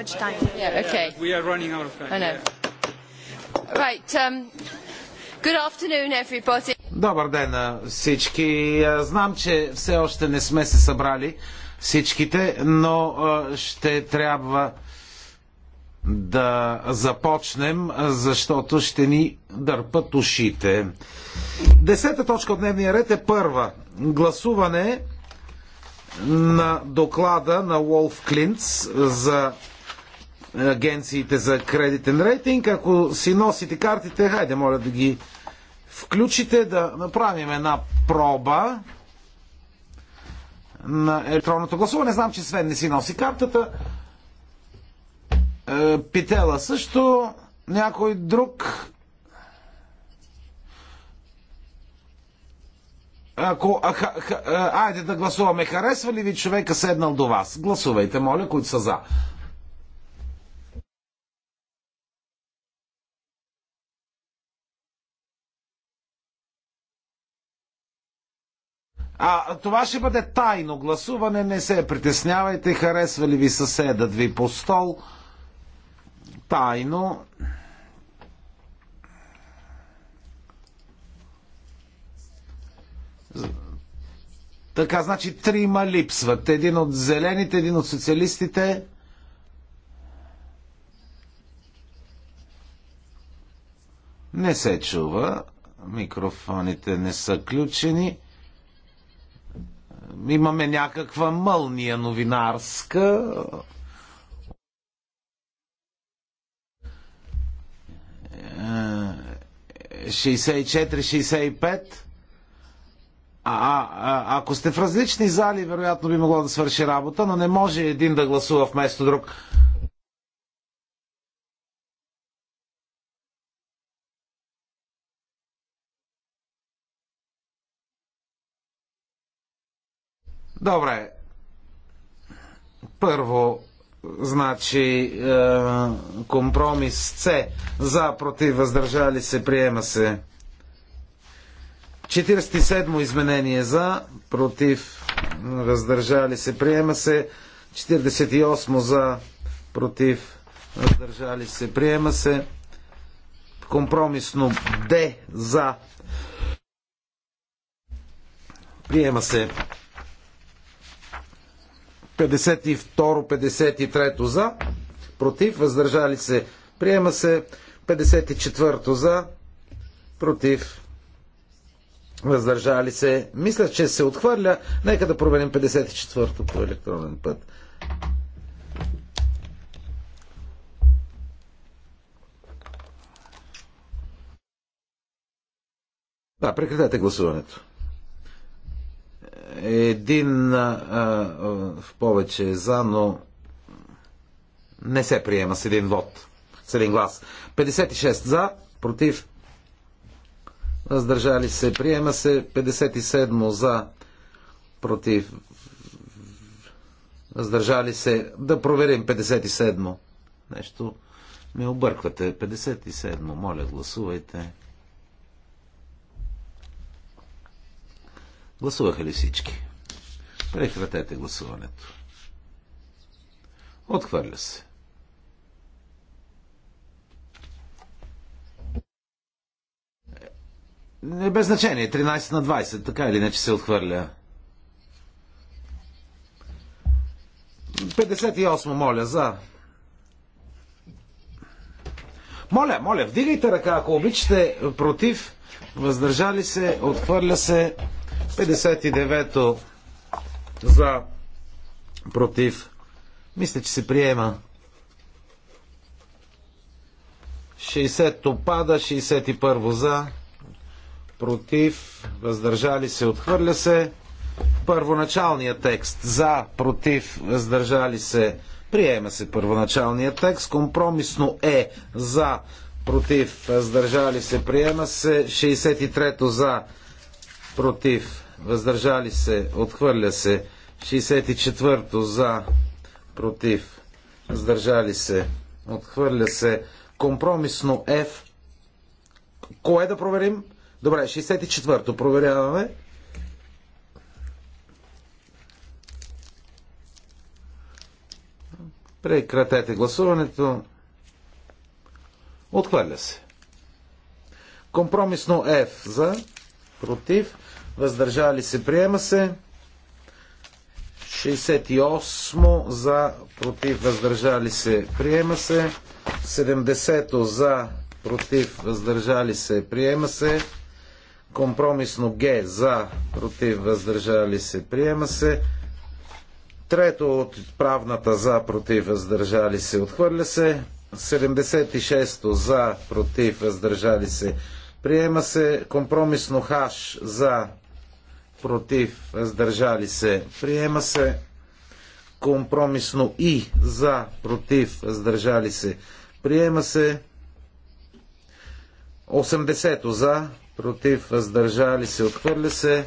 much time. Yeah, okay. We are running out of time. I know. Yeah. Right. Um, good afternoon, everybody. Добър ден на всички. Е, знам, че все още не сме се събрали всичките, но е, ще трябва да започнем, защото ще ни дърпат ушите. Десета точка от дневния ред е първа. Гласуване на доклада на Уолф Клинц за агенциите за кредитен рейтинг. Ако си носите картите, хайде, моля да ги включите, да направим една проба на електронното гласуване. Знам, че Свен не си носи картата. Е, Питела също. Някой друг. Ако, а, ха, а, е, айде да гласуваме. Харесва ли ви човека седнал до вас? Гласувайте, моля, които са за. А, това ще бъде тайно гласуване, не се притеснявайте, харесва ли ви съседът ви по стол. Тайно. Така, значи трима липсват. Един от зелените, един от социалистите. Не се чува. Микрофоните не са включени имаме някаква мълния новинарска. Е, 64-65. А, а, ако сте в различни зали, вероятно би могло да свърши работа, но не може един да гласува вместо друг. Добре. Първо, значи е, компромис С. За, против, въздържали се, приема се. 47 изменение за, против, въздържали се, приема се. 48 за, против, въздържали се, приема се. Компромисно Д за. Приема се. 52-53 за, против, въздържали се, приема се 54 за, против, въздържали се. Мисля, че се отхвърля. Нека да проверим 54-то по електронен път. Да, прекратете гласуването. Един а, в повече е за, но не се приема с един вод, с един глас. 56 за, против, въздържали се. Приема се 57 за, против, въздържали се. Да проверим 57. Нещо ме обърквате. 57, моля, гласувайте. Гласуваха ли всички? Прекратете гласуването. Отхвърля се. Не без значение, 13 на 20, така или иначе се отхвърля. 58, моля, за. Моля, моля, вдигайте ръка, ако обичате, против, въздържали се, отхвърля се. 59-то за против. Мисля, че се приема. 60-то пада, 61-во за против, въздържали се, отхвърля се. Първоначалният текст за, против, въздържали се, приема се първоначалният текст. Компромисно е за, против, въздържали се, приема се. 63-то за, против, въздържали се, отхвърля се. 64-то за, против, въздържали се, отхвърля се. Компромисно F. Кое да проверим? Добре, 64-то проверяваме. Прекратете гласуването. Отхвърля се. Компромисно F за, против, въздържали се, приема се. 68 за, против, въздържали се, приема се. 70 за, против, въздържали се, приема се. Компромисно Г за, против, въздържали се, приема се. Трето от правната за, против, въздържали се, отхвърля се. 76 за, против, въздържали се, приема се. Компромисно Х за, против, въздържали се, приема се. Компромисно и за, против, въздържали се, приема се. 80 за, против, въздържали се, отхвърля се.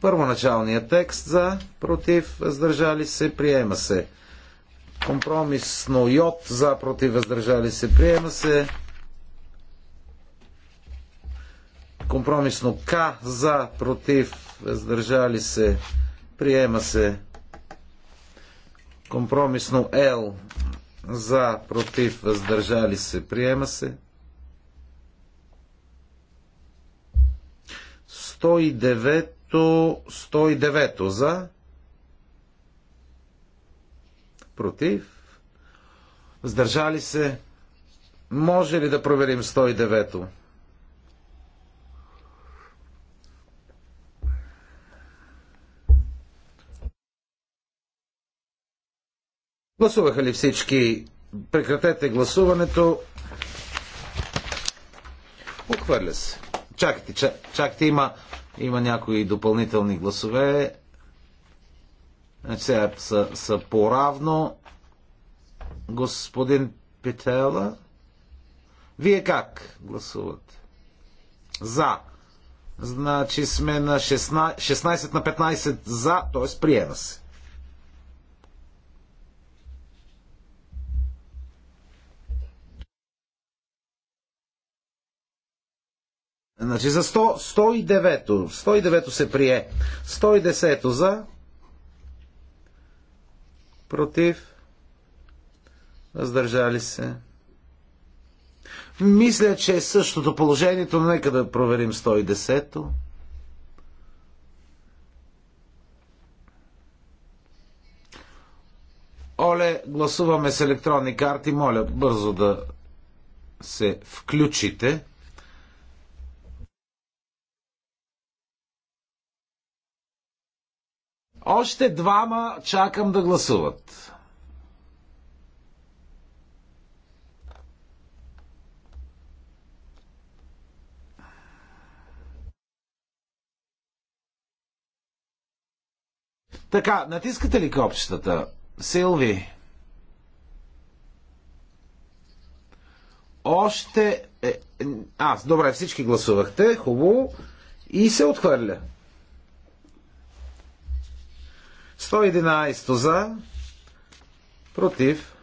Първоначалният текст за, против, въздържали се, приема се. Компромисно йод за, против, въздържали се, приема се. Компромисно К за, против, въздържали се, приема се. Компромисно L за, против, въздържали се, приема се. 109, 109 за, против, въздържали се. Може ли да проверим 109-то? Гласуваха ли всички? Прекратете гласуването. Отхвърля се. Чакайте, чакайте, има, има някои допълнителни гласове. Значи сега са, са по-равно. Господин Петела, вие как гласувате? За. Значи сме на 16, 16 на 15 за, т.е. приема се. Значи за 109-то. 109 109 се прие. 110 за. Против. Въздържали се. Мисля, че е същото положението, но нека да проверим 110-то. Оле, гласуваме с електронни карти. Моля бързо да се включите. Още двама чакам да гласуват. Така, натискате ли копчетата? Силви. Още... Е- Аз, добре, всички гласувахте. Хубаво. И се отхвърля. 111 за, против,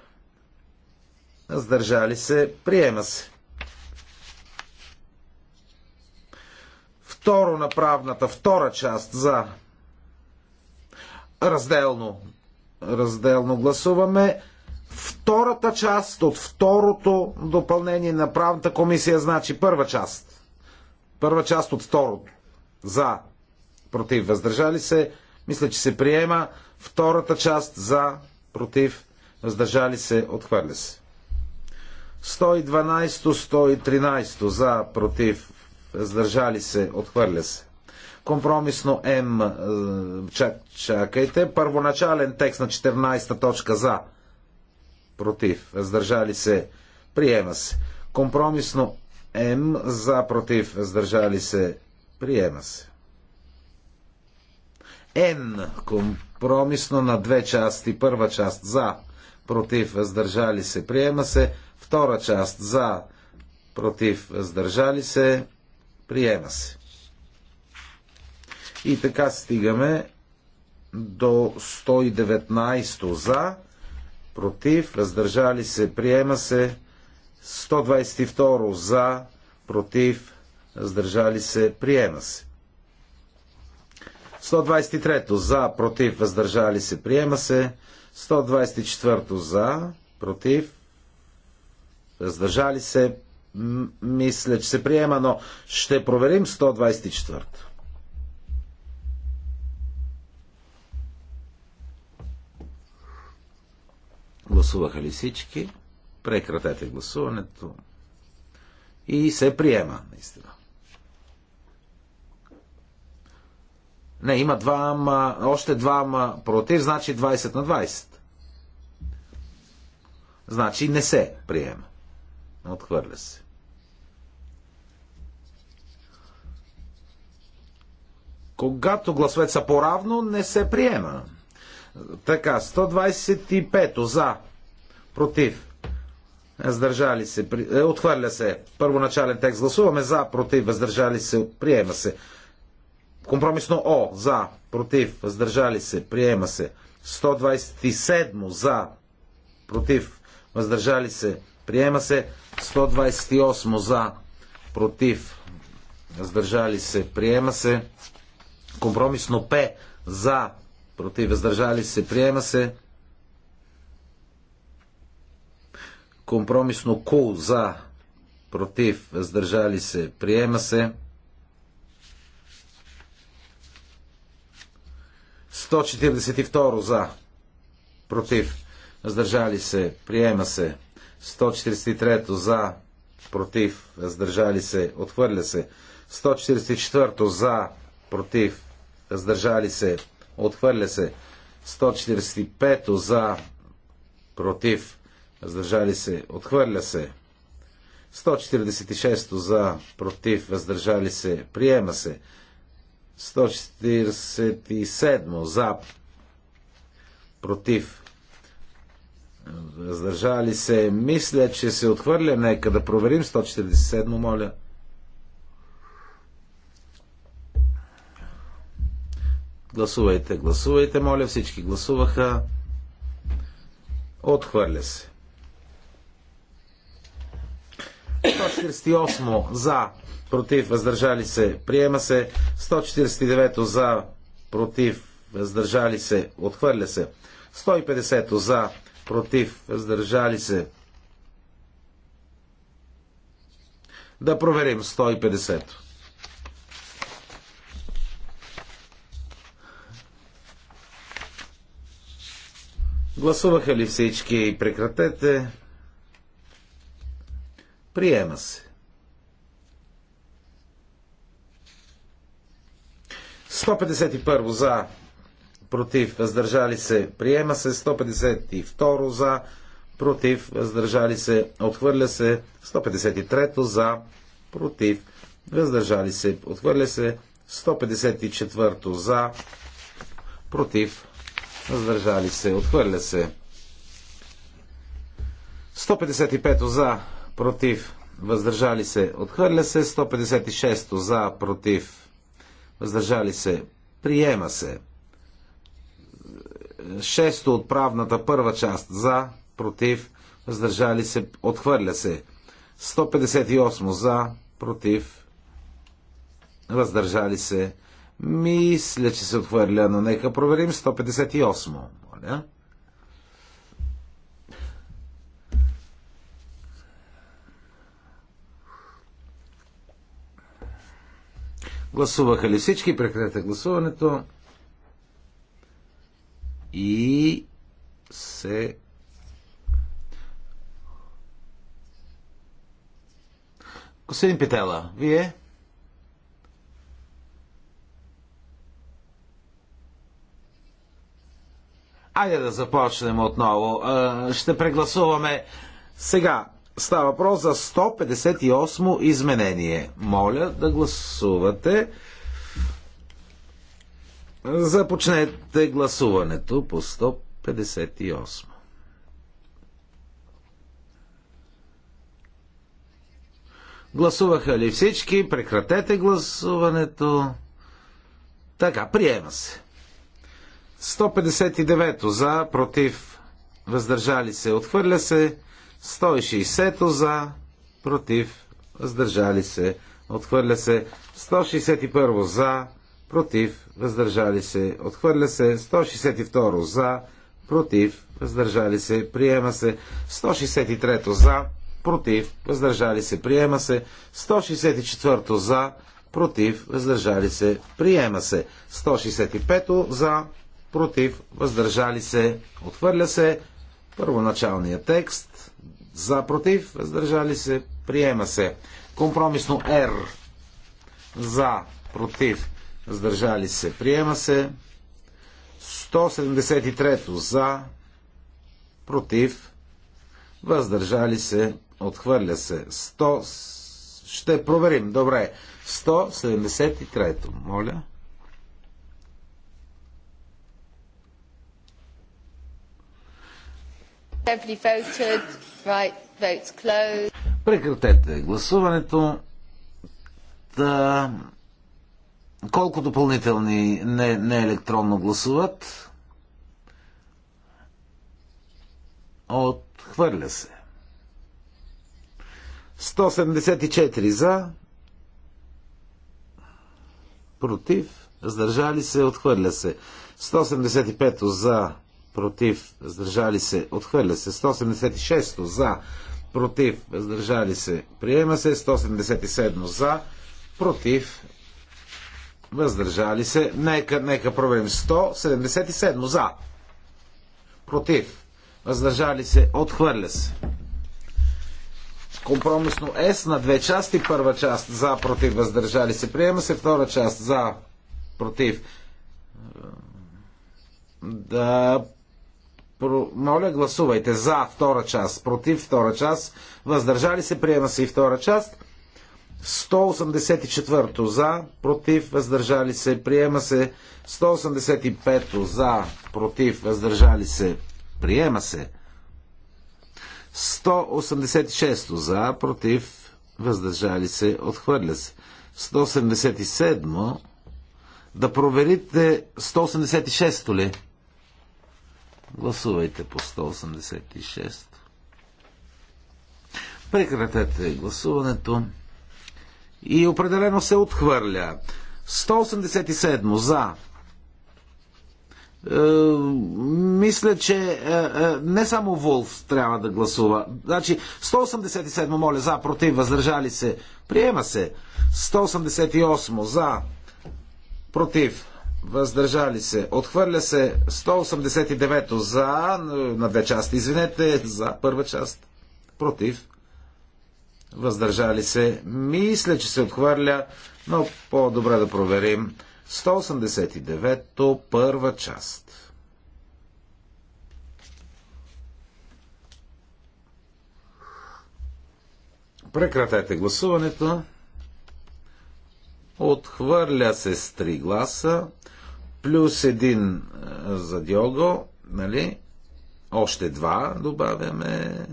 сдържали се, приема се. Второ на правната, втора част за разделно. Разделно гласуваме. Втората част от второто допълнение на правната комисия, значи първа част. Първа част от второто. За, против, въздържали се, мисля, че се приема втората част за, против, въздържали се, отхвърля се. 112-113 за, против, въздържали се, отхвърля се. Компромисно М, е, чак, чакайте, първоначален текст на 14 точка за, против, въздържали се, приема се. Компромисно М за, против, въздържали се, приема се. Н компромисно на две части. Първа част за, против, въздържали се, приема се. Втора част за, против, въздържали се, приема се. И така стигаме до 119 за, против, въздържали се, приема се. 122 за, против, въздържали се, приема се. 123 за, против, въздържали се, приема се. 124 за, против, въздържали се, мисля, че се приема, но ще проверим 124. Гласуваха ли всички? Прекратете гласуването. И се приема, наистина. Не, има двама, още двама против, значи 20 на 20. Значи не се приема. Отхвърля се. Когато гласовете са по-равно, не се приема. Така, 125 за, против, въздържали се, е, отхвърля се. Първоначален текст гласуваме за, против, въздържали се, приема се. Компромисно О за, против, въздържали се, приема се. 127 за, против, въздържали се, приема се. 128 за, против, въздържали се, приема се. Компромисно П за, против, въздържали се, приема се. Компромисно Q за, против, въздържали се, приема се. 142 за. Против. Въздържали се. Приема се. 143 за. Против. Въздържали се. Отхвърля се. 144 за. Против. Въздържали се. Отхвърля се. 145 за. Против. Въздържали се. Отхвърля се. 146 за. Против. Въздържали се. Приема се. 147 за, против, въздържали се. Мисля, че се отхвърля. Нека да проверим 147, моля. Гласувайте, гласувайте, моля. Всички гласуваха. Отхвърля се. 148 за, против, въздържали се, приема се. 149 за, против, въздържали се, отхвърля се. 150 за, против, въздържали се. Да проверим 150. Гласуваха ли всички? Прекратете. Приема се. 151 за, против, въздържали се, приема се. 152 за, против, въздържали се, отхвърля се. 153 за, против, въздържали се, отхвърля се. 154 за, против, въздържали се, отхвърля се. 155 за, против, въздържали се, отхвърля се. 156 за, против, въздържали се, приема се. Шесто от правната първа част за, против, въздържали се, отхвърля се. 158 за, против, въздържали се. Мисля, че се отхвърля, но нека проверим 158. Моля. Гласуваха ли всички? Прекратете гласуването. И се Господин Питела, вие? Айде да започнем отново. Ще прегласуваме сега Става въпрос за 158 изменение. Моля да гласувате. Започнете гласуването по 158. Гласуваха ли всички? Прекратете гласуването. Така, приема се. 159 за, против, въздържали се, отхвърля се. 160 за, против, въздържали се, отхвърля се. 161 за, против, въздържали се, отхвърля се. 162 за, против, въздържали се, приема се. 163 за, против, въздържали се, приема се. 164 за, против, въздържали се, приема се. 165 за, против, въздържали се, отхвърля се. Първоначалният текст за против, въздържали се, приема се. Компромисно Р за против, въздържали се, приема се. 173 за против, въздържали се, отхвърля се. 100 ще проверим. Добре. 173. Моля. Heavily voted. Прекратете гласуването. Та... Колко допълнителни не, не електронно гласуват? Отхвърля се. 174 за. Против. Въздържали се. Отхвърля се. 175 за против, въздържали се, отхвърля се. 176 за, против, въздържали се, приема се. 177 за, против, въздържали се. Нека, нека проверим. 177 за, против, въздържали се, отхвърля се. Компромисно С на две части. Първа част за, против, въздържали се, приема се. Втора част за, против, да Про... Моля, гласувайте за втора част, против втора част, въздържали се, приема се и втора част. 184 за, против, въздържали се, приема се. 185 за, против, въздържали се, приема се. 186 за, против, въздържали се, отхвърля се. 187 да проверите 186 ли? Гласувайте по 186. Прекратете гласуването. И определено се отхвърля. 187 за. Е, мисля, че е, е, не само Волф трябва да гласува. Значи 187 моля за, против, въздържали се. Приема се. 188 за, против, въздържали се. Отхвърля се 189-то за, на две части, извинете, за първа част, против, въздържали се. Мисля, че се отхвърля, но по-добре да проверим. 189-то първа част. Прекратете гласуването. Отхвърля се с 3 гласа плюс един е, за Диого, нали? Още два добавяме.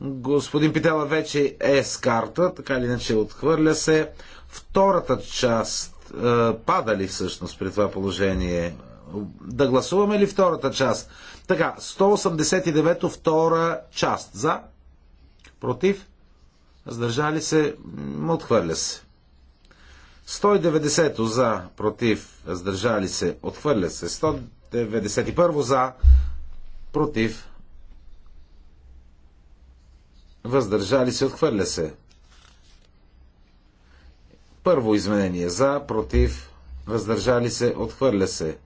Господин Питела вече е с карта, така или иначе отхвърля се. Втората част е, пада ли всъщност при това положение? Да гласуваме ли втората част? Така, 189 втора част. За? Против? Сдържали се? Отхвърля се. 190 за, против, въздържали се, отхвърля се. 191 за, против, въздържали се, отхвърля се. Първо изменение за, против, въздържали се, отхвърля се.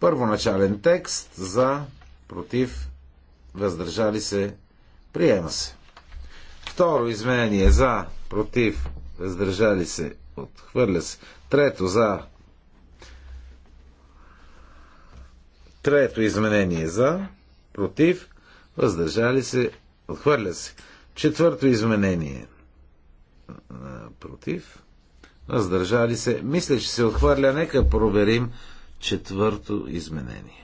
Първоначален текст за, против, въздържали се, приема се. Второ изменение за, против, въздържали се, отхвърля се. Трето за. Трето изменение за, против, въздържали се, отхвърля се. Четвърто изменение против, въздържали се. Мисля, че се отхвърля. Нека проверим четвърто изменение.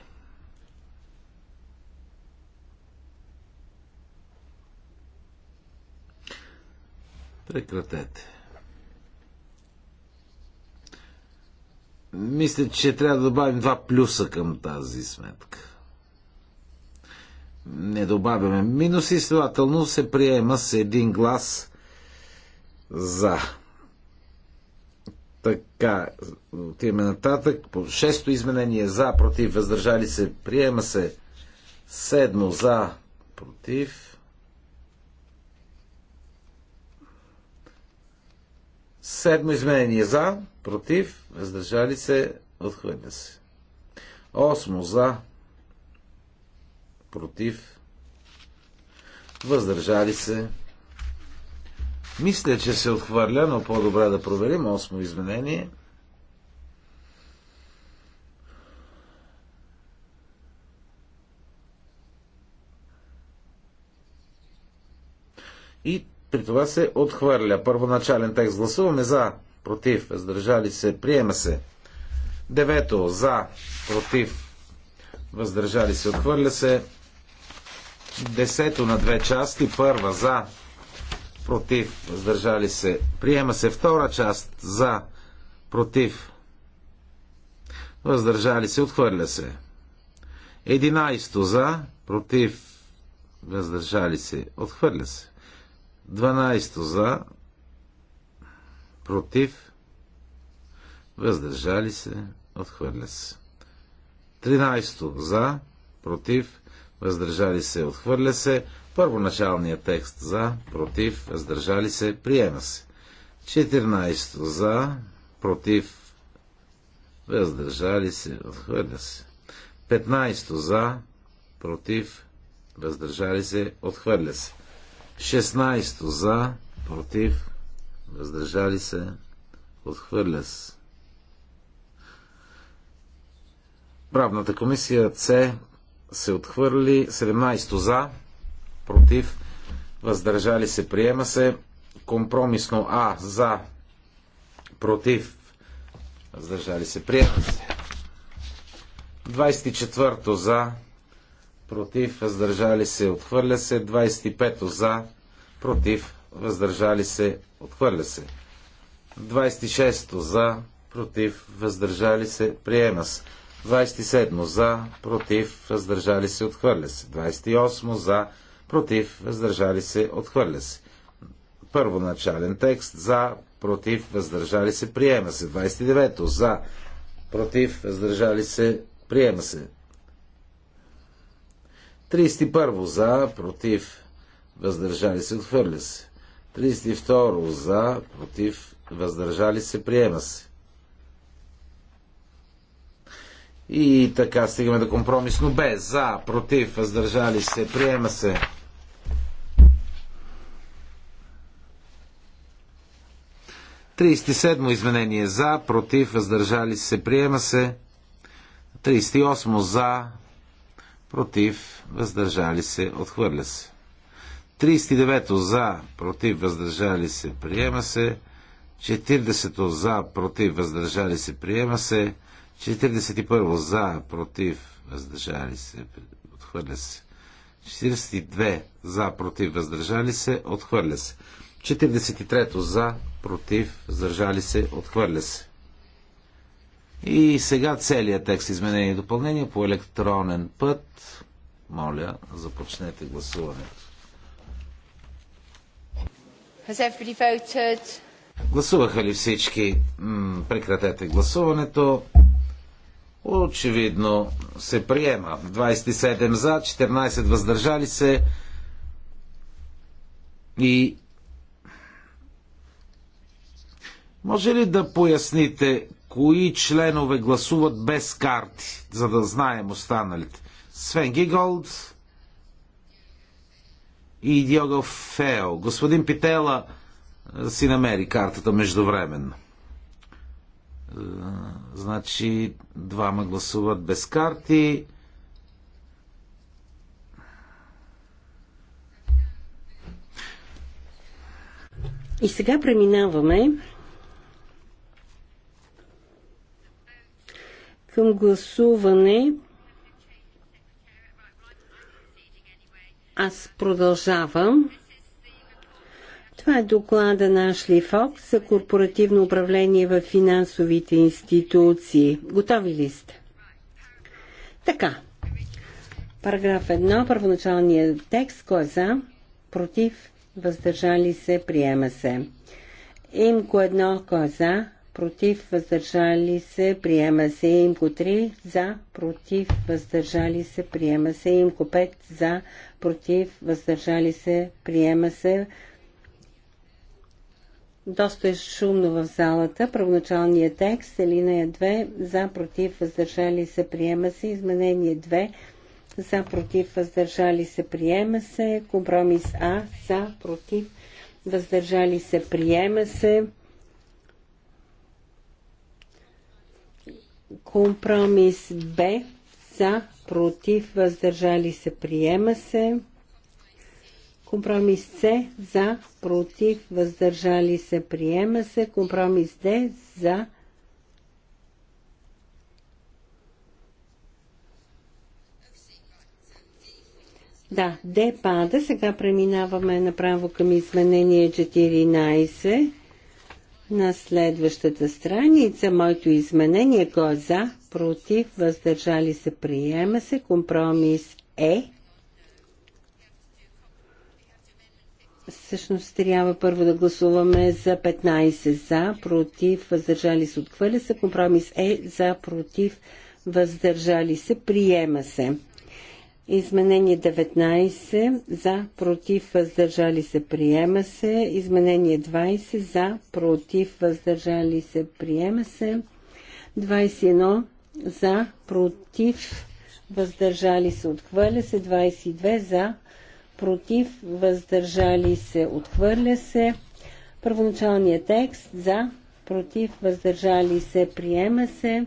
Прекратете. Мисля, че трябва да добавим два плюса към тази сметка. Не добавяме минуси, следователно се приема с един глас за. Така, отиваме нататък. По шесто изменение за, против, въздържали се, приема се. Седмо за, против. Седмо изменение за, против, въздържали се, отхвърля се. Осмо за, против, въздържали се. Мисля, че се отхвърля, но по-добре да проверим. Осмо изменение. И при това се отхвърля. Първоначален текст гласуваме за против, въздържали се, приема се. Девето, за, против, въздържали се, отхвърля се. Десето на две части, първа, за, против, въздържали се, приема се. Втора част, за, против, въздържали се, отхвърля се. Единайсто, за, против, въздържали се, отхвърля се. 12 за, против, въздържали се, отхвърля се. 13. За, против, въздържали се, отхвърля се. Първоначалният текст за, против, въздържали се, приема се. 14. За, против, въздържали се, отхвърля се. 15. За, против, въздържали се, отхвърля се. 16. За, против, въздържали се, отхвърля се. Правната комисия С се отхвърли 17 за, против, въздържали се, приема се. Компромисно А за, против, въздържали се, приема се. 24 за, против, въздържали се, отхвърля се. 25 за, против, въздържали се, отхвърля се. 26 за, против, въздържали се, приема се. 27 за, против, въздържали се, отхвърля се. 28 за, против, въздържали се, отхвърля се. Първоначален текст за, против, въздържали се, приема се. 29 за, против, въздържали се, приема се. 31 за, против, въздържали се, отхвърля се. 32 за, против, въздържали се, приема се. И така стигаме до компромисно Б. За, против, въздържали се, приема се. Тридцати седмо изменение за, против, въздържали се, приема се. 38 за, против, въздържали се, отхвърля се. 39 за, против, въздържали се, приема се. 40 за, против, въздържали се, приема се. 41 за, против, въздържали се, отхвърля се. 42 за, против, въздържали се, отхвърля се. 43 за, против, въздържали се, отхвърля се. И сега целият текст изменение и допълнение по електронен път. Моля, започнете гласуването. Гласуваха ли всички? М прекратете гласуването. Очевидно се приема. 27 за, 14 въздържали се и може ли да поясните кои членове гласуват без карти, за да знаем останалите? Свен Гиголд, и Диого Фео. Господин Питела е, си намери картата междувременно. Е, значи, двама гласуват без карти. И сега преминаваме към гласуване Аз продължавам. Това е доклада на Ашли Фокс за корпоративно управление в финансовите институции. Готови ли сте? Така. Параграф 1. Първоначалният текст. Кой е за? Против? Въздържали се? Приема се. Имко 1. Кой е за? Против? Въздържали се? Приема се. Имко 3. За? Против? Въздържали се? Приема се. Имко 5. За? против, въздържали се, приема се. Доста е шумно в залата. Първоначалният текст е линия 2. За, против, въздържали се, приема се. Изменение 2. За, против, въздържали се, приема се. Компромис А. За, против, въздържали се, приема се. Компромис Б. За, против, въздържали се, приема се. Компромис С за, против, въздържали се, приема се. Компромис Д за. Да, Д пада. Сега преминаваме направо към изменение 14 на следващата страница. Моето изменение, кой е за, против, въздържали се, приема се. Компромис Е. Всъщност трябва първо да гласуваме за 15 за, против, въздържали се, отхвърля се. Компромис Е за, против, въздържали се, приема се. Изменение 19 за, против, въздържали се, приема се. Изменение 20 за, против, въздържали се, приема се. 21 за, против, въздържали се, отхвърля се, 22 за, против, въздържали се, отхвърля се. Първоначалният текст за, против, въздържали се, приема се.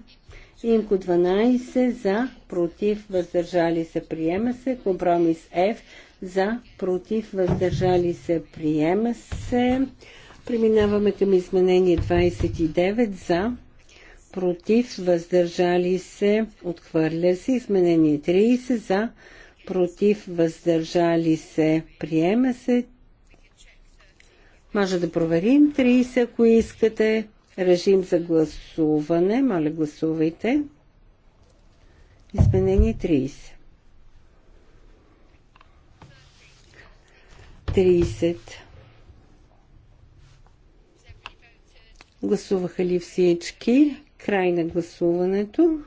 Имко 12 за, против, въздържали се, приема се. Компромис F за, против, въздържали се, приема се. Преминаваме към изменение 29 за, против, въздържали се, отхвърля се. Изменение 30 за, против, въздържали се, приема се. Може да проверим 30, ако искате. Режим за гласуване. Моля, гласувайте. Изменение 30. 30. Гласуваха ли всички? Край на гласуването.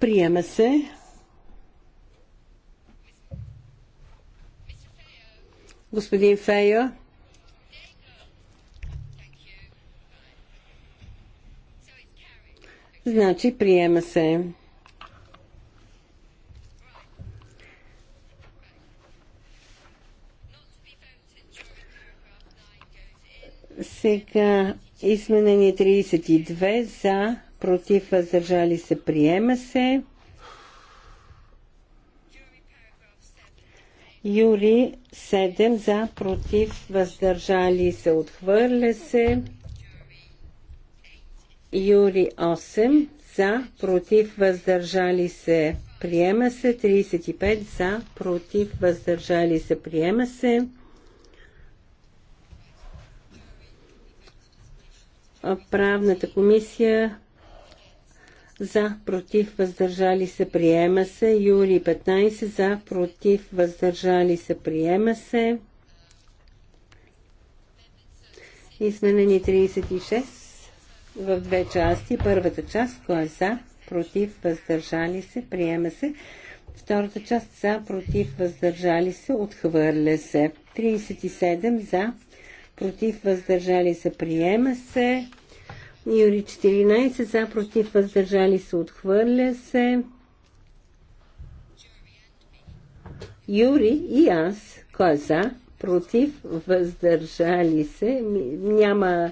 Приема се. Господин Фея. Значи приема се. Сега Изменение 32 за, против, въздържали се, приема се. Юри 7 за, против, въздържали се, отхвърля се. Юри 8 за, против, въздържали се, приема се. 35 за, против, въздържали се, приема се. правната комисия за, против, въздържали се, приема се. Юри 15 за, против, въздържали се, приема се. Изменени 36 в две части. Първата част, кой е за, против, въздържали се, приема се. Втората част за, против, въздържали се, отхвърля се. 37 за, против, въздържали се, приема се. Юри 14 за, против, въздържали се, отхвърля се. Юри и аз, кой е за, против, въздържали се, няма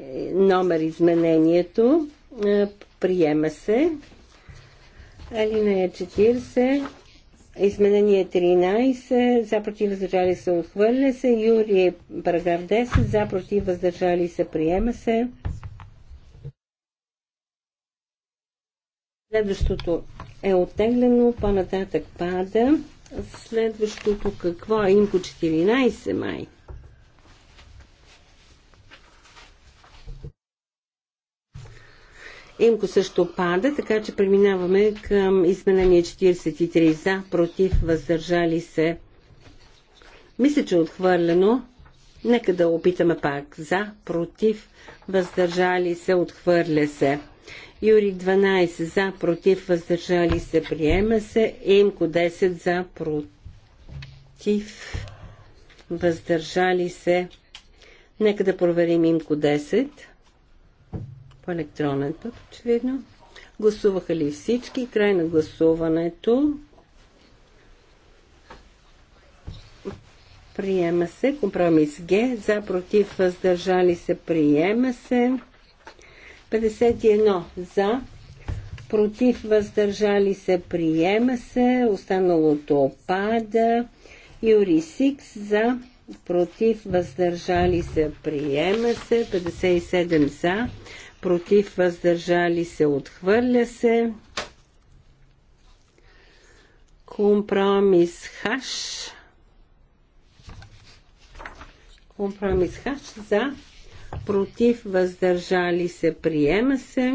е, номер изменението, е, приема се. Алинея 40, изменение 13, за против въздържали се, отхвърля се. Юрий, е параграф 10, за против въздържали се, приема се. Следващото е оттеглено, по-нататък пада. Следващото какво е имко 14 май? Имко също пада, така че преминаваме към изменение 43 за, против, въздържали се. Мисля, че е отхвърлено. Нека да опитаме пак. За, против, въздържали се, отхвърля се. Юри 12 за, против, въздържали се, приема се. Имко 10 за, против, въздържали се. Нека да проверим Имко 10 по електронен път, очевидно. Гласуваха ли всички? Край на гласуването. Приема се. Компромис Г. За, против, въздържали се. Приема се. 51 за, против, въздържали се, приема се, останалото пада. Юри Сикс за, против, въздържали се, приема се, 57 за, против, въздържали се, отхвърля се. Компромис хаш. Компромис хаш за, против, въздържали се, приема се.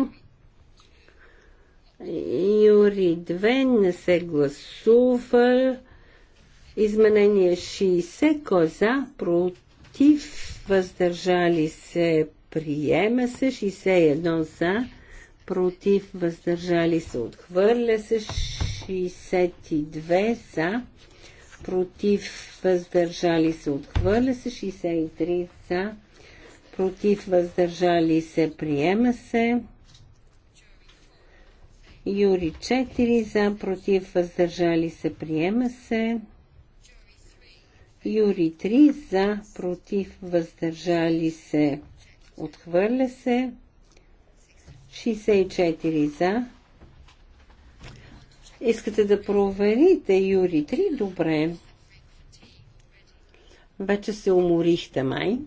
Юри 2 не се гласува. Изменение 60 коза против, въздържали се, приема се. 61 за, против, въздържали се, отхвърля се. 62 за, против, въздържали се, отхвърля се. 63 за, против, въздържали се, приема се. Юри 4 за, против, въздържали се, приема се. Юри 3 за, против, въздържали се, отхвърля се. 64 за. Искате да проверите Юри 3? Добре. Вече се уморихте май.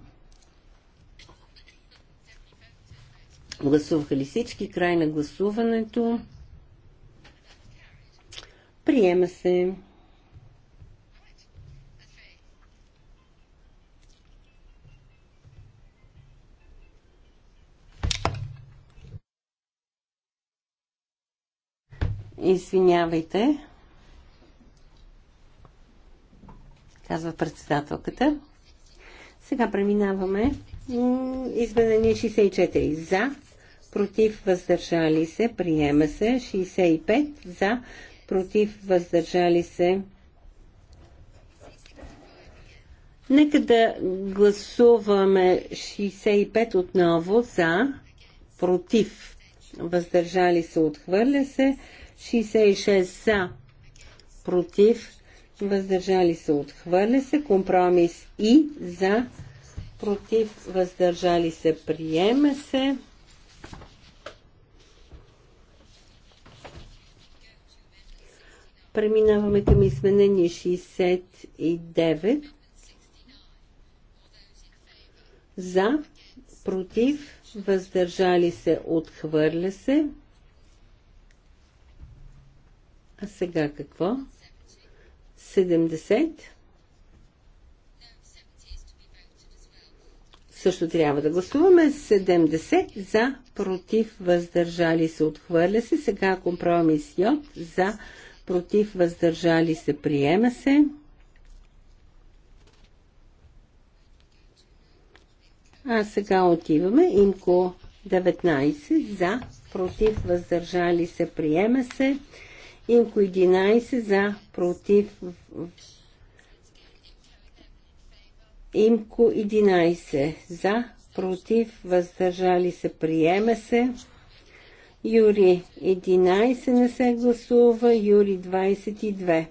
Гласуваха ли всички? Край на гласуването. Приема се. Извинявайте, казва председателката. Сега преминаваме. Изведение 64 за, против, въздържали се, приема се. 65 за, против, въздържали се. Нека да гласуваме 65 отново за, против, въздържали се, отхвърля се. 66 за, против, въздържали се, отхвърля се. Компромис и за, против, въздържали се, приема се. Преминаваме към изменение 69. За, против, въздържали се, отхвърля се. А сега какво? 70. Също трябва да гласуваме 70 за, против, въздържали се, отхвърля се. Сега компромис Йод за, против, въздържали се, приема се. А сега отиваме. Имко 19 за, против, въздържали се, приема се. Имко 11 за, против, Имко 11 за, против, въздържали се, приема се. Юри 11 не се гласува, Юри 22.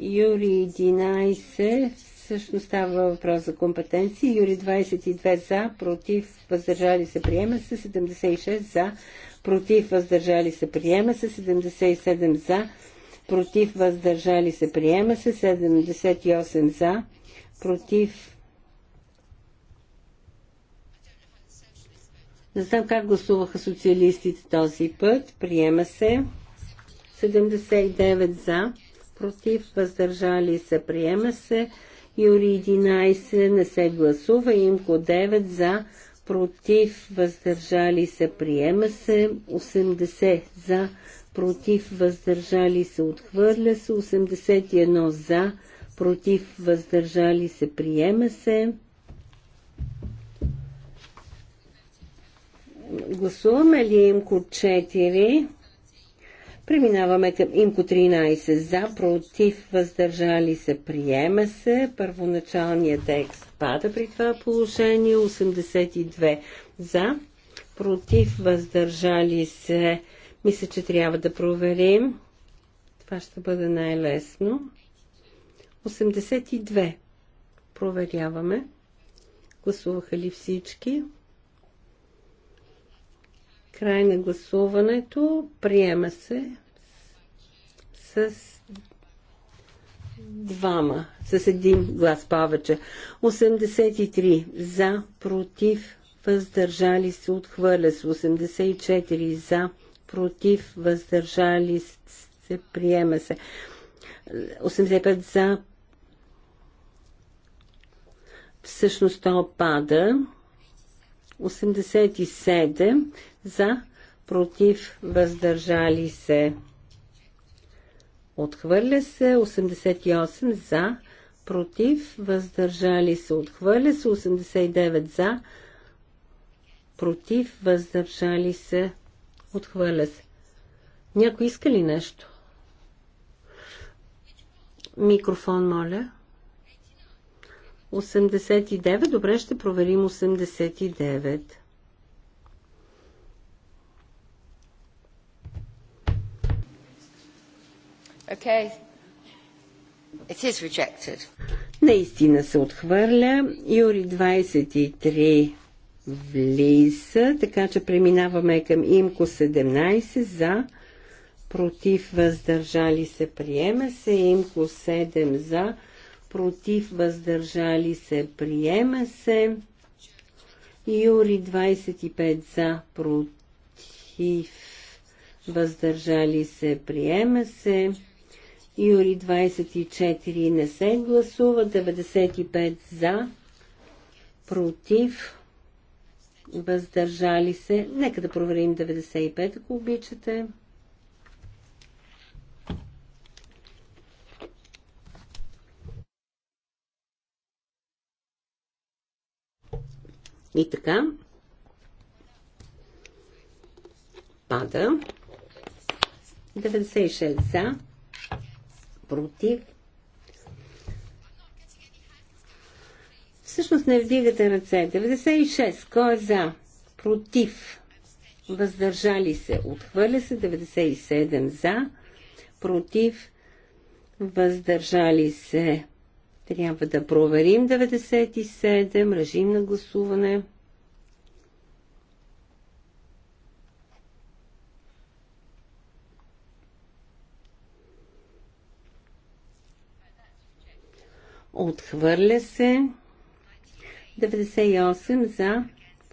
Юри 11 всъщност става въпрос за компетенции. Юри 22 за, против, въздържали се, приема се, 76 за, против, въздържали се, приема се, 77 за, против, въздържали се, приема се, 78 за, против, Не знам как гласуваха социалистите този път. Приема се. 79 за, против, въздържали се, приема се. Юри 11 не се гласува. Имко 9 за, против, въздържали се, приема се. 80 за, против, въздържали се, отхвърля се. 81 за, против, въздържали се, приема се. Гласуваме ли имко 4? Преминаваме към имко 13. За, против, въздържали се, приема се. Първоначалният текст пада при това положение. 82 за, против, въздържали се. Мисля, че трябва да проверим. Това ще бъде най-лесно. 82. Проверяваме. Гласуваха ли всички? Край на гласуването. Приема се с двама, с един глас повече. 83 за, против, въздържали се, отхвърля се. 84 за, против, въздържали се, приема се. 85 за, всъщност то пада. 87 за, против, въздържали се. Отхвърля се 88 за, против, въздържали се. Отхвърля се 89 за, против, въздържали се. Отхвърля се. Някой иска ли нещо? Микрофон, моля. 89. Добре, ще проверим 89. Okay. It is rejected. Наистина се отхвърля. Юри 23 влиза, така че преминаваме към имко 17 за против въздържали се приема се имко 7 за против, въздържали се, приема се. Юри 25 за, против, въздържали се, приема се. Юри 24 не се гласува, 95 за, против, въздържали се. Нека да проверим 95, ако обичате. И така. Пада. 96 за. Против. Всъщност не вдигате ръце. 96. Кой е за? Против. Въздържали се. Отхвърля се. 97 за. Против. Въздържали се. Трябва да проверим 97, режим на гласуване. Отхвърля се. 98 за,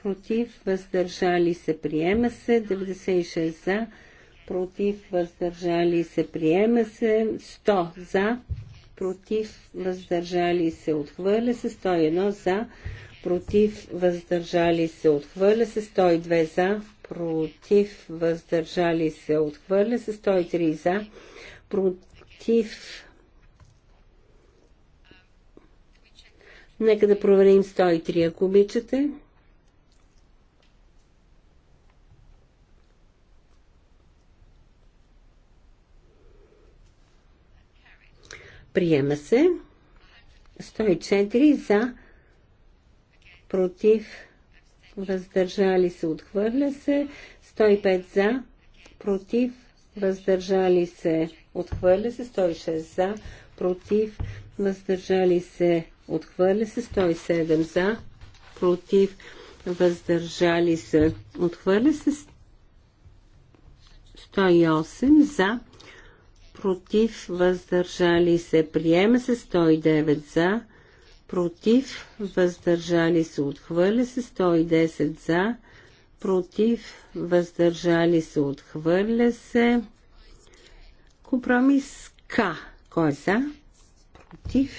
против, въздържали се, приема се. 96 за, против, въздържали се, приема се. 100 за, против, въздържали се, отхвърля се, 101 за, против, въздържали се, отхвърля се, 102 за, против, въздържали се, отхвърля се, 103 за, против. Нека да проверим 103, ако обичате. Приема се. 104 за. Против. Въздържали се. Отхвърля се. 105 за. Против. Въздържали се. Отхвърля се. 106 за. Против. Въздържали се. Отхвърля се. 107 за. Против. Въздържали се. Отхвърля се. 108 за против, въздържали се, приема се 109 за, против, въздържали се, отхвърля се 110 за, против, въздържали се, отхвърля се. Компромис К. Кой е за? Против,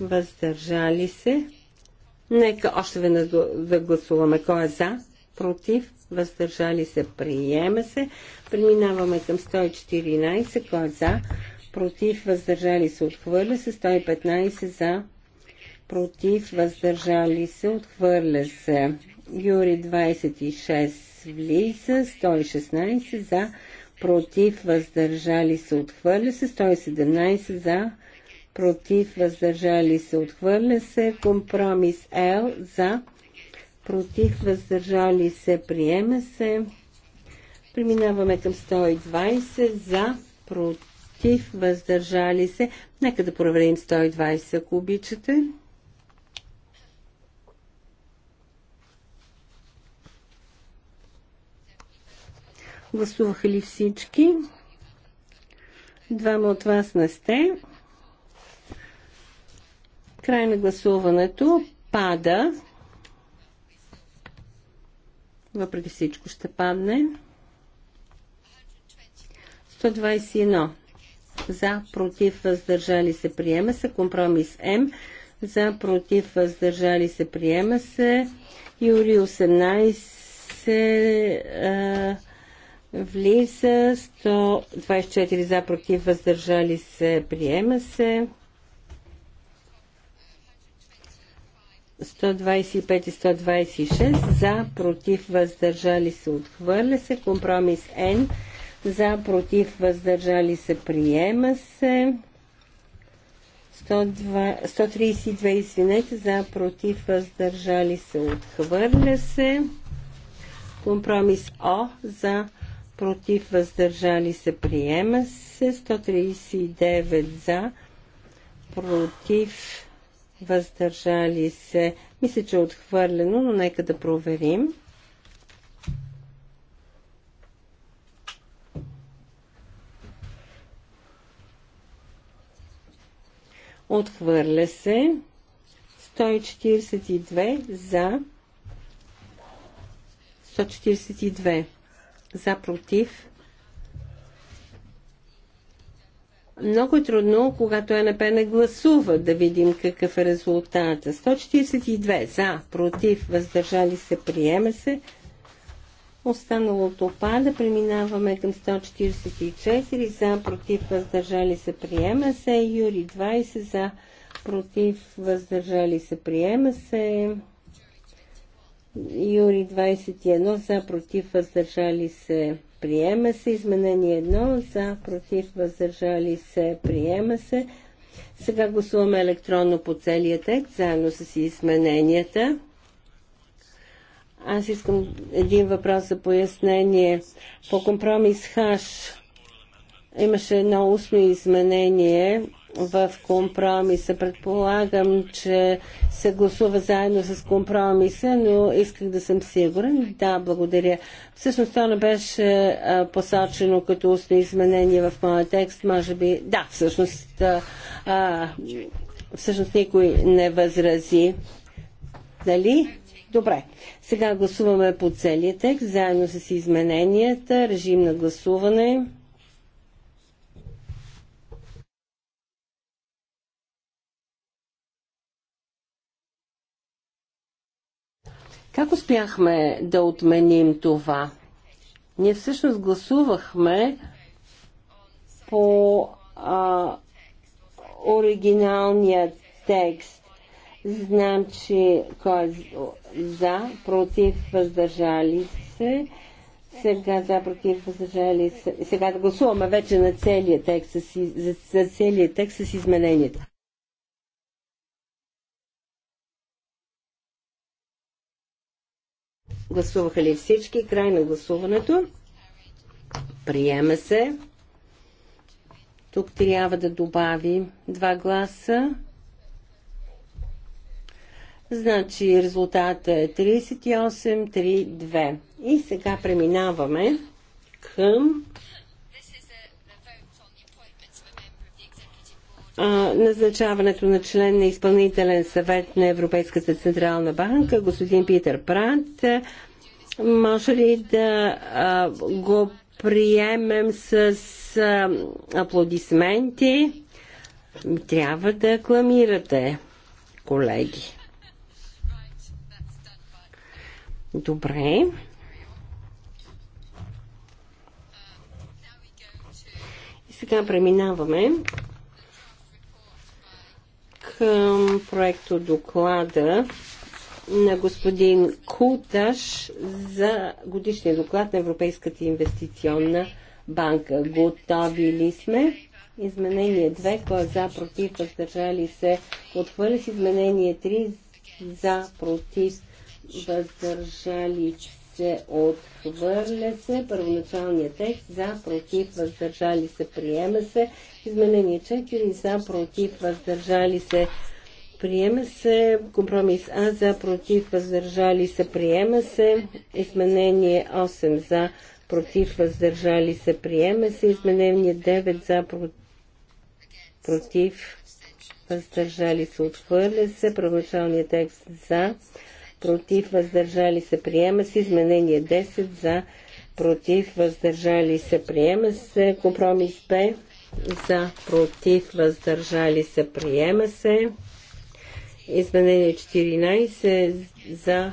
въздържали се. Нека още веднъж да гласуваме. Кой е за? Против, въздържали се, приема се. Преминаваме към 114, кой е за, против, въздържали се, отхвърля се, 115 за, против, въздържали се, отхвърля се. Юри 26 влиза, 116 за, против, въздържали се, отхвърля се, 117 за, против, въздържали се, отхвърля се, компромис Л за, против, въздържали се, приема се. Преминаваме към 120 за, против, въздържали се. Нека да проверим 120, ако обичате. Гласуваха ли всички? Двама от вас не сте. Край на гласуването пада въпреки всичко ще падне. 121 за, против, въздържали се, приема се. Компромис М за, против, въздържали се, приема се. Юри 18 а, влиза 124 за, против, въздържали се, приема се. 125 и 126 за, против, въздържали се, отхвърля се. Компромис Н за, против, въздържали се, приема се. 132 извинете за, против, въздържали се, отхвърля се. Компромис О за, против, въздържали се, приема се. 139 за, против, въздържали се. Мисля, че е отхвърлено, но нека да проверим. Отхвърля се. 142 за. 142 за против. Много е трудно, когато ЕНП не гласува, да видим какъв е резултата. 142 за, против, въздържали се, приема се. Останалото пада. Преминаваме към 144 за, против, въздържали се, приема се. Юри 20 за, против, въздържали се, приема се. Юри 21 за, против, въздържали се, приема се. Приема се. Изменение едно за, против, въздържали се. Приема се. Сега гласуваме електронно по целия текст, заедно с измененията. Аз искам един въпрос за пояснение. По компромис ХАШ имаше едно устно изменение в компромиса. Предполагам, че се гласува заедно с компромиса, но исках да съм сигурен. Да, благодаря. Всъщност това не беше посочено като устно изменение в моя текст. Може би, да, всъщност, а, всъщност никой не възрази. Дали? Добре. Сега гласуваме по целия текст, заедно с измененията, режим на гласуване. Как успяхме да отменим това? Ние всъщност гласувахме по а, оригиналния текст. Знам, че кой е за, против, въздържали се. Сега за, против, въздържали се. Сега да гласуваме вече на целият текст, за целият текст с измененията. Гласуваха ли всички? Край на гласуването. Приема се. Тук трябва да добави два гласа. Значи резултата е 38-3-2. И сега преминаваме към назначаването на член на изпълнителен съвет на Европейската централна банка, господин Питър Прант, Може ли да а, го приемем с а, аплодисменти? Трябва да акламирате, колеги. Добре. И сега преминаваме към проекто доклада на господин Куташ за годишния доклад на Европейската инвестиционна банка. Готови ли сме? Изменение 2, кой е за, против, въздържали се, отхвърля с изменение 3, за, против, въздържали се отхвърля се. Първоначалният текст за, против, въздържали се, приема се. Изменение 4 за, против, въздържали се, приема се. Компромис А за, против, въздържали се, приема се. Изменение 8 за, против, въздържали се, приема се. Изменение 9 за, против, въздържали се, отхвърля се. Първоначалният текст за, против, против, въздържали се, приема се. Изменение 10 за, против, въздържали се, приема се. Компромис Б за, против, въздържали се, приема се. Изменение 14 за,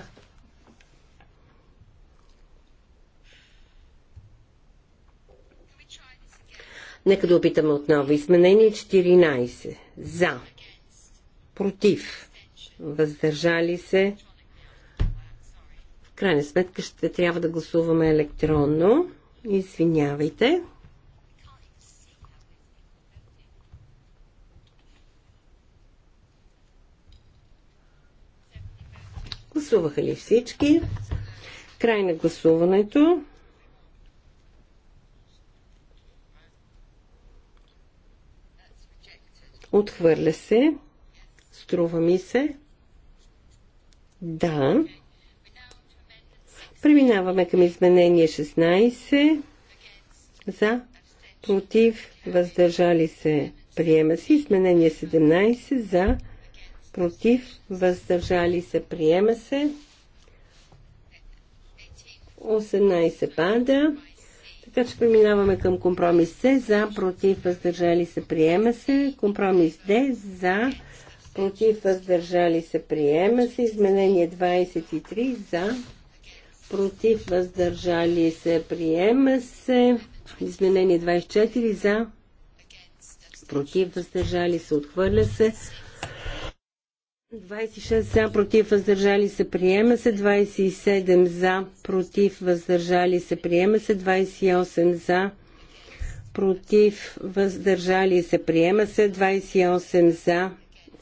Нека да опитаме отново. Изменение 14. За. Против. Въздържали се крайна сметка ще трябва да гласуваме електронно. Извинявайте. Гласуваха ли всички? Край на гласуването. Отхвърля се. Струва ми се. Да. Преминаваме към изменение 16. За, против, въздържали се, приема се. Изменение 17. За, против, въздържали се, приема се. 18 пада. Така че преминаваме към компромис С. За, против, въздържали се, приема се. Компромис Д. За, против, въздържали се, приема се. Изменение 23. За, против, въздържали се, приема се. Изменение 24 за, против, въздържали се, отхвърля се. 26 за, против, въздържали се, приема се. 27 за, против, въздържали се, приема се. 28 за, против, въздържали се, приема се. 28 за,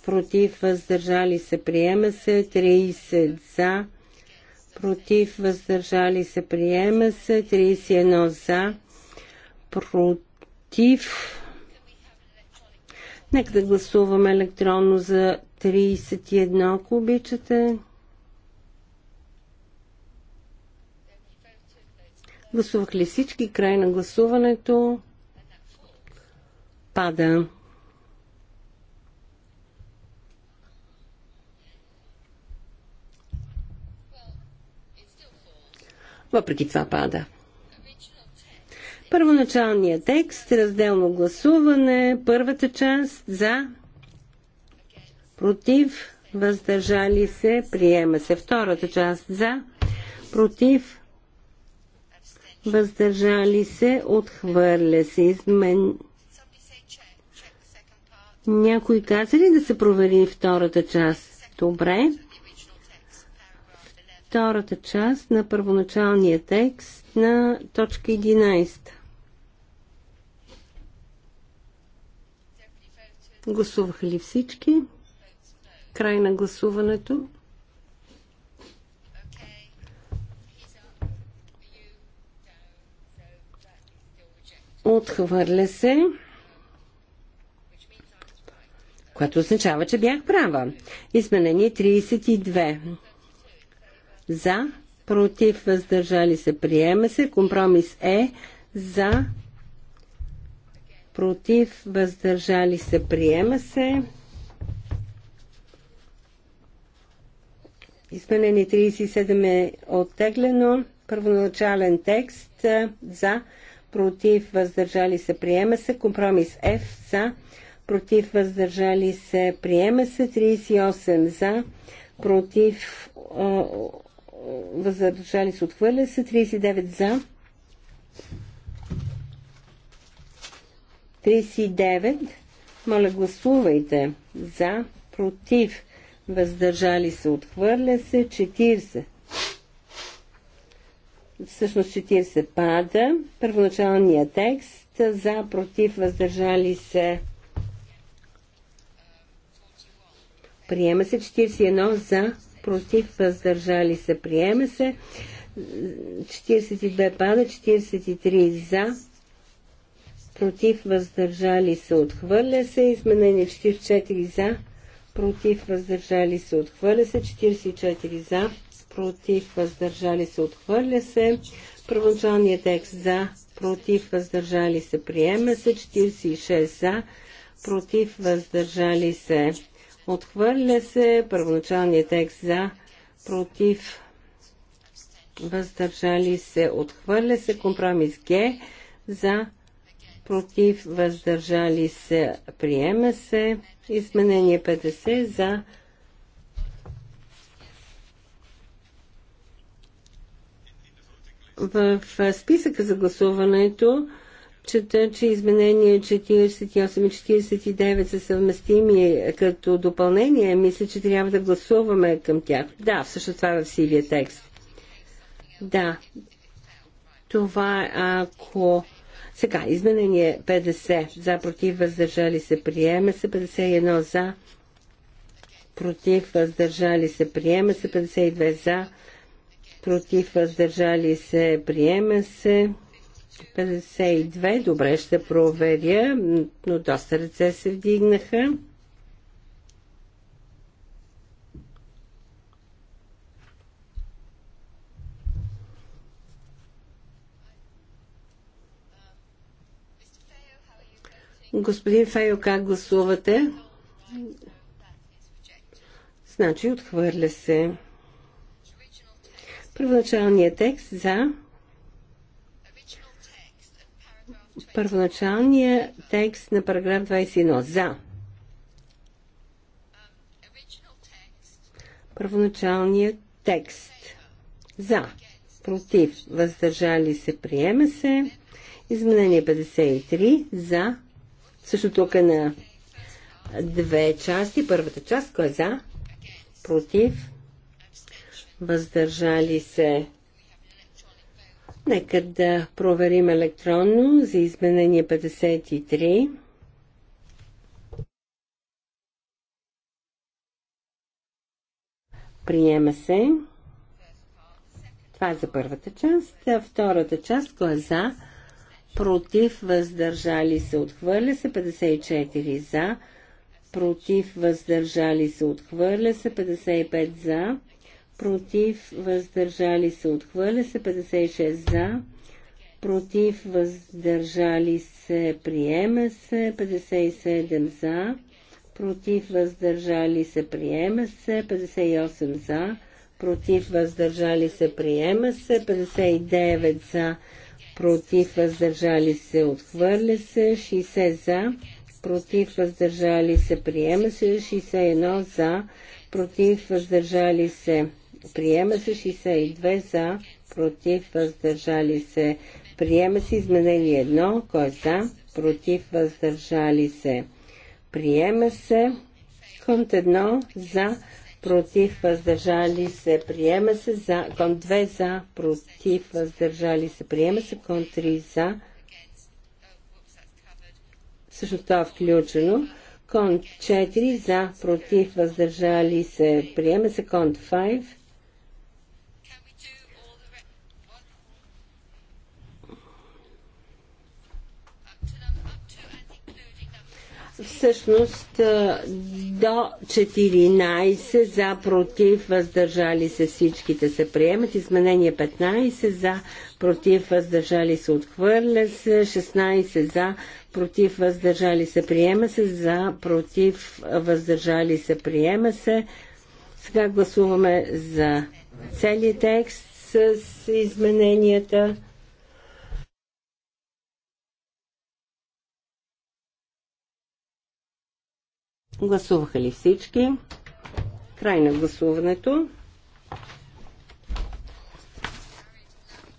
против, въздържали се, приема се. 30 за, против, въздържали се, приема се, 31 за, против. Нека да гласуваме електронно за 31, ако обичате. Гласувах ли всички? Край на гласуването. Пада. Въпреки това пада. Първоначалният текст, разделно гласуване, първата част за, против, въздържали се, приема се. Втората част за, против, въздържали се, отхвърля се, измен... Някой каза ли да се провери втората част? Добре втората част на първоначалния текст на точка 11. Гласуваха ли всички? Край на гласуването. Отхвърля се. Което означава, че бях права. Изменение 32 за, против, въздържали се, приема се. Компромис Е за, против, въздържали се, приема се. Изменени 37 е оттеглено. Първоначален текст за, против, въздържали се, приема се. Компромис F за, против, въздържали се, приема се. 38 за, против, въздържали се, отхвърля се, 39 за, 39, моля гласувайте за, против, въздържали се, отхвърля се, 40. Всъщност 40 пада. Първоначалният текст за, против, въздържали се. Приема се 41 за, против, въздържали се, приема се. 42 пада, 43 за, против, въздържали се, отхвърля се. Изменение 44 за, против, въздържали се, отхвърля се. 44 за, против, въздържали се, отхвърля се. Първоначалният текст за, против, въздържали се, приема се. 46 за, против, въздържали се, Отхвърля се първоначалният текст за, против, въздържали се. Отхвърля се компромис Г за, против, въздържали се. Приема се изменение 50 за, в списъка за гласуването чета, че изменения 48 и 49 са съвместими е, като допълнение. Мисля, че трябва да гласуваме към тях. Да, всъщност това е в сивия текст. Да. Това е ако... Сега, изменение 50 за против въздържали се приема се, 51 за против въздържали се приема се, 52 за против въздържали се приема се. 52. Добре, ще проверя, но доста ръце се вдигнаха. Господин Фейо, как гласувате? Значи отхвърля се. Първоначалният текст за първоначалния текст на параграф 21. За. Първоначалният текст. За. Против. Въздържали се. Приема се. Изменение 53. За. Също тук е на две части. Първата част, кой е за? Против. Въздържали се. Нека да проверим електронно за изменение 53. Приема се. Това е за първата част. А втората част, кой е за? Против, въздържали се, отхвърля се. 54 за. Против, въздържали се, отхвърля се. 55 за против, въздържали се, отхвърля се, 56 за, против, въздържали се, приема се, 57 за, против, въздържали се, приема се, 58 за, против, въздържали се, приема се, 59 за, против, въздържали се, отхвърля се, 60 за, против, въздържали се, приема се, 61 за, против, въздържали се, Приема се 62 за, против, въздържали се. Приема се изменение 1, кой е за, против, въздържали се. Приема се конт 1 за, против, въздържали се. Приема се за, конт 2 за, против, въздържали се. Приема се конт 3 за. Също това е включено. Кон 4 за, против, въздържали се. Приема се конт 5 Всъщност до 14 за против въздържали се всичките се приемат. Изменение 15 за против въздържали се отхвърля се. 16 за против въздържали се приема се. За против въздържали се приема се. Сега гласуваме за целият текст с измененията. Гласуваха ли всички? Край на гласуването.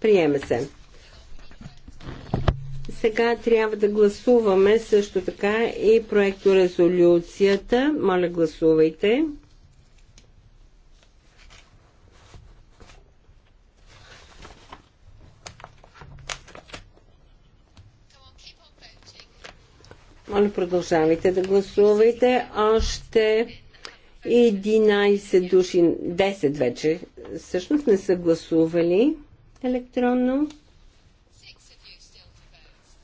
Приеме се. Сега трябва да гласуваме също така и резолюцията. Моля, гласувайте. Моля, продължавайте да гласувайте. Още 11 души, 10 вече, всъщност не са гласували електронно.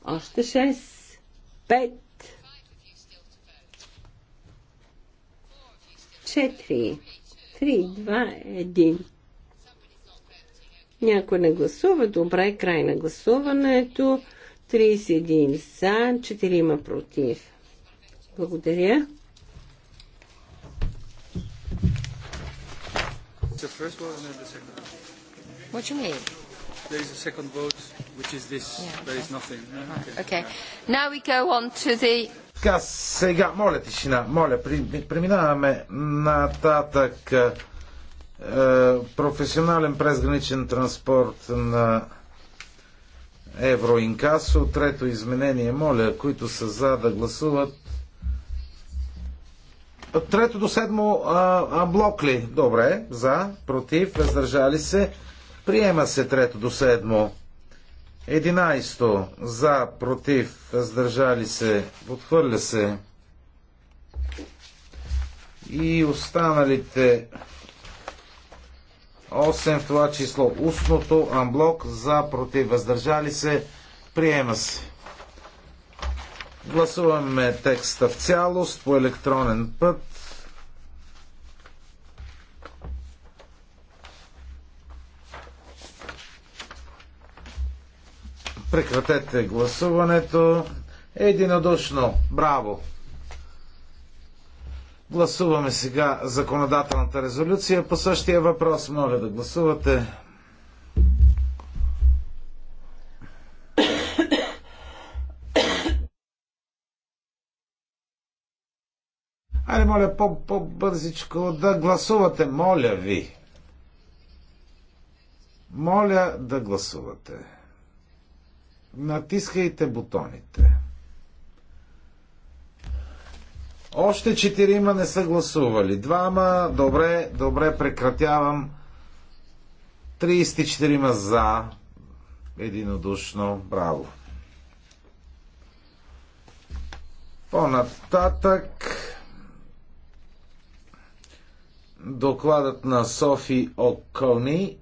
Още 6, 5, 4, 3, 2, 1. Някой не гласува. Добре, край на гласуването. 31 за, 4 против. Благодаря. the first vote and then the second vote. What do you mean? There is a second vote, which is this. Yeah, okay. There is nothing. Okay. okay. Yeah. Now we go on to the... Така, сега, моля тишина, моля, преминаваме нататък е, професионален презграничен транспорт на Евроинкасо. Трето изменение, моля, които са за да гласуват. Трето до седмо а, а блок ли? Добре, за, против, въздържали се. Приема се трето до седмо. Единайсто, за, против, въздържали се, отхвърля се. И останалите 8 в това число устното амблок за против въздържали се приема се. Гласуваме текста в цялост по електронен път. Прекратете гласуването. Единодушно. Браво! Гласуваме сега законодателната резолюция по същия въпрос. Моля да гласувате. Айде, моля, по-бързичко -по да гласувате, моля ви. Моля да гласувате. Натискайте бутоните. Още четирима не са гласували. Двама, добре, добре, прекратявам. 34 за, единодушно, браво. По-нататък докладът на Софи Окони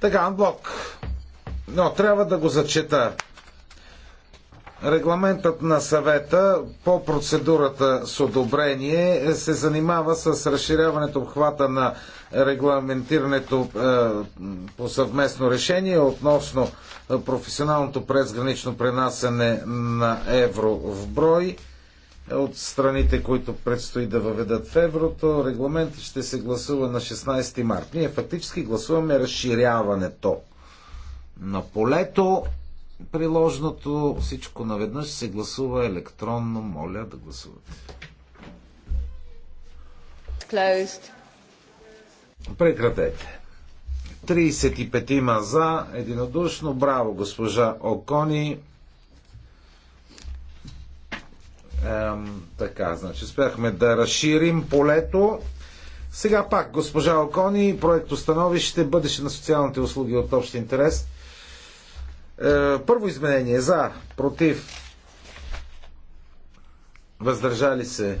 Така, анблок. Но трябва да го зачета. Регламентът на съвета по процедурата с одобрение се занимава с разширяването обхвата на регламентирането е, по съвместно решение относно професионалното презгранично пренасене на евро в брой от страните, които предстои да въведат в еврото. Регламентът ще се гласува на 16 март. Ние фактически гласуваме разширяването на полето. Приложното всичко наведнъж се гласува електронно. Моля да гласувате. Closed. Прекратете. 35 има за, единодушно. Браво, госпожа Окони. Ем, така, значи успяхме да разширим полето. Сега пак, госпожа Окони, проект Остановище, бъдеще на социалните услуги от общ интерес. Е, първо изменение за, против, въздържали се,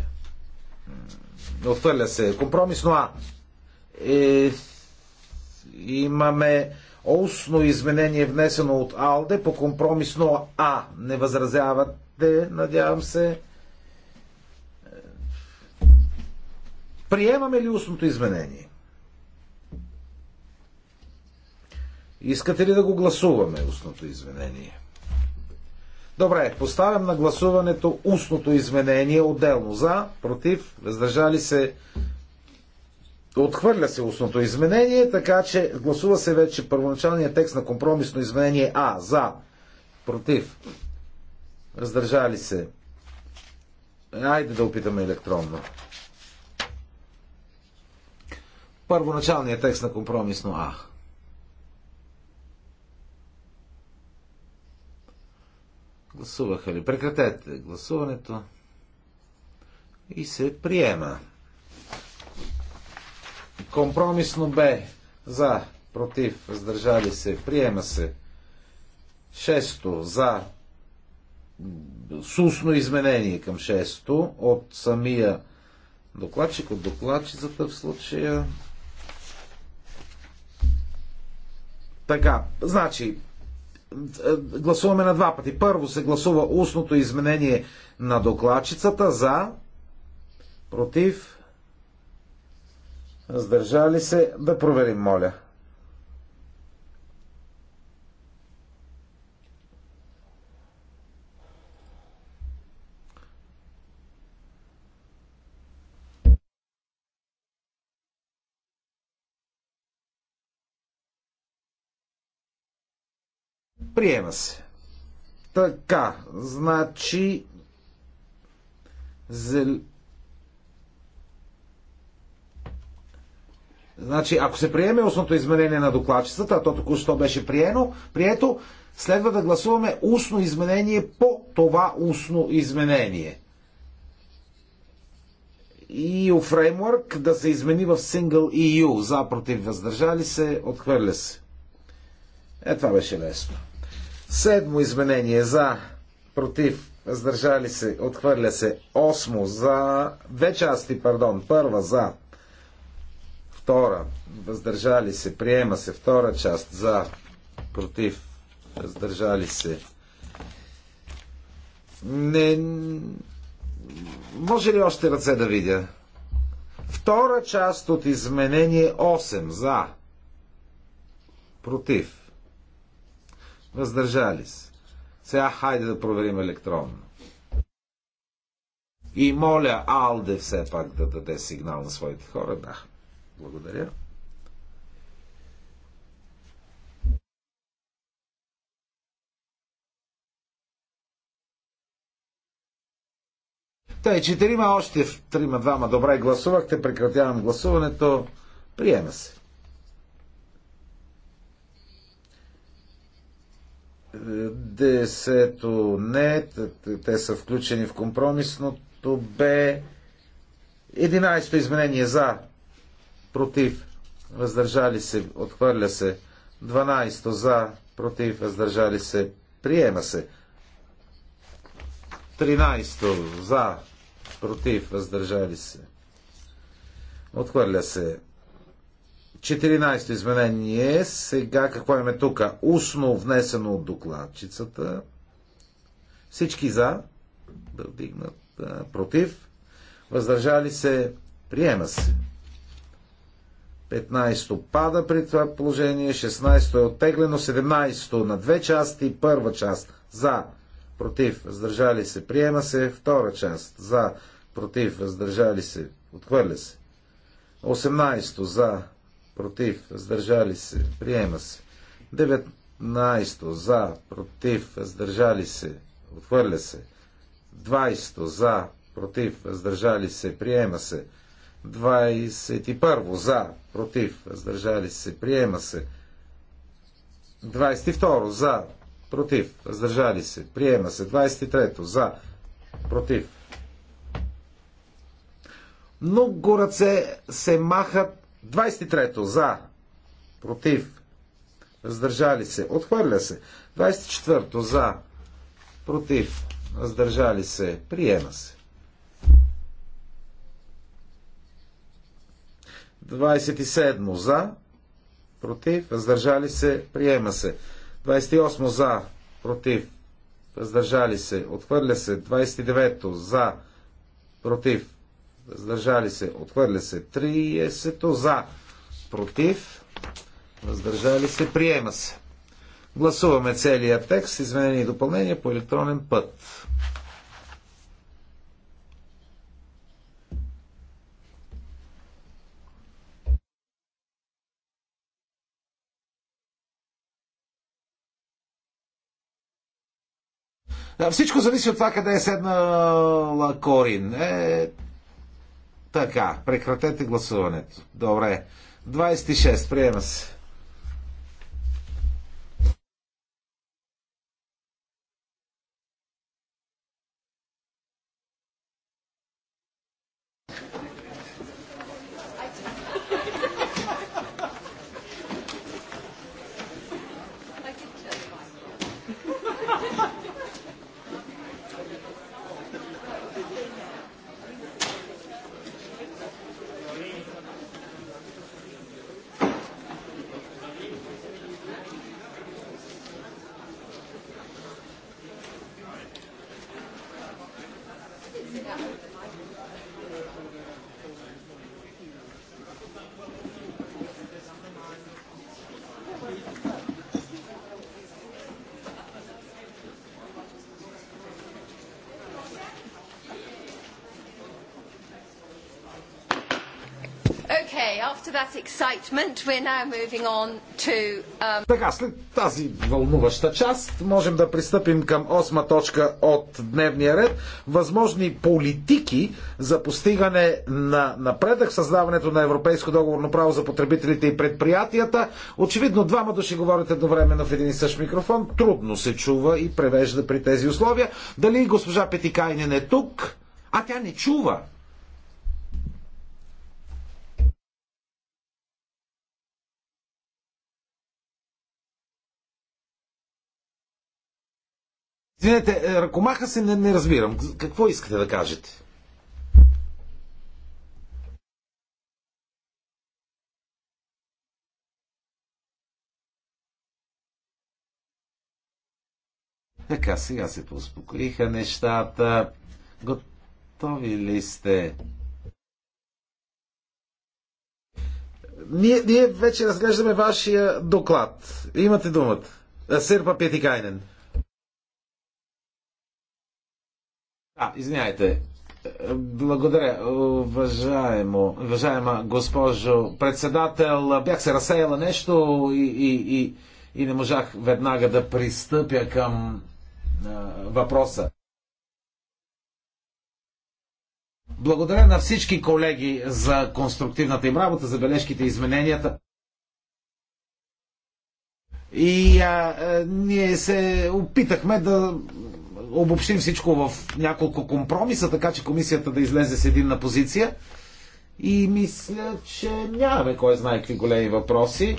отвърля се. Компромисно А. Е, имаме Осно изменение внесено от Алде по компромисно А. Не възразявате, надявам се. Приемаме ли устното изменение? Искате ли да го гласуваме устното изменение? Добре, поставям на гласуването устното изменение отделно. За, против, въздържали се. Отхвърля се устното изменение, така че гласува се вече първоначалният текст на компромисно изменение А. За, против, въздържали се. Айде да опитаме електронно първоначалния текст на компромисно А. Гласуваха ли? Прекратете гласуването. И се приема. Компромисно Б. За. Против. Сдържали се. Приема се. Шесто. За. Сусно изменение към шесто. От самия докладчик, от докладчицата в случая. Така, значи, е, гласуваме на два пъти. Първо се гласува устното изменение на докладчицата за, против, Сдържали се, да проверим, моля. Приема се. Така, значи зел... Значи, ако се приеме устното изменение на докладчицата, а то току-що беше приено, прието, следва да гласуваме устно изменение по това устно изменение. И у фреймворк да се измени в Single EU. За, против, въздържали се, отхвърля се. Е, това беше лесно. Седмо изменение за, против, въздържали се, отхвърля се. Осмо за, две части, пардон, първа за, втора, въздържали се, приема се, втора част за, против, въздържали се. Не... Може ли още ръце да видя? Втора част от изменение 8 за. Против. Въздържали се. Сега хайде да проверим електронно. И моля Алде все пак да даде сигнал на своите хора. Да. Благодаря. Тъй, четирима още, трима, двама. Добре, гласувахте. Прекратявам гласуването. Приема се. Десето не, те са включени в компромисното Б. Единайсто изменение за, против, въздържали се, отхвърля се. Дванайсто за, против, въздържали се, приема се. Тринайсто за, против, въздържали се. Отхвърля се. 14 изменение. Сега какво имаме тук? Устно внесено от докладчицата. Всички за да вдигнат против. Въздържали се. Приема се. 15-то пада при това положение, 16-то е оттеглено, 17-то на две части, първа част за, против, въздържали се, приема се, втора част за, против, въздържали се, отхвърля се. 18-то за, против, въздържали се, приема се. 19 за, против, въздържали се, отхвърля се. 20 за, против, въздържали се, приема се. 21 за, против, въздържали се, приема се. 22 за, против, въздържали се, приема се. 23 за, против. Много ръце се махат 23-то за, против, въздържали се, отхвърля се. 24-то за, против, въздържали се, приема се. 27 за, против, въздържали се, приема се. 28 за, против, въздържали се, отхвърля се. 29 за, против, въздържали се, отхвърля се 30 за, против, въздържали се, приема се. Гласуваме целия текст, изменение и допълнение по електронен път. всичко зависи от това къде е седнала Корин. Е, така, прекратете гласуването. Добре. 26, приема се. To, um... Така, след тази вълнуваща част, можем да пристъпим към осма точка от дневния ред. Възможни политики за постигане на напредък създаването на Европейско договорно право за потребителите и предприятията. Очевидно, двама души говорят едновременно в един и същ микрофон. Трудно се чува и превежда при тези условия. Дали госпожа Петикайнен е тук? А тя не чува. Извинете, е, ръкомаха се, не, не разбирам. Какво искате да кажете? Така, сега се поуспокоиха нещата. Готови ли сте? Ние, ние вече разглеждаме вашия доклад. Имате думата. Серпа Петикайнен. А, извиняйте. Е, благодаря, уважаемо, уважаема госпожо председател. Бях се разсеяла нещо и, и, и, и не можах веднага да пристъпя към а, въпроса. Благодаря на всички колеги за конструктивната им работа, за бележките и измененията. И а, а, е, ние се опитахме да обобщим всичко в няколко компромиса, така че комисията да излезе с единна позиция. И мисля, че нямаме кой знае какви големи въпроси.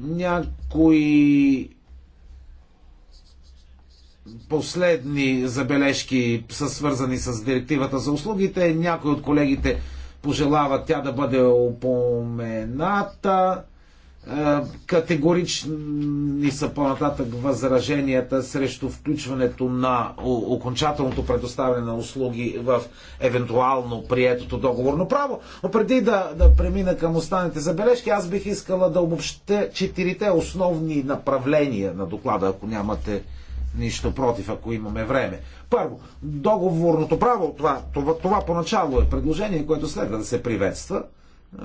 Някои последни забележки са свързани с директивата за услугите. Някои от колегите пожелават тя да бъде упомената. Е, категорични са по-нататък възраженията срещу включването на окончателното предоставяне на услуги в евентуално приетото договорно право. Но преди да, да премина към останалите забележки, аз бих искала да обобщя четирите основни направления на доклада, ако нямате нищо против, ако имаме време. Първо, договорното право, това, това, това поначало е предложение, което следва да се приветства, е,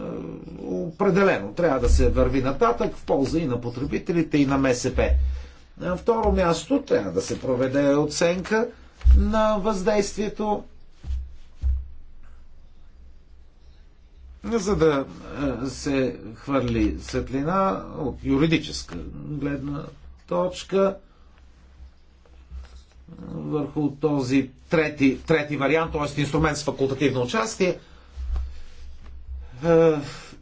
определено трябва да се върви нататък в полза и на потребителите, и на МСП. На второ място трябва да се проведе оценка на въздействието за да е, се хвърли светлина от юридическа гледна точка върху този трети, трети вариант, т.е. инструмент с факултативно участие, е,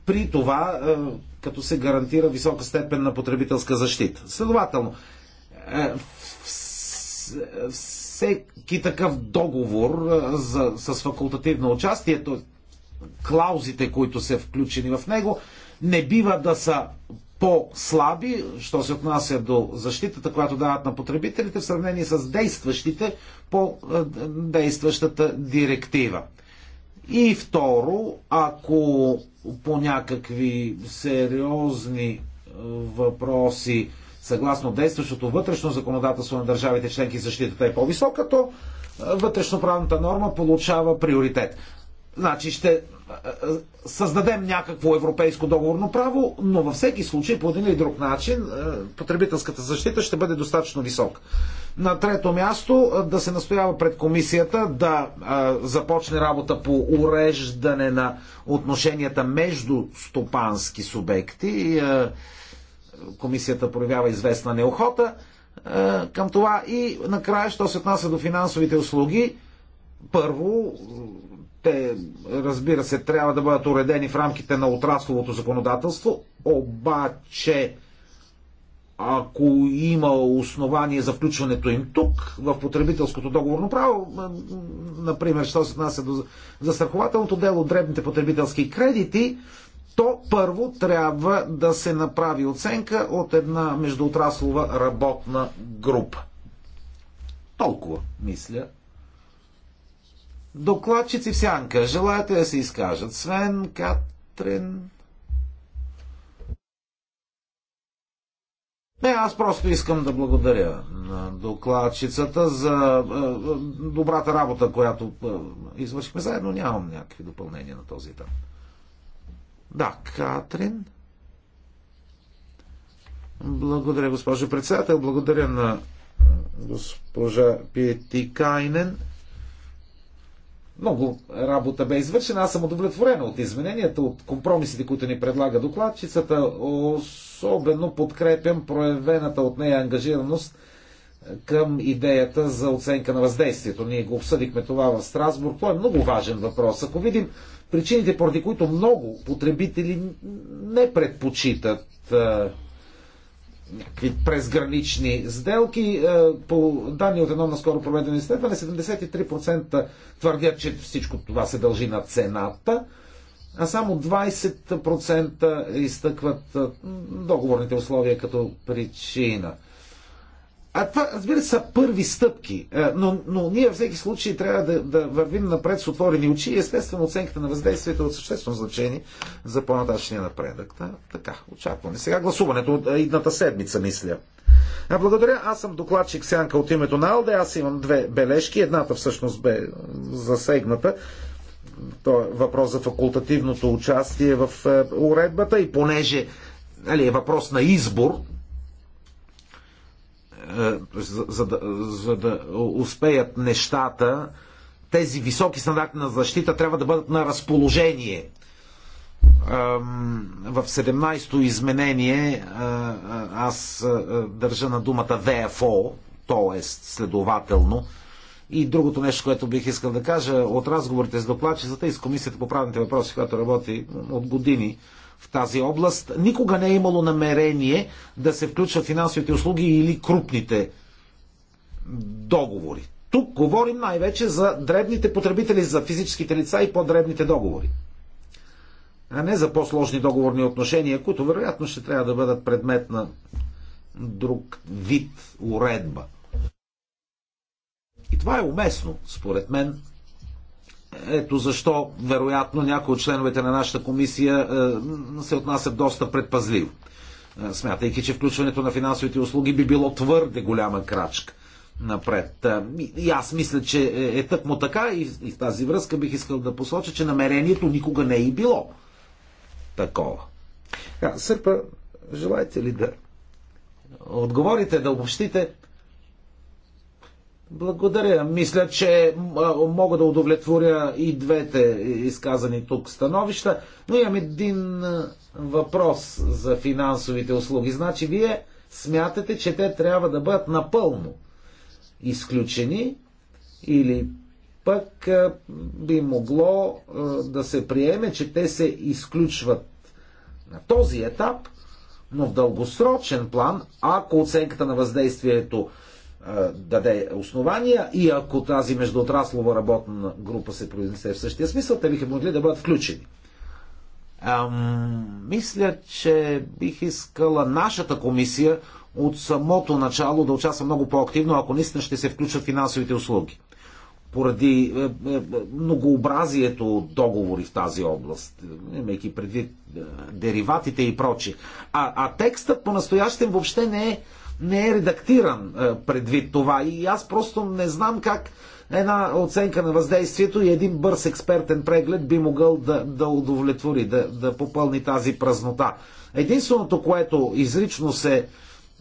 при това е, като се гарантира висока степен на потребителска защита. Следователно, е, всеки такъв договор за, с факултативно участие, т.е. клаузите, които са включени в него, не бива да са по-слаби, що се отнася до защитата, която дават на потребителите, в сравнение с действащите по действащата директива. И второ, ако по някакви сериозни е, въпроси съгласно действащото вътрешно законодателство на държавите членки защитата е по-висока, то е, вътрешноправната норма получава приоритет. Значи ще създадем някакво европейско договорно право, но във всеки случай по един или друг начин е, потребителската защита ще бъде достатъчно висока. На трето място е, да се настоява пред комисията да е, започне работа по уреждане на отношенията между стопански субекти. Комисията проявява известна неохота към това и накрая, що се отнася до финансовите услуги, първо те, разбира се, трябва да бъдат уредени в рамките на отрасловото законодателство, обаче ако има основание за включването им тук, в потребителското договорно право, например, що се отнася до застрахователното дело, дребните потребителски кредити, то първо трябва да се направи оценка от една междуотраслова работна група. Толкова, мисля, Докладчици в сянка, желаете да се изкажат? Свен, Катрин... Не, аз просто искам да благодаря на докладчицата за е, е, добрата работа, която е, извършихме заедно. Нямам някакви допълнения на този етап. Да, Катрин. Благодаря, госпожо председател. Благодаря на госпожа Пети Кайнен много работа бе извършена. Аз съм удовлетворена от измененията, от компромисите, които ни предлага докладчицата. Особено подкрепям проявената от нея ангажираност е, към идеята за оценка на въздействието. Ние го обсъдихме това в Страсбург. Това е много важен въпрос. Ако видим причините, поради които много потребители не предпочитат е, някакви презгранични сделки. Е, по данни от едно наскоро проведено изследване, 73% твърдят, че всичко това се дължи на цената, а само 20% изтъкват е, договорните условия като причина – а това, разбира се, са първи стъпки, е, но, но ние във всеки случай трябва да, да вървим напред с отворени очи и естествено оценката на въздействието е от съществено значение за по-нататъчния напредък. Да, така, очакваме. Сега гласуването от е, едната седмица, мисля. А благодаря, аз съм докладчик Сянка от името на Алде, аз имам две бележки, едната всъщност бе засегната. То е въпрос за факултативното участие в е, уредбата и понеже нали, е въпрос на избор, е, за, за, да, за да успеят нещата, тези високи стандарти на защита трябва да бъдат на разположение. В 17-то изменение е, е, аз държа на думата ВФО, т.е. следователно. И другото нещо, което бих искал да кажа, от разговорите с докладчицата и с Комисията по правните въпроси, която работи от години в тази област. Никога не е имало намерение да се включват финансовите услуги или крупните договори. Тук говорим най-вече за дребните потребители, за физическите лица и по-дребните договори. А не за по-сложни договорни отношения, които вероятно ще трябва да бъдат предмет на друг вид уредба. И това е уместно, според мен, ето защо, вероятно, някои от членовете на нашата комисия е, се отнасят доста предпазливо, е, смятайки, че включването на финансовите услуги би било твърде голяма крачка напред. Е, и аз мисля, че е тъкмо така и, и в тази връзка бих искал да посоча, че намерението никога не е и било такова. Сърпа, желаете ли да отговорите, да обобщите? Благодаря. Мисля, че мога да удовлетворя и двете изказани тук становища, но имам един въпрос за финансовите услуги. Значи, вие смятате, че те трябва да бъдат напълно изключени или пък би могло да се приеме, че те се изключват на този етап, но в дългосрочен план, ако оценката на въздействието даде основания и ако тази междуотраслова работна група се произнесе в същия смисъл, те биха могли да бъдат включени. Ам, мисля, че бих искала нашата комисия от самото начало да участва много по-активно, ако наистина ще се включат финансовите услуги. Поради е, е, многообразието от договори в тази област, имайки предвид е, дериватите и прочи. А, а текстът по-настоящем въобще не е не е редактиран е, предвид това. И аз просто не знам как една оценка на въздействието и един бърз експертен преглед би могъл да, да удовлетвори, да, да попълни тази празнота. Единственото, което изрично се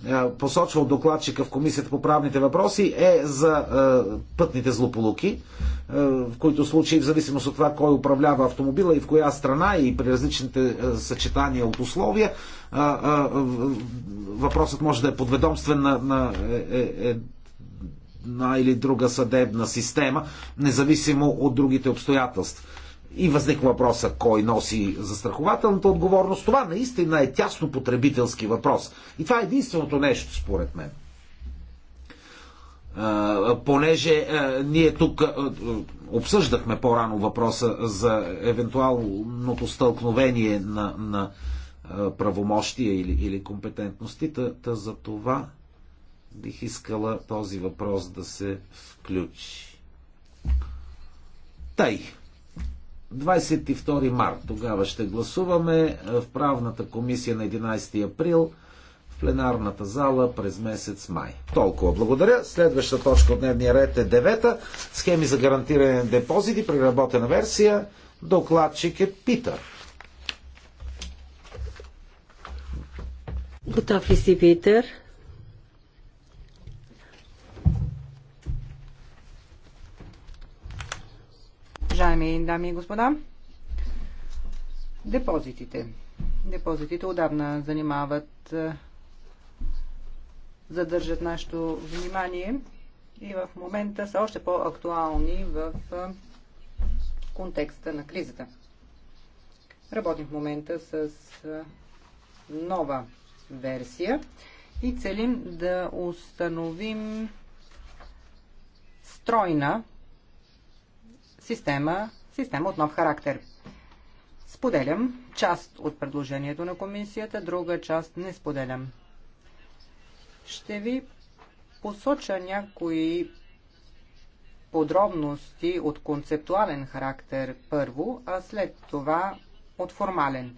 е, посочва от докладчика в Комисията по правните въпроси е за е, пътните злополуки, е, в които случаи, в зависимост от това кой управлява автомобила и в коя страна и при различните съчетания от условия, въпросът може да е подведомствен на, на една или друга съдебна система, независимо от другите обстоятелства. И възник въпроса кой носи застрахователната отговорност. Това наистина е тясно потребителски въпрос. И това е единственото нещо, според мен. Понеже ние тук обсъждахме по-рано въпроса за евентуалното стълкновение на, на правомощия или, или компетентности, та, за това бих искала този въпрос да се включи. Тай. 22 март тогава ще гласуваме е, в правната комисия на 11 април в пленарната зала през месец май. Толкова. Благодаря. Следваща точка от дневния ред е девета. Схеми за гарантиране на депозити, преработена версия. Докладчик е Питър. Готов ли си, Питър? Уважаеми дами и господа, депозитите. Депозитите отдавна занимават, е, задържат нашето внимание и в момента са още по-актуални в е, контекста на кризата. Работим в момента с е, нова версия и целим да установим стройна система, система от нов характер. Споделям част от предложението на комисията, друга част не споделям. Ще ви посоча някои подробности от концептуален характер първо, а след това от формален.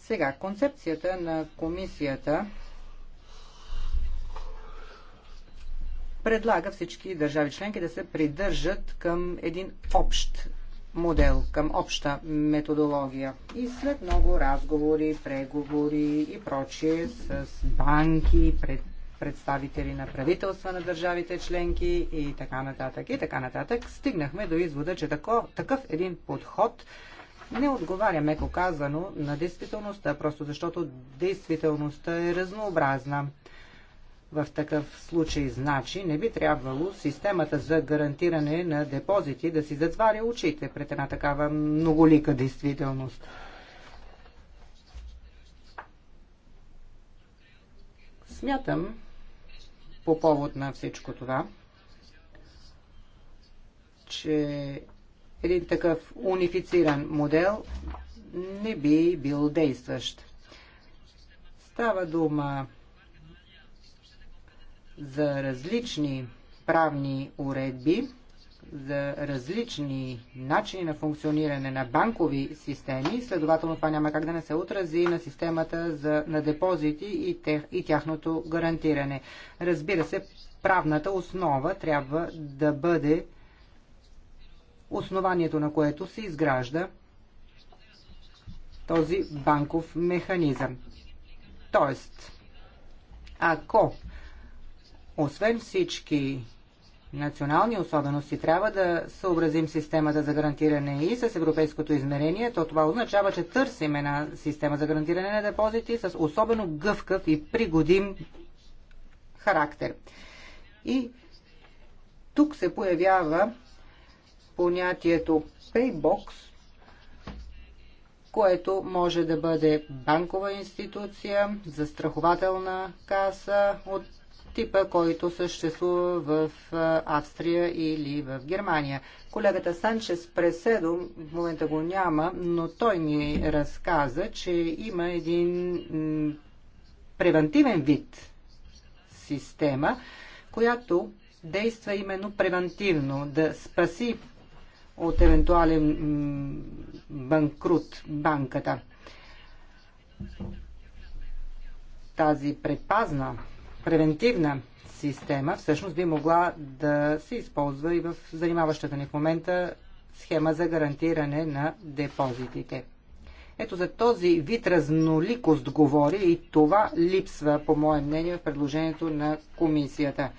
Сега, концепцията на комисията предлага всички държави членки да се придържат към един общ модел, към обща методология. И след много разговори, преговори и прочие с банки, пред, представители на правителства на държавите членки и така нататък. И така нататък стигнахме до извода, че тако, такъв един подход не отговаря, меко казано, на действителността, просто защото действителността е разнообразна в такъв случай значи не би трябвало системата за гарантиране на депозити да си затваря очите пред една такава многолика действителност. Смятам по повод на всичко това, че един такъв унифициран модел не би бил действащ. Става дума за различни правни уредби, за различни начини на функциониране на банкови системи, следователно това няма как да не се отрази на системата за, на депозити и, тех, и тяхното гарантиране. Разбира се, правната основа трябва да бъде основанието на което се изгражда този банков механизъм. Тоест, ако освен всички национални особености, трябва да съобразим системата за гарантиране и с европейското измерение, то това означава, че търсим една система за гарантиране на депозити с особено гъвкав и пригодим характер. И тук се появява понятието Paybox, което може да бъде банкова институция, застрахователна каса от типа, който съществува в Австрия или в Германия. Колегата Санчес Преседо, в момента го няма, но той ни разказа, че има един превентивен вид система, която действа именно превентивно, да спаси от евентуален банкрут банката. Тази предпазна превентивна система всъщност би могла да се използва и в занимаващата ни в момента схема за гарантиране на депозитите. Ето за този вид разноликост говори и това липсва, по мое мнение, в предложението на комисията.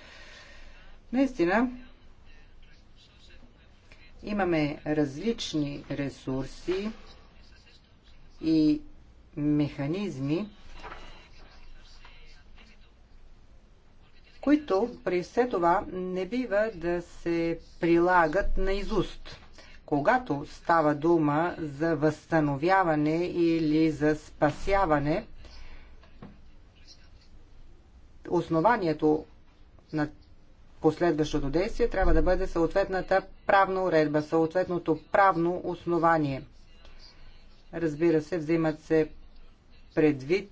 Наистина, имаме различни ресурси и механизми, които при все това не бива да се прилагат на изуст. Когато става дума за възстановяване или за спасяване, основанието на последващото действие трябва да бъде съответната правна уредба, съответното правно основание. Разбира се, взимат се предвид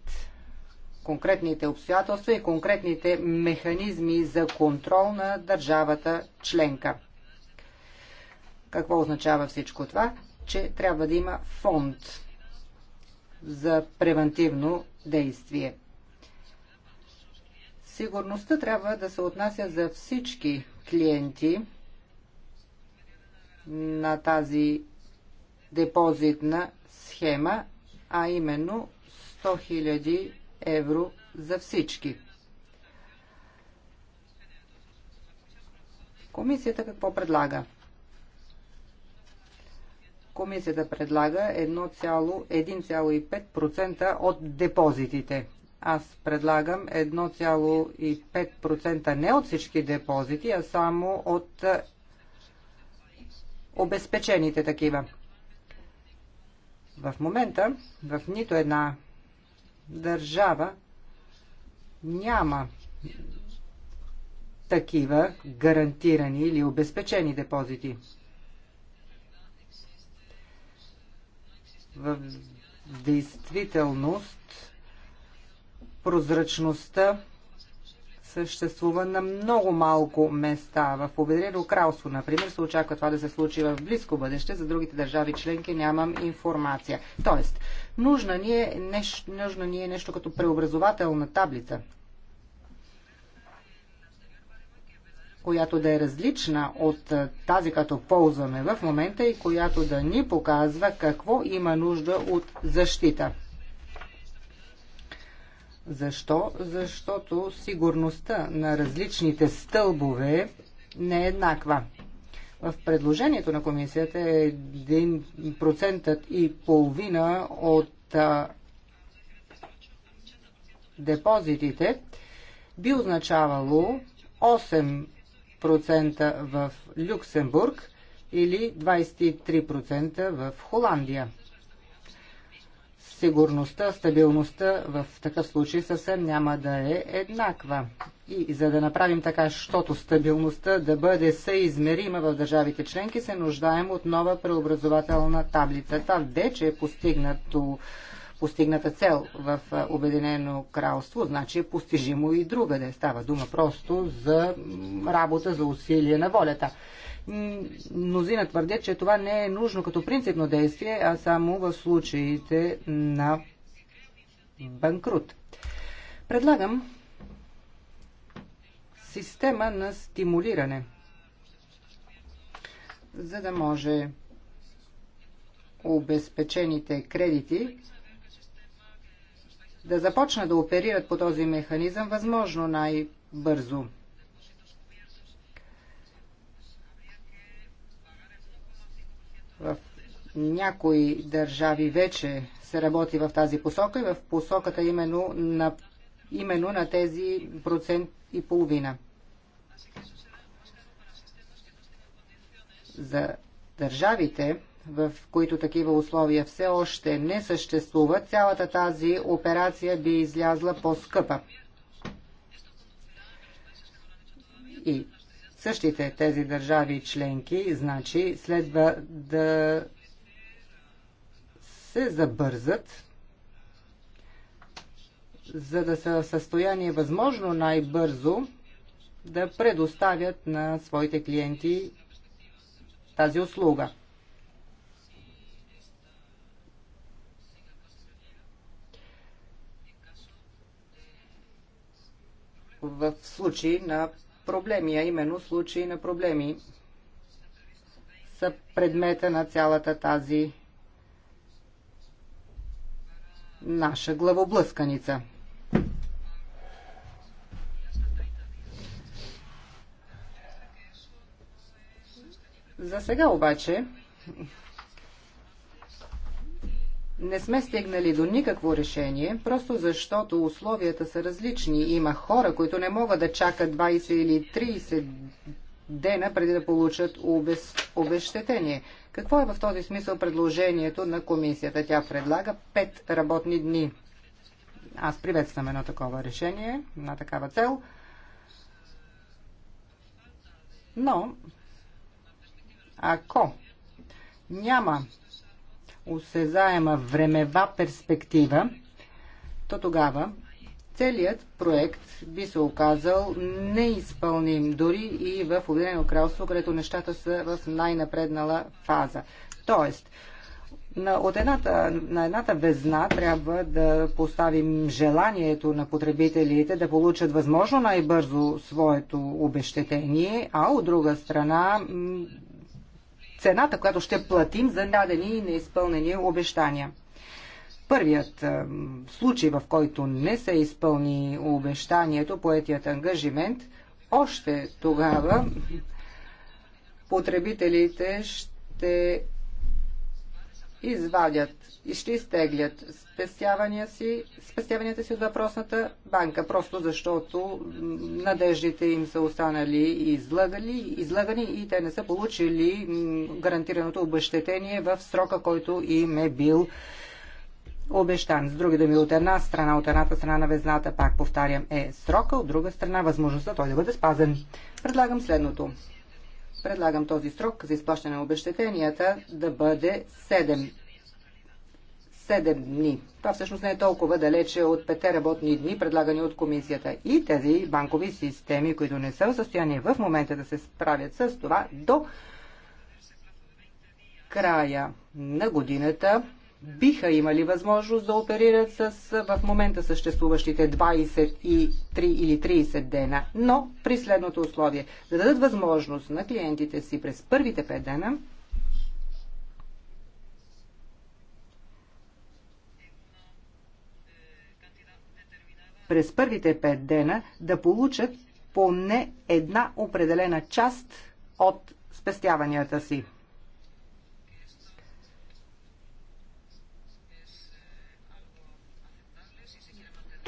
конкретните обстоятелства и конкретните механизми за контрол на държавата членка. Какво означава всичко това? Че трябва да има фонд за превентивно действие. Сигурността трябва да се отнася за всички клиенти на тази депозитна схема, а именно 100 000 евро за всички. Комисията какво предлага? Комисията предлага 1,5% от депозитите. Аз предлагам 1,5% не от всички депозити, а само от е, обезпечените такива. В момента в нито една държава няма такива гарантирани или обезпечени депозити. В действителност прозрачността съществува на много малко места. В Обединено кралство, например, се очаква това да се случи в близко бъдеще. За другите държави членки нямам информация. Тоест, Нужна ни е нещо, нужна ни е нещо като преобразователна таблица, която да е различна от тази, като ползваме в момента и която да ни показва какво има нужда от защита. Защо? Защото сигурността на различните стълбове не е еднаква. В предложението на комисията е 1% и половина от а, депозитите би означавало 8% в Люксембург или 23% в Холандия. Сигурността, стабилността в такъв случай съвсем няма да е еднаква. И за да направим така, щото стабилността да бъде съизмерима в държавите членки, се нуждаем от нова преобразователна таблица. Това вече е постигнато постигната цел в Обединено кралство, значи е постижимо и друга да Става дума просто за работа, за усилие на волята. Мнозина твърдят, че това не е нужно като принципно действие, а само в случаите на банкрут. Предлагам система на стимулиране, за да може обезпечените кредити да започнат да оперират по този механизъм възможно най-бързо. В някои държави вече се работи в тази посока и в посоката именно на, именно на тези процент, и половина. За държавите, в които такива условия все още не съществуват, цялата тази операция би излязла по-скъпа. И същите тези държави членки, значи, следва да се забързат за да са в състояние възможно най-бързо да предоставят на своите клиенти тази услуга. в случай на проблеми, а именно случаи на проблеми са предмета на цялата тази наша главоблъсканица. За сега обаче не сме стигнали до никакво решение, просто защото условията са различни. Има хора, които не могат да чакат 20 или 30 дена преди да получат обещетение. Какво е в този смисъл предложението на комисията? Тя предлага 5 работни дни. Аз приветствам едно такова решение, на такава цел. Но ако няма осезаема времева перспектива, то тогава целият проект би се оказал неизпълним дори и в Обединено кралство, където нещата са в най-напреднала фаза. Тоест, на, от едната, на едната везна трябва да поставим желанието на потребителите да получат възможно най-бързо своето обещетение, а от друга страна цената, която ще платим за дадени и неизпълнени обещания. Първият е, случай, в който не се изпълни обещанието, поетият ангажимент, още тогава потребителите ще извадят и ще изтеглят спестявания си, спестяванията си от въпросната банка, просто защото надеждите им са останали излагали, излагани и те не са получили гарантираното обещетение в срока, който им е бил обещан. С други думи, от една страна, от едната страна на везната, пак повтарям, е срока, от друга страна възможността той да бъде спазен. Предлагам следното. Предлагам този срок за изплащане на обещетенията да бъде 7 7 дни. Това всъщност не е толкова далече от 5 работни дни, предлагани от комисията. И тези банкови системи, които не са в състояние в момента да се справят с това, до края на годината биха имали възможност да оперират с в момента съществуващите 23 или 30 дена, но при следното условие да дадат възможност на клиентите си през първите 5 дена през първите 5 дена да получат поне една определена част от спестяванията си.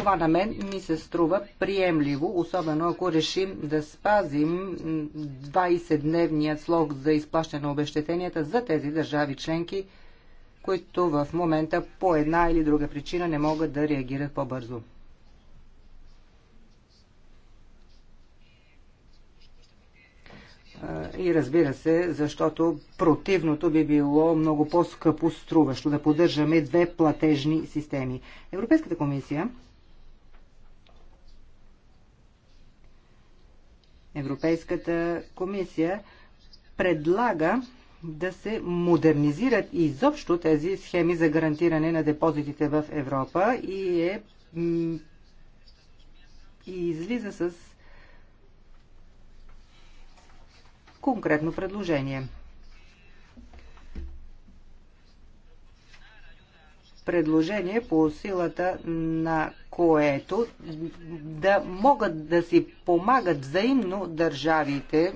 Това на мен ми се струва приемливо, особено ако решим да спазим 20-дневният слог за изплащане на обещетенията за тези държави членки, които в момента по една или друга причина не могат да реагират по-бързо. И разбира се, защото противното би било много по-скъпо струващо да поддържаме две платежни системи. Европейската комисия Европейската комисия предлага да се модернизират изобщо тези схеми за гарантиране на депозитите в Европа и е и излиза с конкретно предложение. предложение по силата на което да могат да си помагат взаимно държавите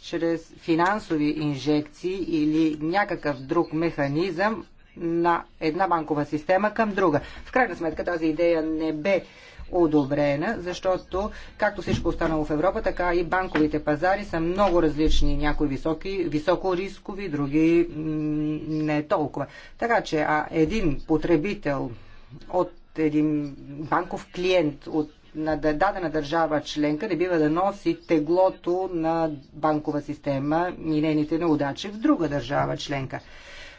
чрез финансови инжекции или някакъв друг механизъм на една банкова система към друга. В крайна сметка тази идея не бе одобрена, защото както всичко останало в Европа, така и банковите пазари са много различни. Някои високи, високо рискови, други не толкова. Така че а един потребител от един банков клиент от на дадена държава членка не бива да носи теглото на банкова система и нейните неудачи в друга държава членка.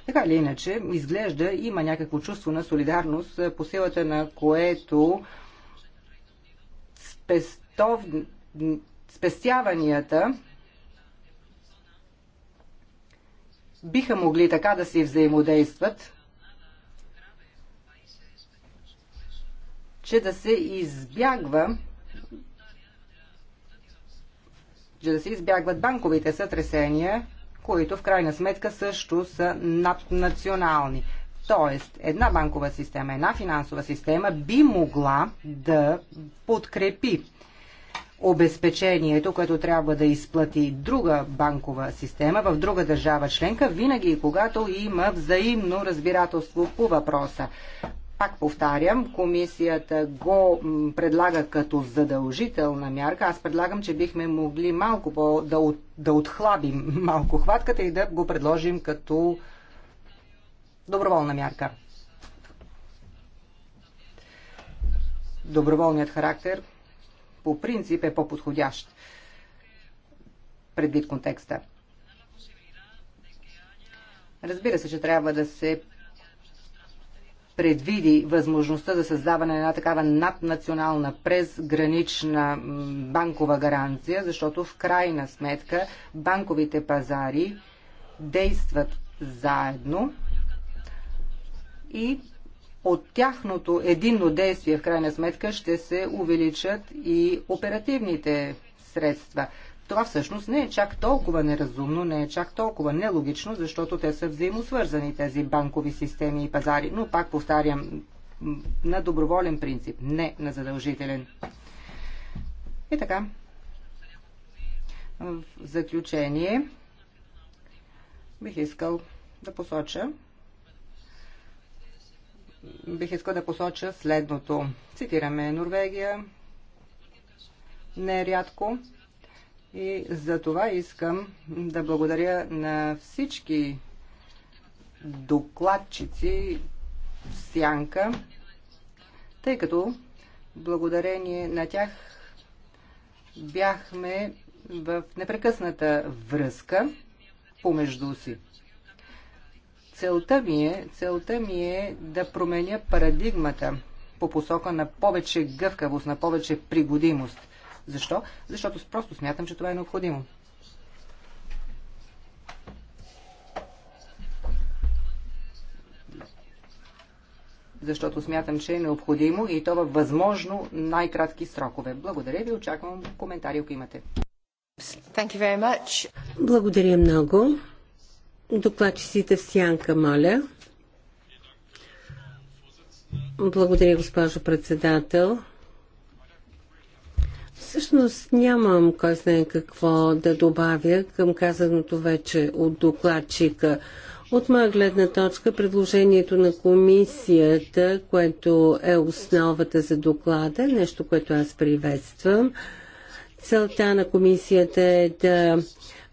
Така или иначе, изглежда има някакво чувство на солидарност, по силата на което спестов... спестяванията биха могли така да си взаимодействат, че да се избягва че да се избягват банковите сътресения, които в крайна сметка също са наднационални. Тоест, една банкова система, една финансова система би могла да подкрепи обезпечението, което трябва да изплати друга банкова система в друга държава членка, винаги когато има взаимно разбирателство по въпроса. Пак повтарям, комисията го предлага като задължителна мярка. Аз предлагам, че бихме могли малко по, да, от, да отхлабим малко хватката и да го предложим като доброволна мярка. Доброволният характер по принцип е по-подходящ предвид контекста. Разбира се, че трябва да се предвиди възможността за създаване на една такава наднационална презгранична банкова гаранция, защото в крайна сметка банковите пазари действат заедно и от тяхното единно действие в крайна сметка ще се увеличат и оперативните средства. Това всъщност не е чак толкова неразумно, не е чак толкова нелогично, защото те са взаимосвързани тези банкови системи и пазари. Но пак повтарям, на доброволен принцип, не на задължителен. И така, в заключение бих искал да посоча, бих искал да посоча следното. Цитираме Норвегия нерядко и за това искам да благодаря на всички докладчици в Сянка, тъй като благодарение на тях бяхме в непрекъсната връзка помежду си. Целта ми е, целта ми е да променя парадигмата по посока на повече гъвкавост, на повече пригодимост. Защо? Защото просто смятам, че това е необходимо. защото смятам, че е необходимо и то във възможно най-кратки срокове. Благодаря ви, очаквам коментари, ако имате. Благодаря много. Докладчиците в сянка, моля. Благодаря, госпожо председател. Всъщност нямам кой знае какво да добавя към казаното вече от докладчика. От моя гледна точка, предложението на комисията, което е основата за доклада, нещо, което аз приветствам. Целта на комисията е да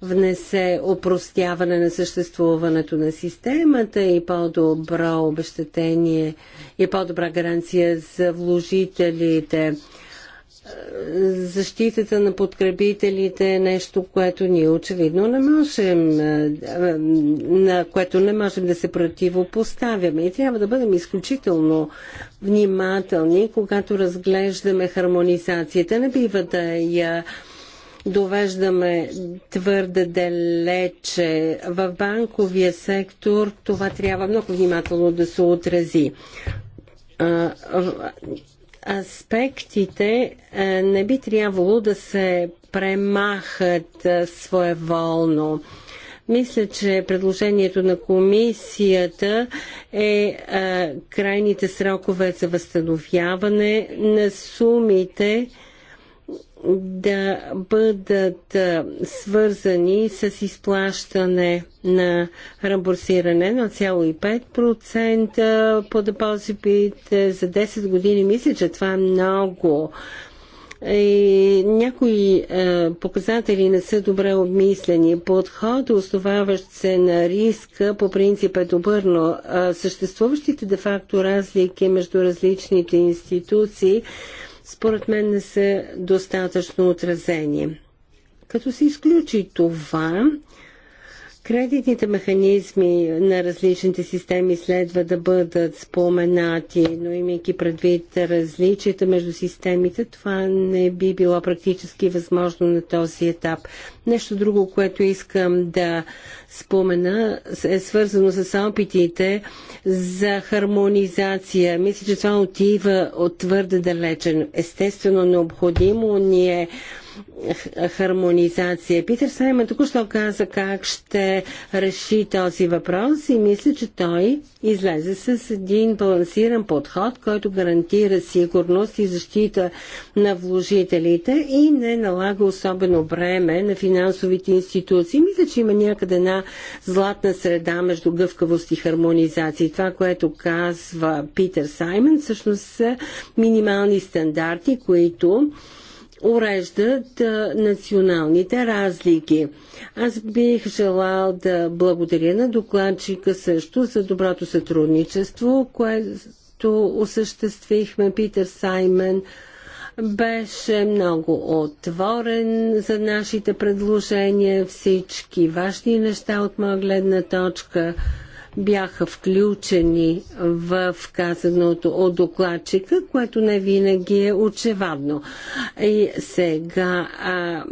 внесе опростяване на съществуването на системата и по-добро обещетение и по-добра гаранция за вложителите. Защитата на подкрепителите е нещо, което ние очевидно не можем, на което не можем да се противопоставяме. И трябва да бъдем изключително внимателни, когато разглеждаме хармонизацията. Не бива да я довеждаме твърде далече. В банковия сектор това трябва много внимателно да се отрази. Аспектите не би трябвало да се премахат своеволно. Мисля, че предложението на комисията е а, крайните срокове за възстановяване на сумите да бъдат свързани с изплащане на рамбурсиране на 0,5% по депозитите за 10 години. Мисля, че това е много. И някои показатели не са добре обмислени. Подход, основаващ се на риска, по принцип е добър, но съществуващите де-факто разлики между различните институции според мен не са достатъчно отразени. Като се изключи това, Кредитните механизми на различните системи следва да бъдат споменати, но имайки предвид различията между системите, това не би било практически възможно на този етап. Нещо друго, което искам да спомена, е свързано с опитите за хармонизация. Мисля, че това отива от твърде далече. Естествено, необходимо ни е хармонизация. Питер Саймън току-що каза как ще реши този въпрос и мисля, че той излезе с един балансиран подход, който гарантира сигурност и защита на вложителите и не налага особено бреме на финансовите институции. Мисля, че има някъде една златна среда между гъвкавост и хармонизация. Това, което казва Питер Саймън, всъщност са минимални стандарти, които уреждат националните разлики. Аз бих желал да благодаря на докладчика също за доброто сътрудничество, което осъществихме Питер Саймен беше много отворен за нашите предложения, всички важни неща от моя гледна точка бяха включени в казаното от докладчика, което не винаги е очевадно. И сега а,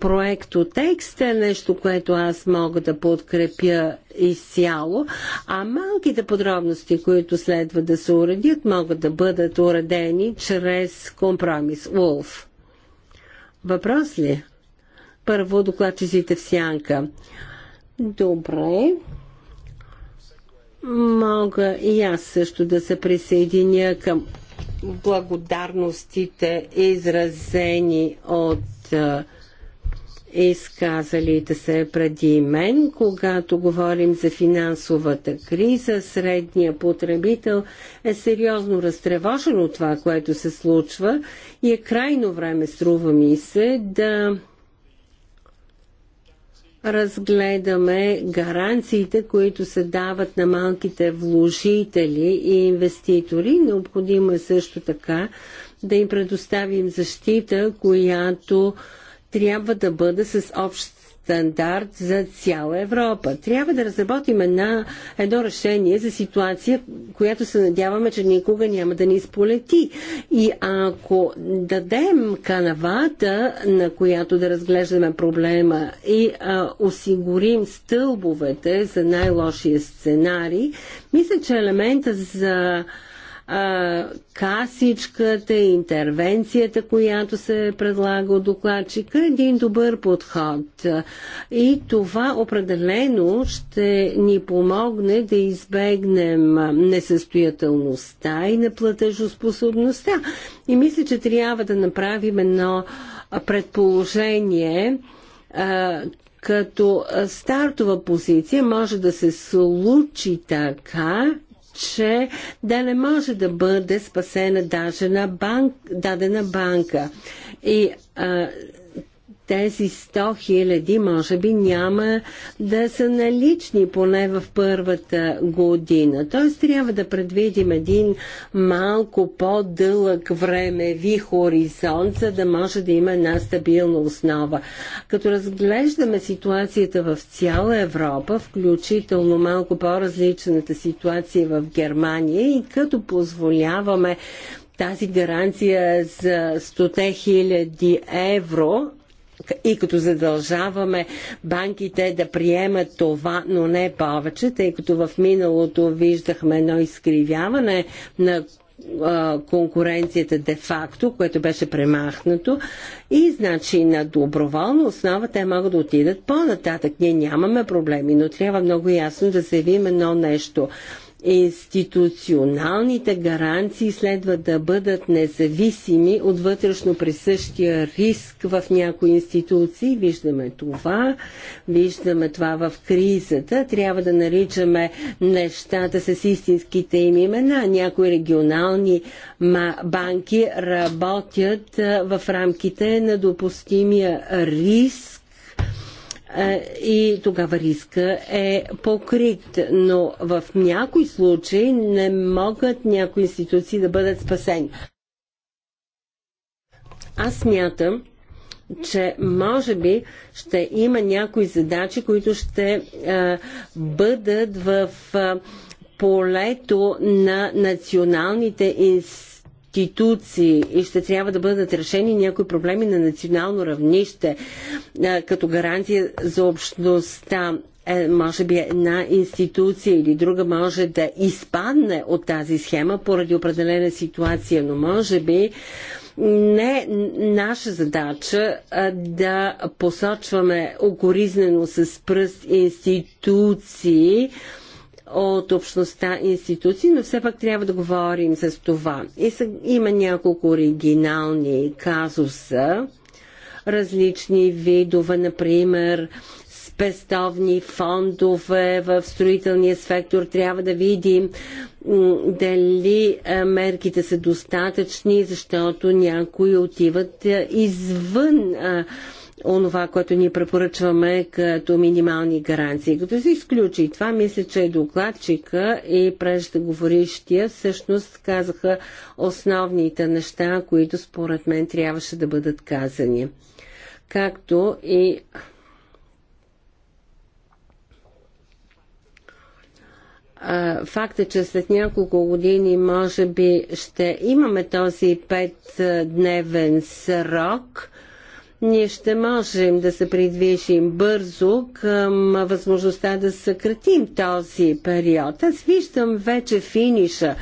проектотекст е нещо, което аз мога да подкрепя изцяло, а малките подробности, които следва да се уредят, могат да бъдат уредени чрез компромис. Улф. Въпрос ли? Първо докладчиците в сянка. Добре. Мога и аз също да се присъединя към благодарностите, изразени от изказалите се преди мен, когато говорим за финансовата криза, средния потребител е сериозно разтревожен от това, което се случва и е крайно време, струва ми се, да разгледаме гаранциите, които се дават на малките вложители и инвеститори. Необходимо е също така да им предоставим защита, която трябва да бъде с общ стандарт за цяла Европа. Трябва да разработим една, едно решение за ситуация, която се надяваме, че никога няма да ни изполети. И ако дадем канавата, на която да разглеждаме проблема и а, осигурим стълбовете за най-лошия сценарий, мисля, че елемента за а, касичката, интервенцията, която се предлага от докладчика, е един добър подход. И това определено ще ни помогне да избегнем несъстоятелността и неплатежоспособността. И мисля, че трябва да направим едно предположение, а, като стартова позиция може да се случи така, че да не може да бъде спасена даже на банк, дадена банка. И а, тези 100 хиляди може би няма да са налични поне в първата година. Т.е. трябва да предвидим един малко по-дълъг времеви хоризонт, за да може да има една стабилна основа. Като разглеждаме ситуацията в цяла Европа, включително малко по-различната ситуация в Германия и като позволяваме тази гаранция за 100 000 евро, и като задължаваме банките да приемат това, но не повече, тъй като в миналото виждахме едно изкривяване на конкуренцията де-факто, което беше премахнато и значи на доброволна основа те могат да отидат по-нататък. Ние нямаме проблеми, но трябва много ясно да заявим едно нещо институционалните гаранции следва да бъдат независими от вътрешно присъщия риск в някои институции. Виждаме това, виждаме това в кризата. Трябва да наричаме нещата с истинските им имена. Някои регионални банки работят в рамките на допустимия риск е, и тогава риска е покрит, но в някои случаи не могат някои институции да бъдат спасени. Аз смятам, че може би ще има някои задачи, които ще а, е, бъдат в а, е, полето на националните институции институции и ще трябва да бъдат решени някои проблеми на национално равнище, като гарантия за общността е, може би една институция или друга може да изпадне от тази схема поради определена ситуация, но може би не е наша задача да посочваме окоризнено с пръст институции, от общността институции, но все пак трябва да говорим с това. И са, има няколко оригинални казуса, различни видове, например, спестовни фондове в строителния сектор. Трябва да видим дали е, мерките са достатъчни, защото някои отиват е, извън е, онова, което ние препоръчваме като минимални гаранции. Като се изключи това, мисля, че докладчика и преждеговорищия всъщност казаха основните неща, които според мен трябваше да бъдат казани. Както и факта, че след няколко години може би ще имаме този петдневен срок – ние ще можем да се придвижим бързо към възможността да съкратим този период. Аз виждам вече финиша.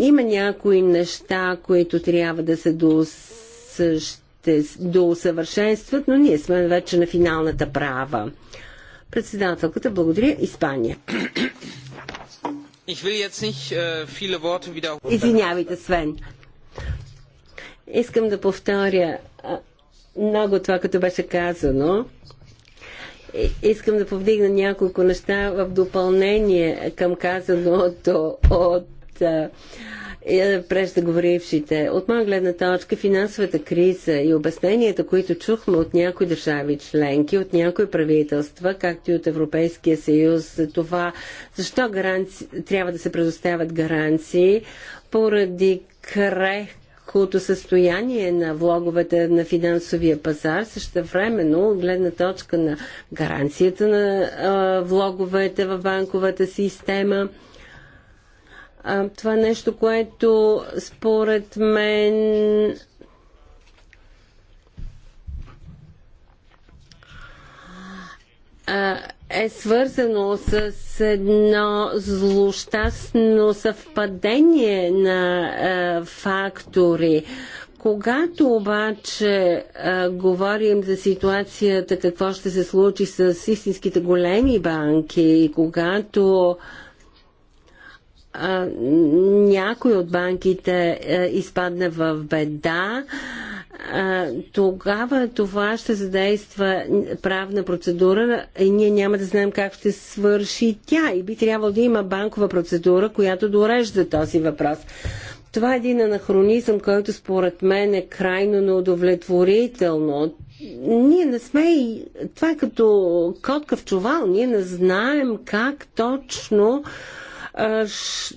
Има някои неща, които трябва да се доусъвършенстват, но ние сме вече на финалната права. Председателката, благодаря. Испания. Äh, Извинявайте, Свен. Искам да повторя много това, като беше казано. Искам да повдигна няколко неща в допълнение към казаното от е, преждеговорившите. От моя гледна точка, финансовата криза и обясненията, които чухме от някои държави членки, от някои правителства, както и от Европейския съюз, за това защо гаранци... трябва да се предоставят гаранции поради крех тежкото състояние на влоговете на финансовия пазар, също времено гледна точка на гаранцията на а, влоговете в банковата система. А, това нещо, което според мен а, е свързано с едно злощастно съвпадение на е, фактори. Когато обаче а, е, говорим за ситуацията, какво ще се случи с истинските големи банки и когато а, е, някой от банките а, е, изпадне в беда, тогава това ще задейства правна процедура и ние няма да знаем как ще свърши тя. И би трябвало да има банкова процедура, която дорежда този въпрос. Това е един анахронизъм, който според мен е крайно неудовлетворително. Ние не сме и... Това е като котка в чувал. Ние не знаем как точно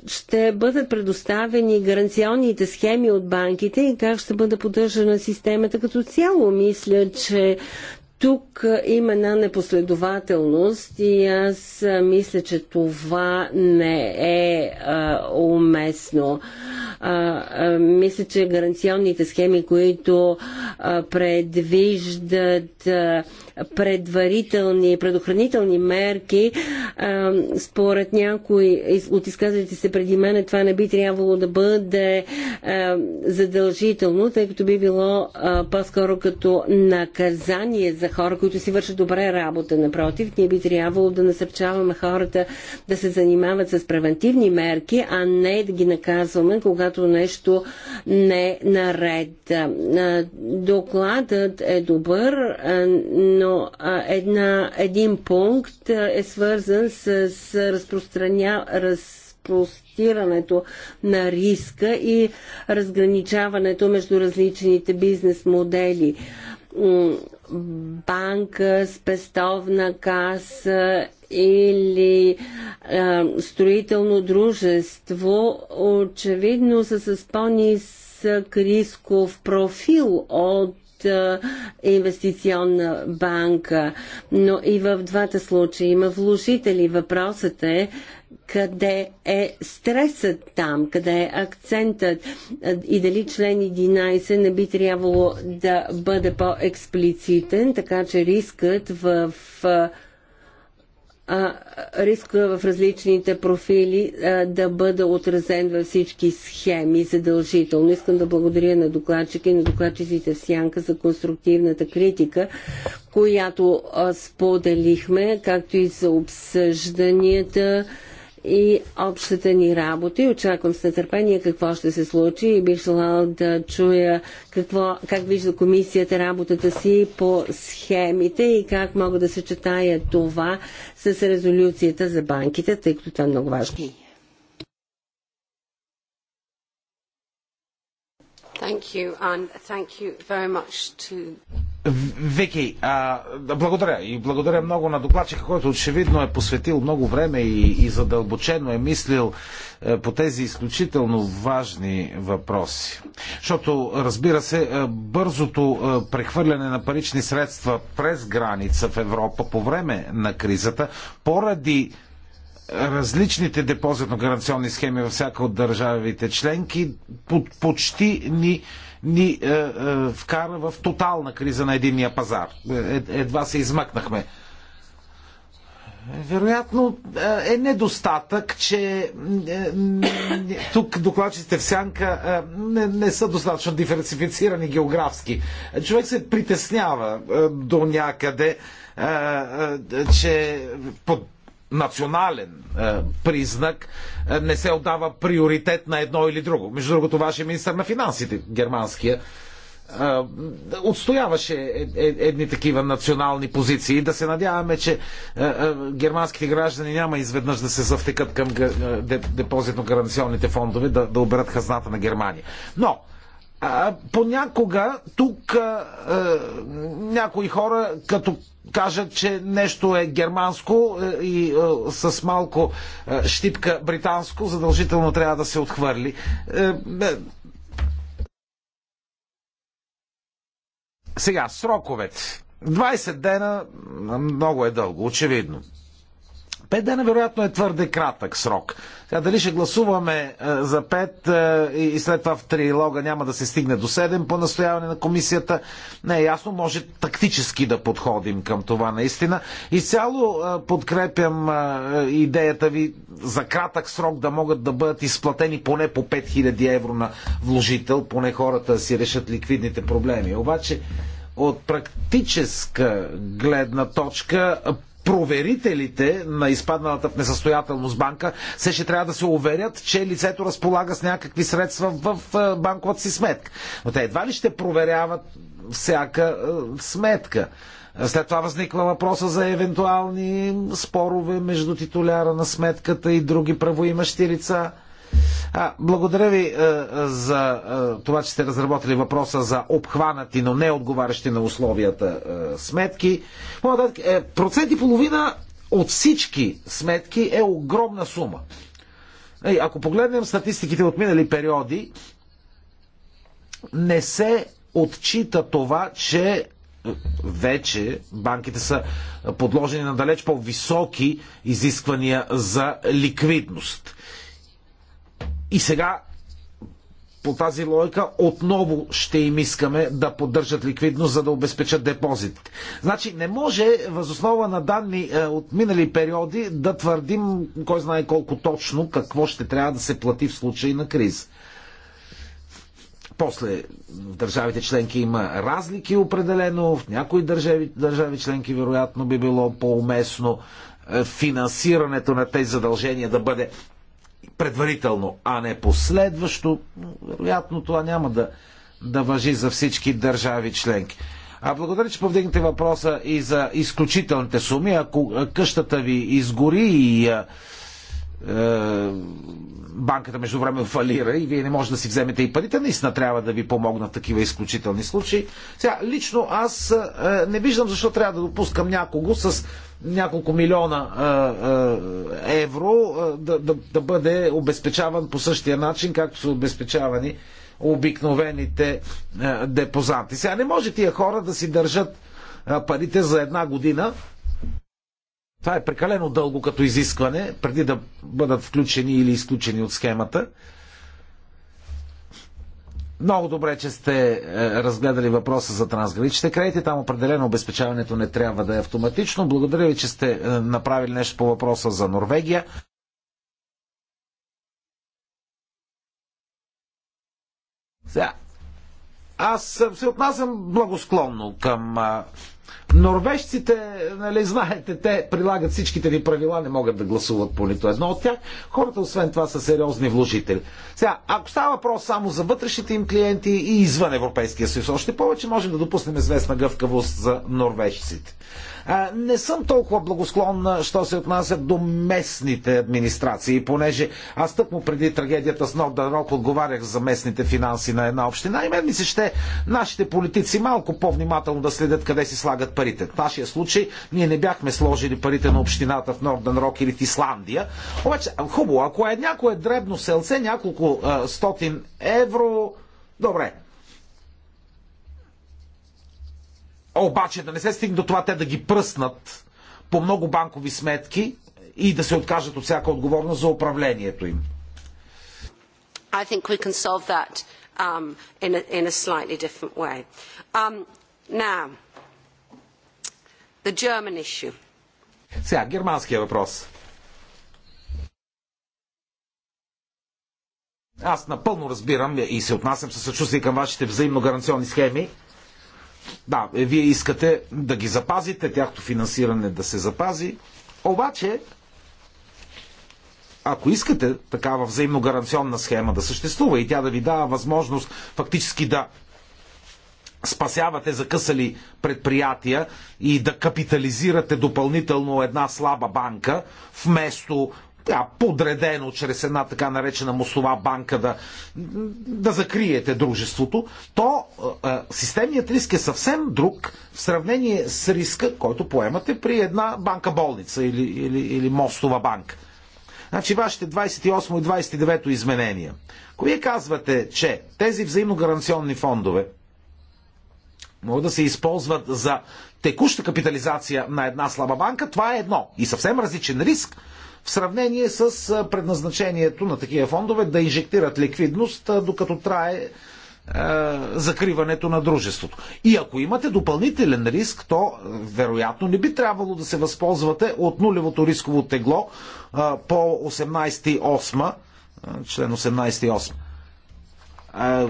ще бъдат предоставени гаранционните схеми от банките и как ще бъде поддържана системата като цяло. Мисля, че тук има една непоследователност и аз мисля, че това не е а, уместно. А, а, мисля, че гаранционните схеми, които а, предвиждат а, предварителни, предохранителни мерки. Според някои от изказалите се преди мене, това не би трябвало да бъде задължително, тъй като би било по-скоро като наказание за хора, които си вършат добре работа. Напротив, ние би трябвало да насърчаваме хората да се занимават с превентивни мерки, а не да ги наказваме, когато нещо не е наред. Докладът е добър, но Именно една, един пункт е свързан с, с разпространя, разпростирането на риска и разграничаването между различните бизнес модели. Банка, спестовна каса или а, строително дружество очевидно са с по-нисък рисков профил от инвестиционна банка, но и в двата случая има вложители. Въпросът е къде е стресът там, къде е акцентът и дали член 11 не би трябвало да бъде по-експлицитен, така че рискът в, в риска в различните профили да бъде отразен във всички схеми задължително. Искам да благодаря на докладчика и на докладчиците в Сянка за конструктивната критика, която споделихме, както и за обсъжданията и общата ни работа и очаквам с нетърпение какво ще се случи и бих желала да чуя какво, как вижда комисията работата си по схемите и как мога да съчетая това с резолюцията за банките, тъй като това е много важно. Thank you and thank you very much to Вики, а, благодаря и благодаря много на докладчика, който очевидно е посветил много време и, и задълбочено е мислил е, по тези изключително важни въпроси. Защото, разбира се, е, бързото е, прехвърляне на парични средства през граница в Европа по време на кризата, поради различните депозитно-гаранционни схеми във всяка от държавите членки, под, почти ни ни е, е, вкара в тотална криза на единния пазар. Е, е едва се измъкнахме. Вероятно е, е недостатък, че е, тук докладчиците в сянка не, не са достатъчно диверсифицирани географски. Човек се притеснява до някъде, че под национален е, признак е, не се отдава приоритет на едно или друго. Между другото, вашия е министр на финансите, германския, е, отстояваше е, едни такива национални позиции. Да се надяваме, че германските граждани няма изведнъж да се завтекат към депозитно-гаранционните фондове, да, да оберат хазната на Германия. Но а, понякога тук а, а, някои хора, като кажат, че нещо е германско и а, с малко а, щипка британско, задължително трябва да се отхвърли. А, сега, сроковете. 20 дена много е дълго, очевидно. Пет дена вероятно е твърде кратък срок. Сега дали ще гласуваме е, за пет е, и след това в трилога няма да се стигне до седем по настояване на комисията, не е ясно. Може тактически да подходим към това наистина. Изцяло е, подкрепям идеята ви за кратък срок да могат да бъдат изплатени поне по 5000 евро на вложител, поне хората си решат ликвидните проблеми. Обаче от практическа гледна точка проверителите на изпадналата в несъстоятелност банка се ще трябва да се уверят, че лицето разполага с някакви средства в е, банковата си сметка. Но те едва ли ще проверяват всяка е, сметка. След това възниква въпроса за евентуални спорове между титуляра на сметката и други правоимащи лица. А, благодаря ви а, е, е, за а, е, това, че сте разработили въпроса за обхванати, но не отговарящи на условията а, сметки. по е, процент и половина от всички сметки е огромна сума. ако погледнем статистиките от минали периоди, не се отчита това, че вече банките са подложени на далеч по-високи изисквания за ликвидност. И сега по тази логика отново ще им искаме да поддържат ликвидност, за да обезпечат депозитите. Значи не може възоснова на данни е, от минали периоди да твърдим кой знае колко точно какво ще трябва да се плати в случай на криз. После в държавите членки има разлики определено, в някои държави, държави членки вероятно би било по-уместно е, финансирането на тези задължения да бъде предварително, а не последващо, вероятно това няма да, да въжи за всички държави членки. А благодаря, че повдигнете въпроса и за изключителните суми. Ако къщата ви изгори и е, банката между време фалира и вие не можете да си вземете и парите, наистина трябва да ви помогнат такива изключителни случаи. Сега, лично аз е, не виждам защо трябва да допускам някого с няколко милиона е, е, евро е, да, да, да бъде обезпечаван по същия начин, както са обезпечавани обикновените е, депозанти. Сега не може тия хора да си държат парите за една година това е прекалено дълго като изискване, преди да бъдат включени или изключени от схемата. Много добре, че сте е, разгледали въпроса за трансграничните кредити. Там определено обезпечаването не трябва да е автоматично. Благодаря ви, че сте е, направили нещо по въпроса за Норвегия. Сега, аз се отнасям благосклонно към е, Норвежците, нали, знаете, те прилагат всичките ни правила, не могат да гласуват по нито едно от тях. Хората, освен това, са сериозни вложители. Сега, ако става въпрос само за вътрешните им клиенти и извън Европейския съюз, още повече можем да допуснем известна гъвкавост за норвежците. Не съм толкова благосклонна, що се отнася до местните администрации, понеже аз тъкмо преди трагедията с Нордън Рок отговарях за местните финанси на една община и мен ми се ще нашите политици малко по-внимателно да следят къде си слагат парите. В нашия случай ние не бяхме сложили парите на общината в Нордън Рок или в Исландия. Обаче, хубаво, ако е някое дребно селце, няколко а, стотин евро, добре, обаче да не се стигне до това те да ги пръснат по много банкови сметки и да се откажат от всяка отговорност за управлението им. I think we can solve that um, in, a, in a slightly different way. Um, now, the German issue. Сега, германския въпрос. Аз напълно разбирам и се отнасям със съчувствие към вашите взаимно гаранционни схеми. Да, е, вие искате да ги запазите, тяхто финансиране да се запази. Обаче, ако искате такава взаимогаранционна схема да съществува и тя да ви дава възможност фактически да спасявате закъсали предприятия и да капитализирате допълнително една слаба банка, вместо да, подредено чрез една така наречена мостова банка да, да закриете дружеството, то а, е, е, системният риск е съвсем друг в сравнение с риска, който поемате при една банка-болница или, или, или мостова банка. Значи вашите 28 и 29 изменения. Кои казвате, че тези гаранционни фондове могат да се използват за текуща капитализация на една слаба банка, това е едно. И съвсем различен риск в сравнение с предназначението на такива фондове да инжектират ликвидност, докато трае закриването на дружеството. И ако имате допълнителен риск, то вероятно не би трябвало да се възползвате от нулевото рисково тегло по 18.8, член 18.8.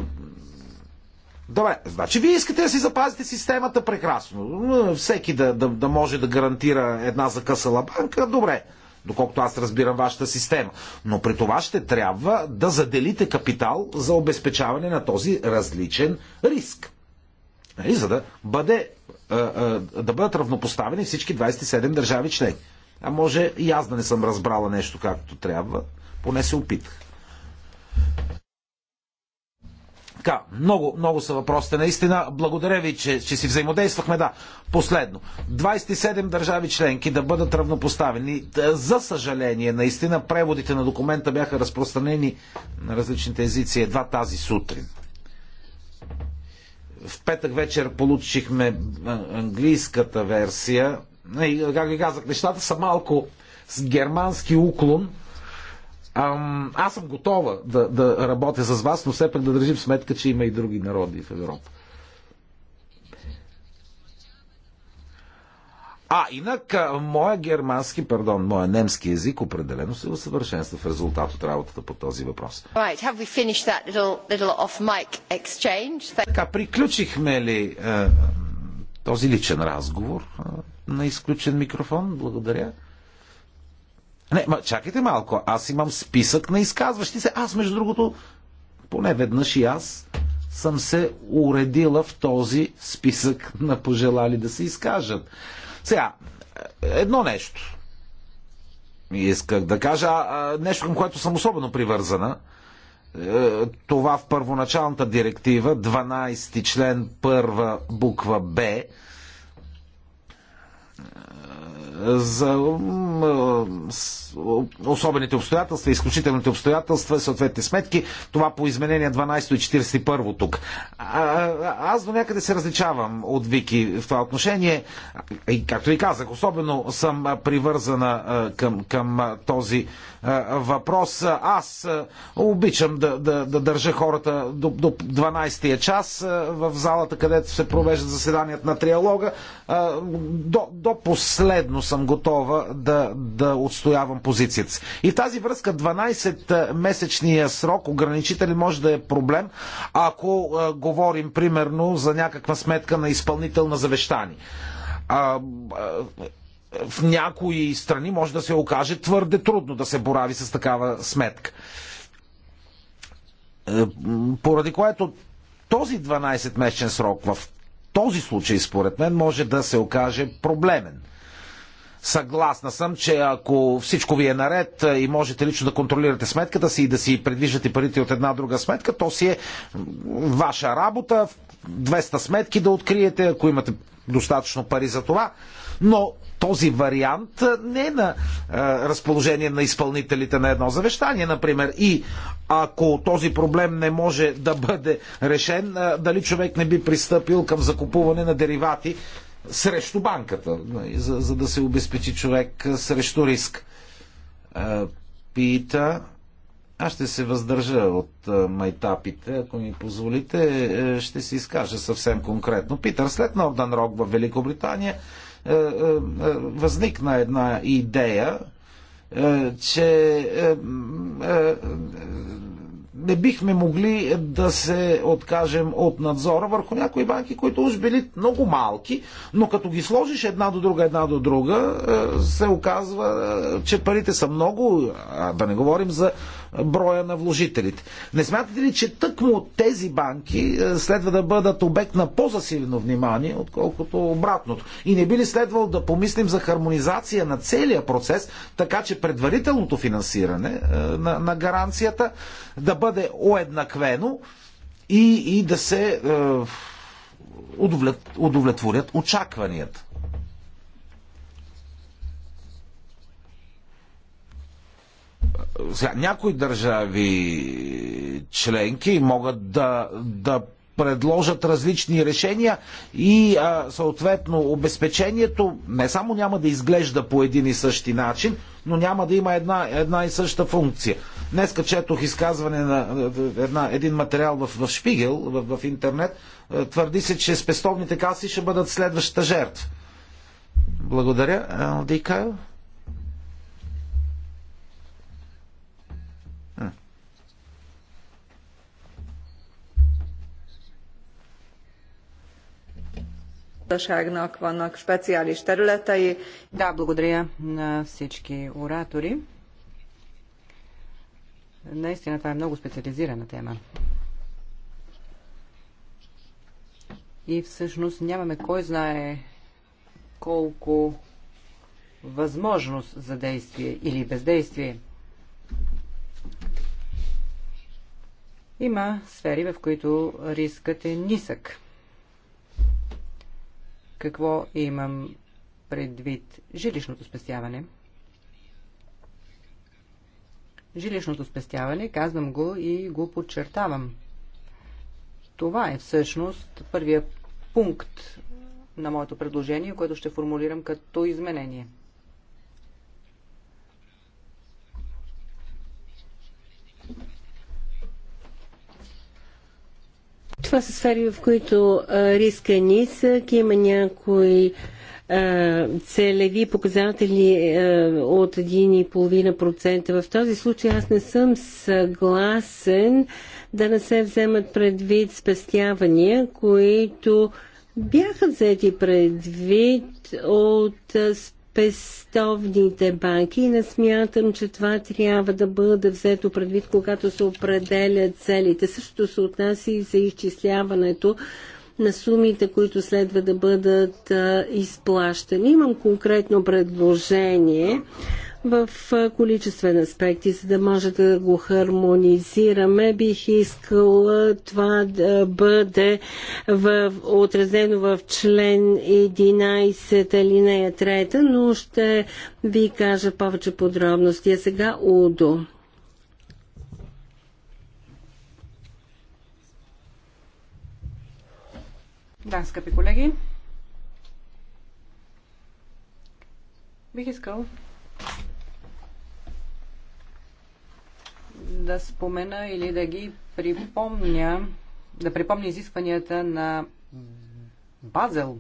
Добре, значи вие искате да си запазите системата прекрасно. Всеки да, да, да може да гарантира една закъсала банка, добре доколкото аз разбирам вашата система. Но при това ще трябва да заделите капитал за обезпечаване на този различен риск. Нали? За да, бъде, да бъдат равнопоставени всички 27 държави члени. А може и аз да не съм разбрала нещо както трябва, поне се опитах. Така, много, много са въпросите. Наистина, благодаря ви, че, че си взаимодействахме. Да, последно. 27 държави членки да бъдат равнопоставени. За съжаление, наистина, преводите на документа бяха разпространени на различните езици едва тази сутрин. В петък вечер получихме английската версия. И, как ви казах, нещата са малко с германски уклон – аз съм готова да, да работя с вас, но все пак да държим сметка, че има и други народи в Европа. А, инак, моя германски, пардон, моя немски език определено се усъвършенства в резултат от работата по този въпрос. Right, little, little така, приключихме ли е, е, този личен разговор е, на изключен микрофон? Благодаря. Не, ма, чакайте малко. Аз имам списък на изказващи се. Аз, между другото, поне веднъж и аз съм се уредила в този списък на пожелали да се изкажат. Сега, едно нещо. Исках да кажа нещо, към което съм особено привързана. Е, това в първоначалната директива, 12 член, първа буква Б, за особените обстоятелства, изключителните обстоятелства, съответните сметки. Това по изменение 12 и 41 тук. А, аз до някъде се различавам от Вики в това отношение. И както ви казах, особено съм привързана към, към този е, въпрос. Аз е, обичам да, да, да държа хората до, до 12-я час е, в залата, където се провеждат заседанията на триалога. До, до последно съм готова да, да отстоявам позицията си. И в тази връзка 12-месечния срок ограничителен може да е проблем, ако говорим примерно за някаква сметка на изпълнител на завещани. А, в някои страни може да се окаже твърде трудно да се борави с такава сметка. Е, поради което този 12-месечен срок в този случай, според мен, може да се окаже проблемен. Съгласна съм, че ако всичко ви е наред е, и можете лично да контролирате сметката си и да си предвиждате парите от една друга сметка, то си е ваша работа. 200 сметки да откриете, ако имате достатъчно пари за това. Но този вариант не е на разположение на изпълнителите на едно завещание, например. И ако този проблем не може да бъде решен, дали човек не би пристъпил към закупуване на деривати срещу банката, нали, за, за да се обезпечи човек срещу риск. Пита. Аз ще се въздържа от майтапите, ако ми позволите, е, ще се изкажа съвсем конкретно. Питър, след Нордан Рок в Великобритания, е, е, е, възникна една идея, че не бихме могли да се откажем от надзора върху някои банки, които уж били много малки, но като ги сложиш една до друга, една до друга, се оказва, че парите са много, а да не говорим за броя на вложителите. Не смятате ли, че тъкмо от тези банки е, следва да бъдат обект на по-засилено внимание, отколкото обратното? И не би ли следвало да помислим за хармонизация на целия процес, така че предварителното финансиране е, на, на гаранцията да бъде уеднаквено и, и да се е, удовлетворят очакванията? някои държави членки могат да, да предложат различни решения и а, съответно обезпечението не само няма да изглежда по един и същи начин, но няма да има една, една и съща функция. Днес четох изказване на една, един материал в, в Шпигел, в, в интернет. Е, твърди се, че спестовните каси ще бъдат следващата жертва. Благодаря. Алдикайл. Да, благодаря на всички оратори. Наистина това е много специализирана тема. И всъщност нямаме кой знае колко възможност за действие или бездействие. Има сфери, в които рискът е нисък. Какво имам предвид? Жилищното спестяване. Жилищното спестяване, казвам го и го подчертавам. Това е всъщност първия пункт на моето предложение, което ще формулирам като изменение – Това са сфери, в които риска е нисък. Има някои целеви показатели от 1,5%. В този случай аз не съм съгласен да не се вземат предвид спестявания, които бяха взети предвид от пестовните банки и не смятам, че това трябва да бъде взето предвид, когато се определят целите. Същото се отнася и за изчисляването на сумите, които следва да бъдат а, изплащани. Имам конкретно предложение в количествен аспект и за да може да го хармонизираме, бих искала това да бъде в, отразено в член 11 алинея 3, но ще ви кажа повече подробности. А сега Удо. Да, скъпи колеги, бих искал да спомена или да ги припомня, да припомня изискванията на Базел.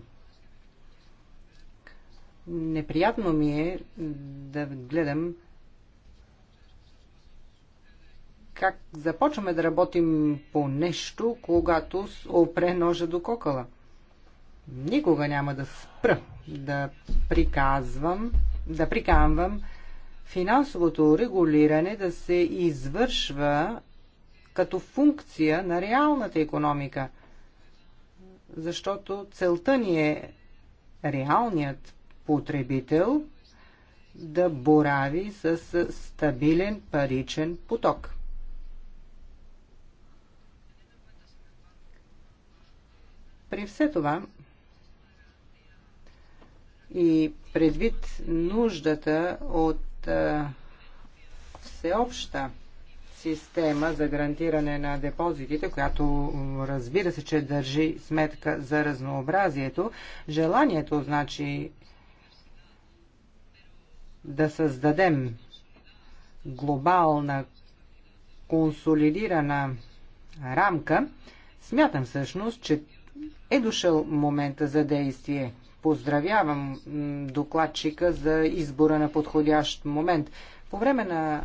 Неприятно ми е да гледам как започваме да работим по нещо, когато опре ножа до кокала. Никога няма да спра да приказвам, да приканвам финансовото регулиране да се извършва като функция на реалната економика, защото целта ни е реалният потребител да борави с стабилен паричен поток. При все това и предвид нуждата от всеобща система за гарантиране на депозитите, която разбира се, че държи сметка за разнообразието. Желанието значи да създадем глобална консолидирана рамка, смятам всъщност, че е дошъл момента за действие поздравявам докладчика за избора на подходящ момент. По време на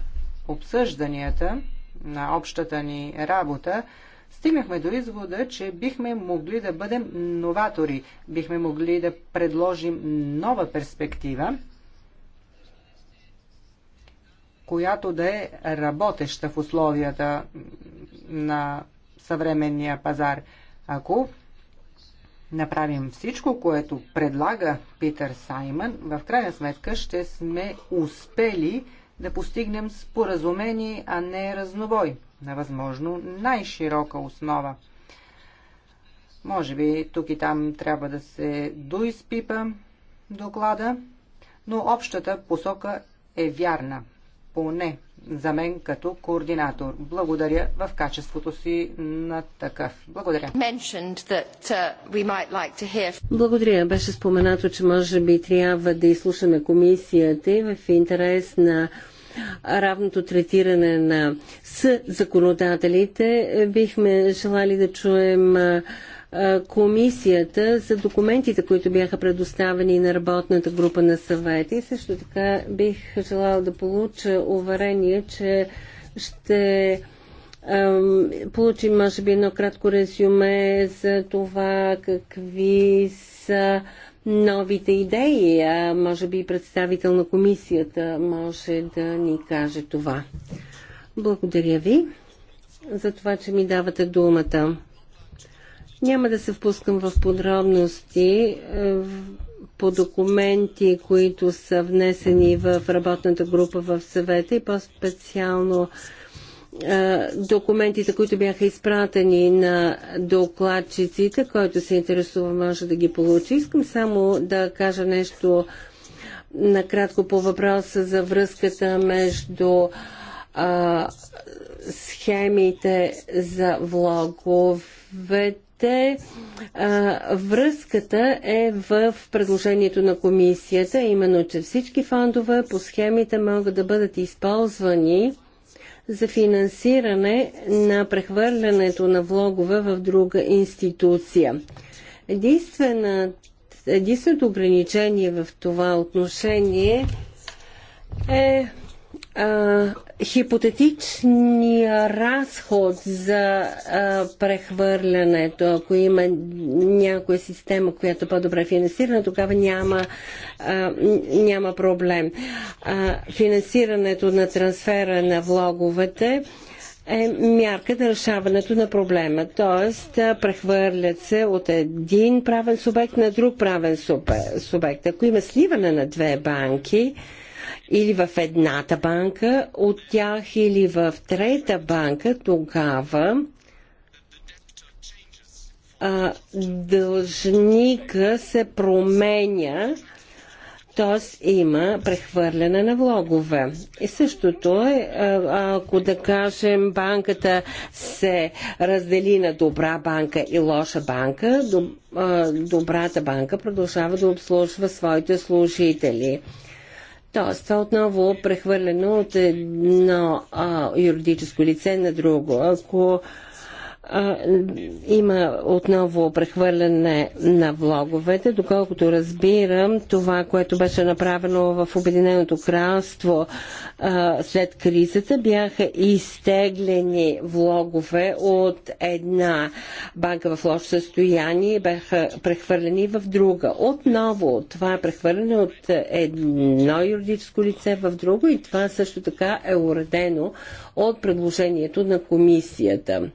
обсъжданията на общата ни работа, стигнахме до извода, че бихме могли да бъдем новатори, бихме могли да предложим нова перспектива, която да е работеща в условията на съвременния пазар. Ако направим всичко, което предлага Питър Саймън, в крайна сметка ще сме успели да постигнем споразумение, а не разнобой, на възможно най-широка основа. Може би тук и там трябва да се доизпипа доклада, но общата посока е вярна, поне за мен като координатор. Благодаря в качеството си на такъв. Благодаря. Uh, Благодаря. Беше споменато, че може би трябва да изслушаме комисията и в интерес на равното третиране на с законодателите. Е, бихме желали да чуем комисията за документите, които бяха предоставени на работната група на съвета. И също така бих желала да получа уверение, че ще получим, може би, едно кратко резюме за това какви са новите идеи. А може би представител на комисията може да ни каже това. Благодаря ви за това, че ми давате думата. Няма да се впускам в подробности е, по документи, които са внесени в работната група в съвета и по-специално е, документите, които бяха изпратени на докладчиците, който се интересува може да ги получи. Искам само да кажа нещо накратко по въпроса за връзката между а, схемите за влоговете те, а, връзката е в предложението на комисията, именно, че всички фондове по схемите могат да бъдат използвани за финансиране на прехвърлянето на влогове в друга институция. Единственото ограничение в това отношение е хипотетичния разход за а, прехвърлянето, ако има някоя система, която е по-добре финансирана, тогава няма, а, няма проблем. А, финансирането на трансфера на влоговете е мярка на решаването на проблема. Тоест, прехвърлят се от един правен субект на друг правен субект. Ако има сливане на две банки, или в едната банка от тях, или в трета банка, тогава а, дължника се променя, т.е. има прехвърляне на влогове. И същото е, ако да кажем банката се раздели на добра банка и лоша банка, добрата банка продължава да обслужва своите служители. Тоест, това отново прехвърлено от едно а, юридическо лице на друго. Ако има отново прехвърляне на влоговете. Доколкото разбирам, това, което беше направено в Обединеното кралство след кризата, бяха изтеглени влогове от една банка в лошо състояние и бяха прехвърлени в друга. Отново това е прехвърляне от едно юридическо лице в друго и това също така е уредено от предложението на комисията.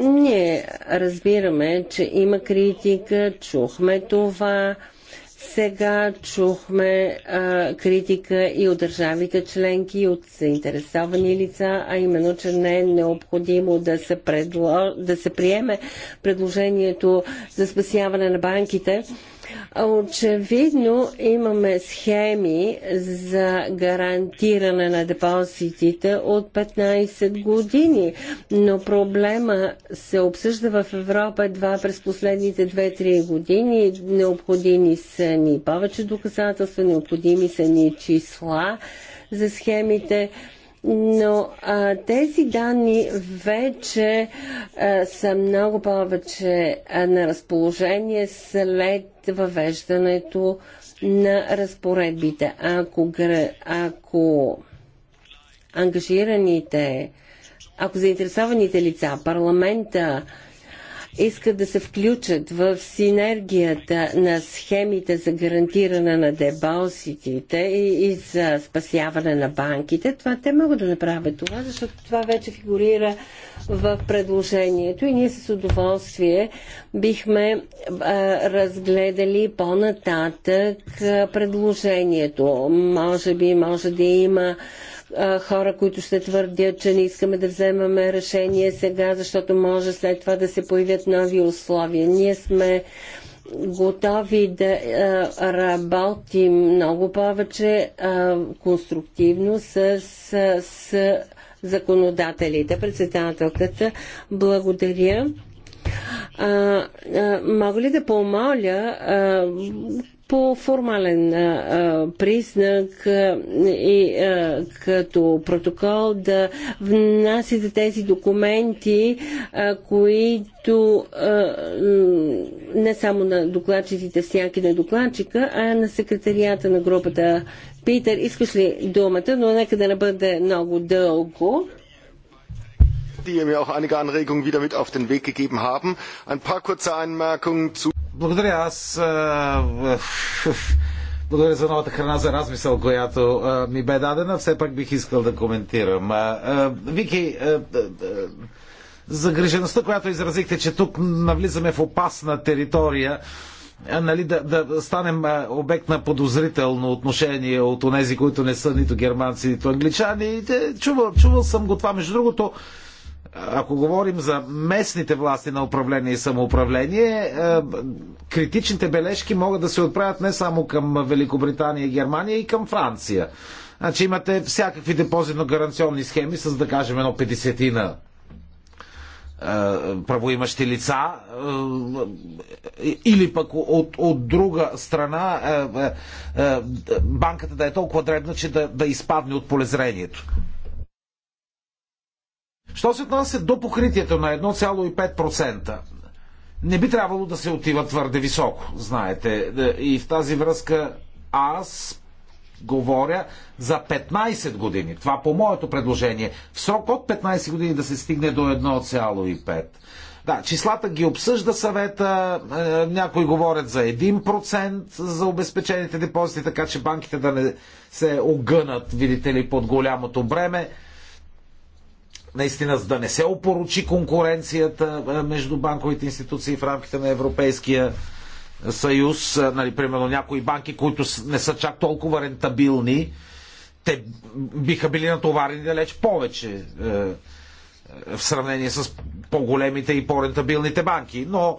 Ние разбираме, че има критика, чухме това. Сега чухме а, критика и от държавите членки, и от заинтересовани лица, а именно, че не е необходимо да се, предло... да се приеме предложението за спасяване на банките. Очевидно имаме схеми за гарантиране на депозитите от 15 години, но проблема се обсъжда в Европа едва през последните 2-3 години. Необходими са ни повече доказателства, необходими са ни числа за схемите но а, тези данни вече а, са много повече а, на разположение след въвеждането на разпоредбите. Ако, ако ангажираните, ако заинтересованите лица, парламента, искат да се включат в синергията на схемите за гарантиране на депозитите и, и за спасяване на банките, това те могат да направят това, защото това вече фигурира в предложението и ние с удоволствие бихме а, разгледали по-нататък предложението. Може би може да има хора, които ще твърдят, че не искаме да вземаме решение сега, защото може след това да се появят нови условия. Ние сме готови да работим много повече конструктивно с, с, с законодателите. Председателката, благодаря. А, а, мога ли да помоля а, по формален а, признак а, и а, като протокол да внасяте тези документи, а, които а, не само на докладчиците, всяки на докладчика, а на секретарията на групата. Питер, искаш ли думата, но нека да не бъде много дълго die mir auch einige Anregungen wieder mit auf den Weg gegeben haben. Ein paar kurze Anmerkungen zu благодаря. Аз. А, благодаря за новата храна за размисъл, която а, ми бе дадена. Все пак бих искал да коментирам. А, а, Вики, а, а, загрижеността, която изразихте, че тук навлизаме в опасна територия, нали, да, да станем обект на подозрително отношение от онези, които не са нито германци, нито англичани. Чувал, чувал съм го това. Между другото, ако говорим за местните власти на управление и самоуправление, е, критичните бележки могат да се отправят не само към Великобритания и Германия, и към Франция. Значи имате всякакви депозитно-гаранционни схеми с, да кажем, едно 50 на е, правоимащи лица е, или пък от, от друга страна банката да е толкова дребна, че да, да изпадне от полезрението. Що се отнася до покритието на 1,5%? Не би трябвало да се отива твърде високо, знаете. И в тази връзка аз говоря за 15 години. Това по моето предложение. В срок от 15 години да се стигне до 1,5. Да, числата ги обсъжда съвета, е, някои говорят за 1% за обезпечените депозити, така че банките да не се огънат, видите ли, под голямото бреме наистина за да не се опоручи конкуренцията е, между банковите институции в рамките на Европейския съюз, е, нали, примерно някои банки, които не са чак толкова рентабилни, те биха били натоварени далеч повече е, в сравнение с по-големите и по-рентабилните банки. Но,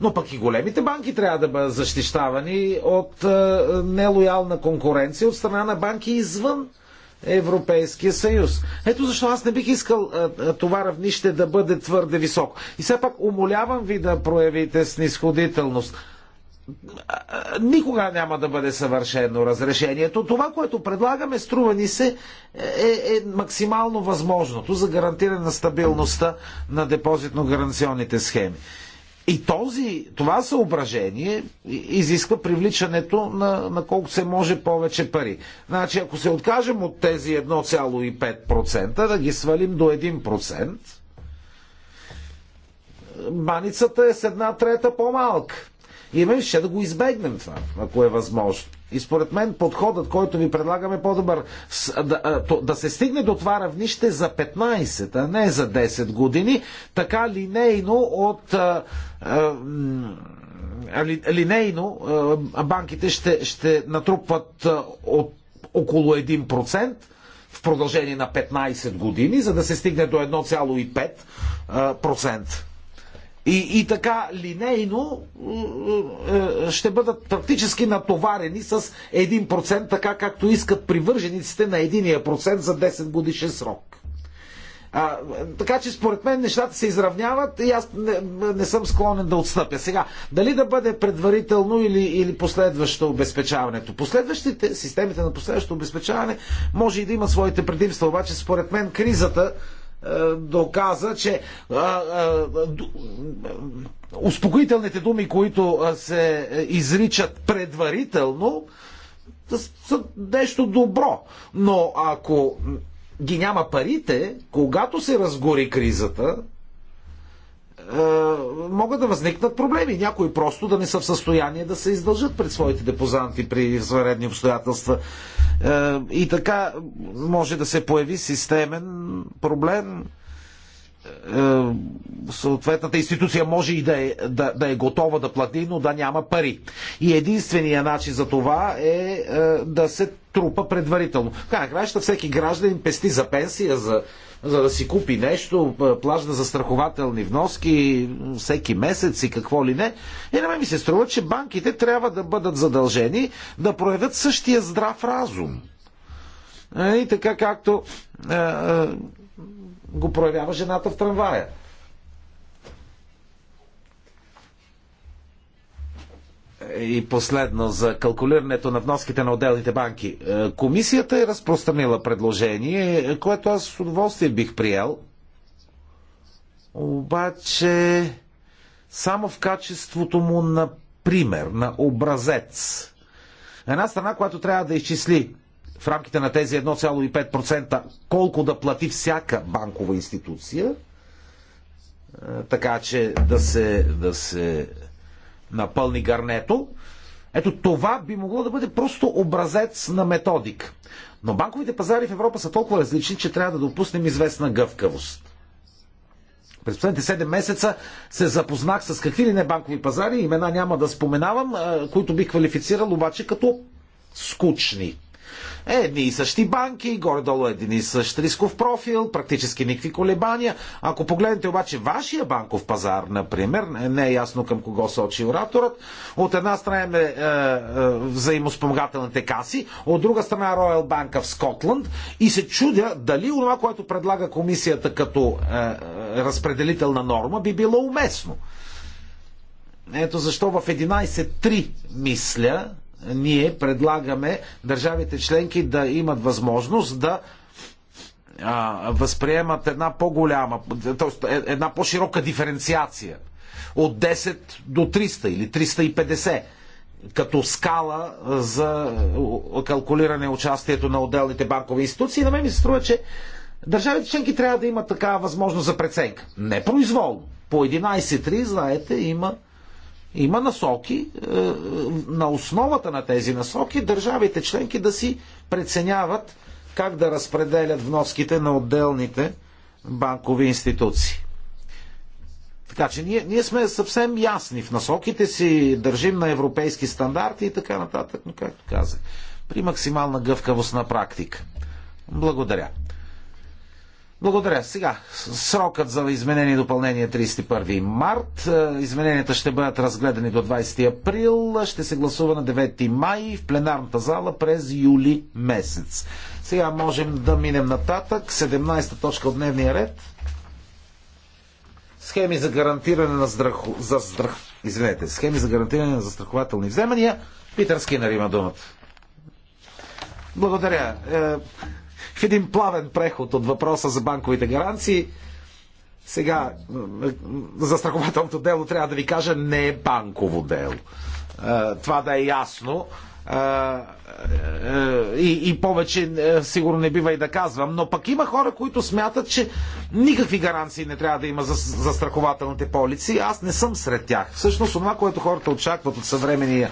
но пък и големите банки трябва да бъдат защищавани от нелоялна конкуренция от страна на банки извън Европейския съюз. Ето защо аз не бих искал а, това равнище да бъде твърде високо. И все пак умолявам ви да проявите снисходителност. Никога няма да бъде съвършено разрешението. Това, което предлагаме, струва ни се, е, е максимално възможното за гарантиране на стабилността на депозитно-гаранционните схеми. И този, това съображение изисква привличането на, на колко се може повече пари. Значи, ако се откажем от тези 1,5%, да ги свалим до 1%, баницата е с една трета по-малка. И ще да го избегнем това, ако е възможно. И според мен подходът, който ви предлагаме е по-добър. Да, да се стигне до това равнище за 15, а не за 10 години, така линейно от. А, а, линейно банките ще, ще натрупват от около 1% в продължение на 15 години, за да се стигне до 1,5%. И, и така линейно е, е, ще бъдат практически натоварени с 1%, така както искат привържениците на единия процент за 10 годишен срок. А, така че според мен нещата се изравняват и аз не, не съм склонен да отстъпя. Сега, дали да бъде предварително или, или последващо обезпечаването? Последващите, системите на последващо обезпечаване може и да имат своите предимства, обаче според мен кризата доказа, че успокоителните думи, които се изричат предварително, са нещо добро. Но ако ги няма парите, когато се разгори кризата, е, могат да възникнат проблеми. Някои просто да не са в състояние да се издължат пред своите депозанти при изваредни обстоятелства. Е, и така може да се появи системен проблем. Е, съответната институция може и да е, да, да е готова да плати, но да няма пари. И единствения начин за това е да се трупа предварително. на краща всеки гражданин пести за пенсия, за за да си купи нещо, плажда за страхователни вноски всеки месец и какво ли не. И на мен ми се струва, че банките трябва да бъдат задължени да проявят същия здрав разум. Е, и така както е, е, го проявява жената в трамвая. И последно, за калкулирането на вноските на отделните банки. Е, комисията е разпространила предложение, което аз с удоволствие бих приел. Обаче, само в качеството му на пример, на образец. Една страна, която трябва да изчисли в рамките на тези 1,5% колко да плати всяка банкова институция, е, така че да се, да се напълни гарнето. Ето това би могло да бъде просто образец на методик. Но банковите пазари в Европа са толкова различни, че трябва да допуснем известна гъвкавост. През последните 7 месеца се запознах с какви ли не банкови пазари, имена няма да споменавам, които би квалифицирал обаче като скучни. Е, едни и същи банки, горе-долу един и същ рисков профил, практически никакви колебания. Ако погледнете обаче вашия банков пазар, например, не е ясно към кого сочи ораторът, от една страна имаме е, е, взаимоспомагателните каси, от друга страна Royal Bank в Скотланд и се чудя дали това, което предлага комисията като е, е, разпределителна норма, би било уместно. Ето защо в 11.3 мисля, ние предлагаме държавите членки да имат възможност да а, възприемат една по-голяма, т.е. една по-широка диференциация от 10 до 300 или 350 като скала за калкулиране участието на отделните банкови институции. На мен ми се струва, че държавите членки трябва да имат такава възможност за преценка. Не произволно. По 11-3, знаете, има има насоки, е, на основата на тези насоки държавите членки да си преценяват как да разпределят вноските на отделните банкови институции. Така че ние, ние сме съвсем ясни в насоките си, държим на европейски стандарти и така нататък, но както казах, при максимална гъвкавост на практика. Благодаря. Благодаря. Сега, срокът за изменение и допълнение 31 е март. Е, измененията ще бъдат разгледани до 20 април. Ще се гласува на 9 май в пленарната зала през юли месец. Сега можем да минем нататък. 17-та точка от дневния ред. Схеми за гарантиране на здраху... за здрах... Извинете, схеми за гарантиране на застрахователни вземания. Питър Скинер има думата. Благодаря. Е, в един плавен преход от въпроса за банковите гаранции. Сега, застрахователното дело, трябва да ви кажа, не е банково дело. Това да е ясно. И, и повече сигурно не бива и да казвам, но пък има хора, които смятат, че никакви гаранции не трябва да има за, за страхователните полици. Аз не съм сред тях. Всъщност, това, което хората очакват от съвременния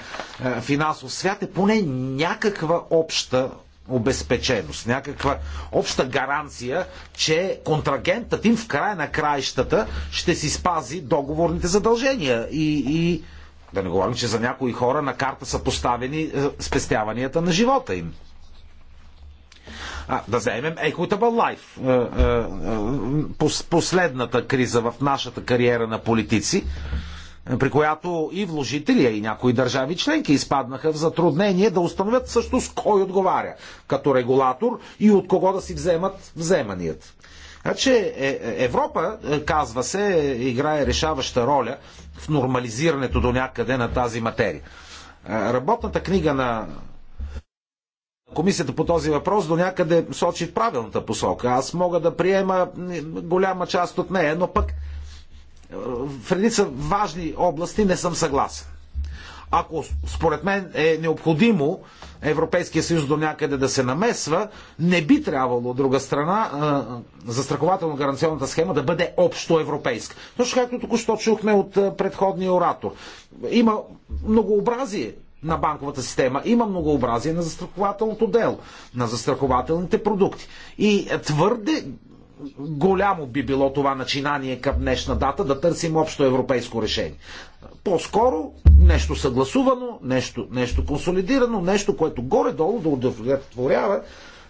финансов свят е поне някаква обща обезпеченост, някаква обща гаранция, че контрагентът им в края на краищата ще си спази договорните задължения. И, и да не говорим, че за някои хора на карта са поставени е, спестяванията на живота им. А, да вземем Equitable Life. Е, е, последната криза в нашата кариера на политици при която и вложителия, и някои държави членки изпаднаха в затруднение да установят също с кой отговаря като регулатор и от кого да си вземат вземанията. Значи Европа, е, казва се, играе решаваща роля в нормализирането до някъде на тази материя. Работната книга на Комисията по този въпрос до някъде сочи в правилната посока. Аз мога да приема голяма част от нея, но пък в редица важни области не съм съгласен. Ако според мен е необходимо Европейския съюз до някъде да се намесва, не би трябвало от друга страна застрахователно-гаранционната схема да бъде общо европейска. Точно както току-що чухме от предходния оратор. Има многообразие на банковата система. Има многообразие на застрахователното дело, на застрахователните продукти. И твърде голямо би било това начинание към днешна дата да търсим общо европейско решение. По-скоро нещо съгласувано, нещо, нещо консолидирано, нещо, което горе-долу да удовлетворява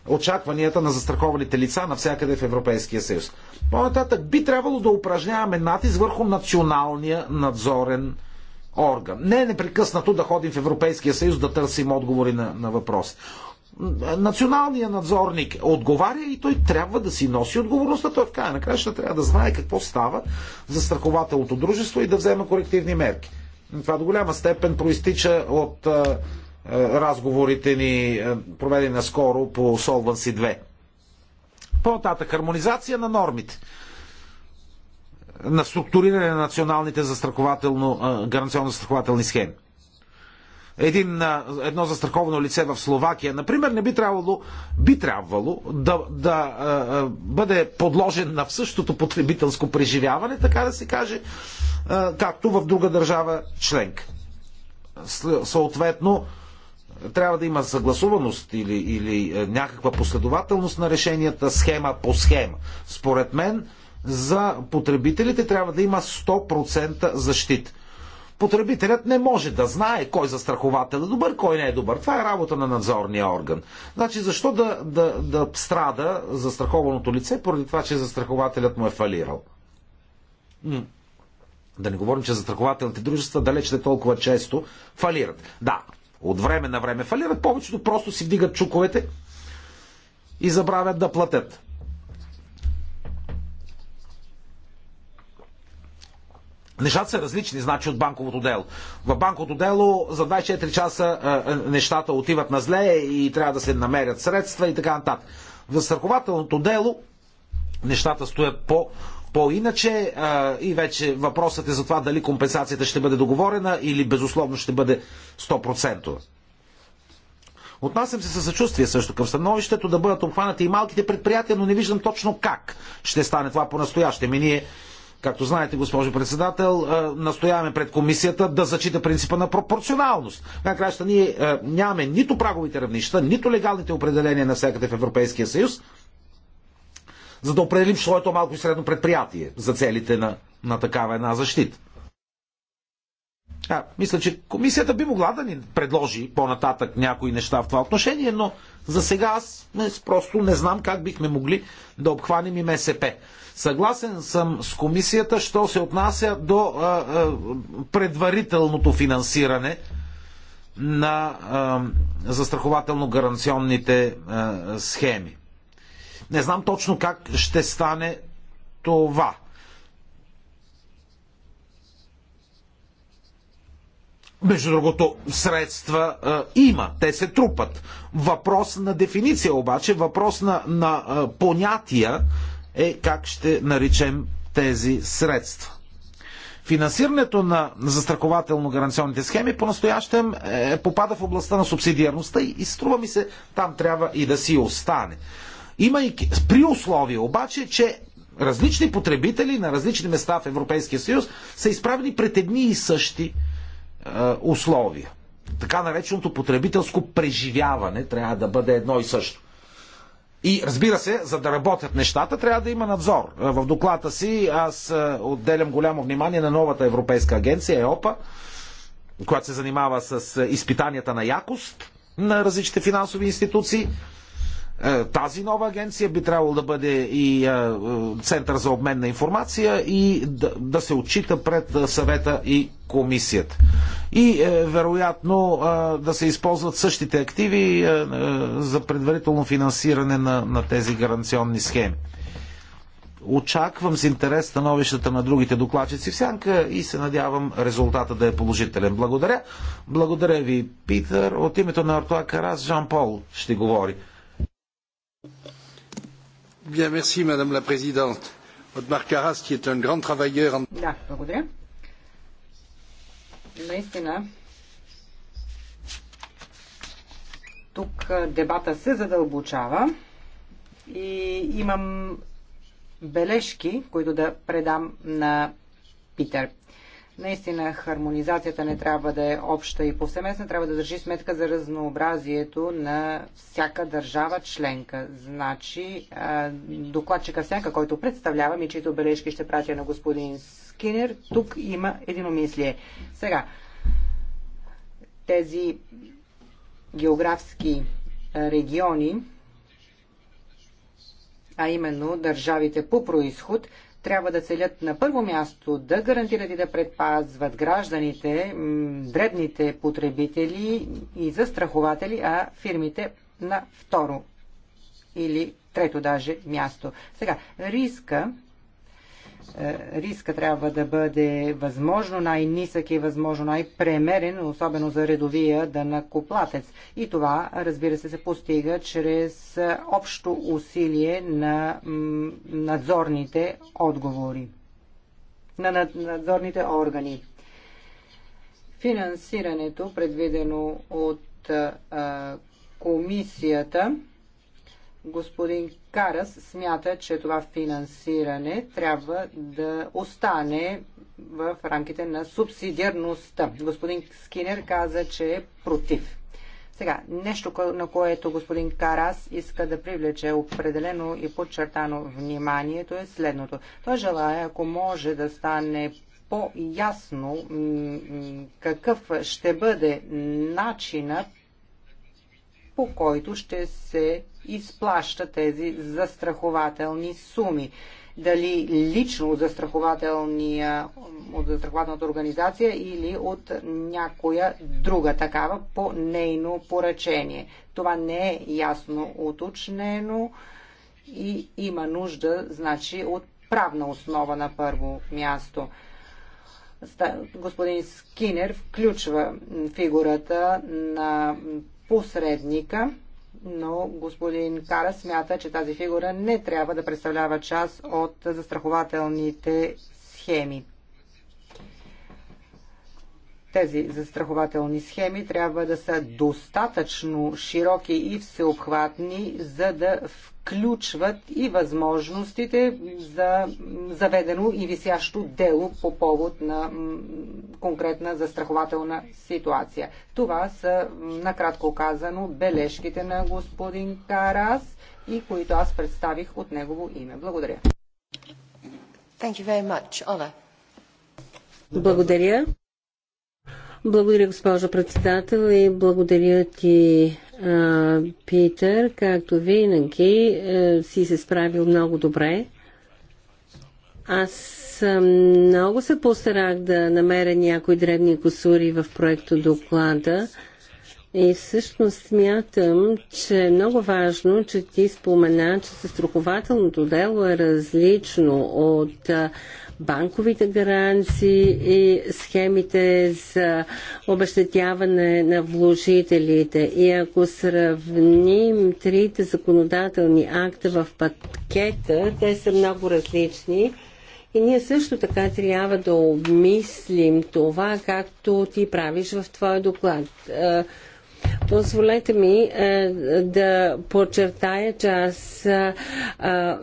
очакванията на застрахованите лица навсякъде в Европейския съюз. По-нататък би трябвало да упражняваме натиск върху националния надзорен орган. Не е непрекъснато да ходим в Европейския съюз да търсим отговори на, на въпроси националния надзорник отговаря и той трябва да си носи отговорността. Той в края на краща трябва да знае какво става за страхователното дружество и да взема корективни мерки. Това до голяма степен проистича от а, разговорите ни, проведени наскоро по Solvency 2. По-нататък хармонизация на нормите на структуриране на националните застрахователно, гаранционно-застрахователни схеми един, едно застраховано лице в Словакия, например, не би трябвало, би трябвало да, да е, бъде подложен на същото потребителско преживяване, така да се каже, е, както в друга държава членка. Съответно, трябва да има съгласуваност или, или е, някаква последователност на решенията, схема по схема. Според мен, за потребителите трябва да има 100% защита потребителят не може да знае кой застраховател е добър, кой не е добър. Това е работа на надзорния орган. Значи защо да, да, да страда застрахованото лице поради това, че застрахователят му е фалирал? Да не говорим, че застрахователните дружества далеч не толкова често фалират. Да, от време на време фалират, повечето просто си вдигат чуковете и забравят да платят. Нещата са различни, значи, от банковото дело. В банковото дело за 24 часа а, нещата отиват на зле и трябва да се намерят средства и така нататък. В страхователното дело нещата стоят по по-иначе и вече въпросът е за това дали компенсацията ще бъде договорена или безусловно ще бъде 100%. Отнасям се със съчувствие също към становището да бъдат обхванати и малките предприятия, но не виждам точно как ще стане това по-настояще. Ми ние Както знаете, госпожо председател, е, настояваме пред комисията да зачита принципа на пропорционалност. Накрая ние е, нямаме нито праговите равнища, нито легалните определения на всякъде в Европейския съюз, за да определим що е то малко и средно предприятие за целите на, на такава една защита. А, мисля, че комисията би могла да ни предложи по-нататък някои неща в това отношение, но за сега аз е, просто не знам как бихме могли да обхванем и МСП. Съгласен съм с комисията, що се отнася до а, предварителното финансиране на а, застрахователно-гаранционните схеми. Не знам точно как ще стане това. Между другото, средства а, има, те се трупат. Въпрос на дефиниция обаче, въпрос на, на а, понятия, е как ще наричем тези средства. Финансирането на застрахователно-гаранционните схеми по-настоящем е, попада в областта на субсидиарността и, и струва ми се, там трябва и да си остане. Има и при условие обаче, че различни потребители на различни места в Европейския съюз са изправени пред едни и същи е, условия. Така нареченото потребителско преживяване трябва да бъде едно и също. И разбира се, за да работят нещата, трябва да има надзор. Е, в доклада си аз е, отделям голямо внимание на новата европейска агенция ЕОПА, която се занимава с е, изпитанията на якост на различните финансови институции. Е, тази нова агенция би трябвало да бъде и е, е, център за обмен на информация и да, да се отчита пред съвета и комисията. И вероятно да се използват същите активи за предварително финансиране на, на тези гаранционни схеми. Очаквам с интерес становищата на другите докладчици в сянка и се надявам резултата да е положителен. Благодаря. Благодаря ви, Питър. От името на Артуа Карас, Жан Пол ще говори madame la présidente. othmar karas qui est un grand travailleur. Да, Наистина, тук дебата се задълбочава и имам бележки, които да предам на Питер. Наистина хармонизацията не трябва да е обща и повсеместна, трябва да държи сметка за разнообразието на всяка държава членка. Значи докладчика всяка, който представлявам и чието бележки ще пратя на господин Скинер, тук има единомислие. Сега, тези географски региони, а именно държавите по происход, трябва да целят на първо място да гарантират и да предпазват гражданите, дребните потребители и застрахователи, а фирмите на второ или трето даже място. Сега, риска е, риска трябва да бъде възможно най-нисък и възможно най-премерен, особено за редовия дънакоплатец. И това, разбира се, се постига чрез общо усилие на надзорните отговори, на надзорните органи. Финансирането, предвидено от комисията, господин Карас смята, че това финансиране трябва да остане в рамките на субсидиарността. Господин Скинер каза, че е против. Сега, нещо, на което господин Карас иска да привлече определено и подчертано вниманието е следното. Той желая, ако може да стане по-ясно какъв ще бъде начинът по който ще се изплаща тези застрахователни суми. Дали лично от, от застрахователната организация или от някоя друга такава по нейно поръчение. Това не е ясно уточнено и има нужда, значи, от правна основа на първо място господин Скинер включва фигурата на посредника но господин Кара смята, че тази фигура не трябва да представлява част от застрахователните схеми тези застрахователни схеми трябва да са достатъчно широки и всеобхватни, за да включват и възможностите за заведено и висящо дело по повод на конкретна застрахователна ситуация. Това са, накратко казано, бележките на господин Карас и които аз представих от негово име. Благодаря. Thank you very much, Ola. Благодаря. Благодаря, госпожо председател и благодаря ти, Питър. Както винаги, е, си се справил много добре. Аз много се постарах да намеря някои древни косури в проекто доклада. И всъщност смятам, че е много важно, че ти спомена, че застрахователното дело е различно от банковите гаранции и схемите за обещетяване на вложителите. И ако сравним трите законодателни акта в пакета, те са много различни. И ние също така трябва да обмислим това, както ти правиш в твоя доклад. Е, Позволете ми е, да подчертая, че аз е, е,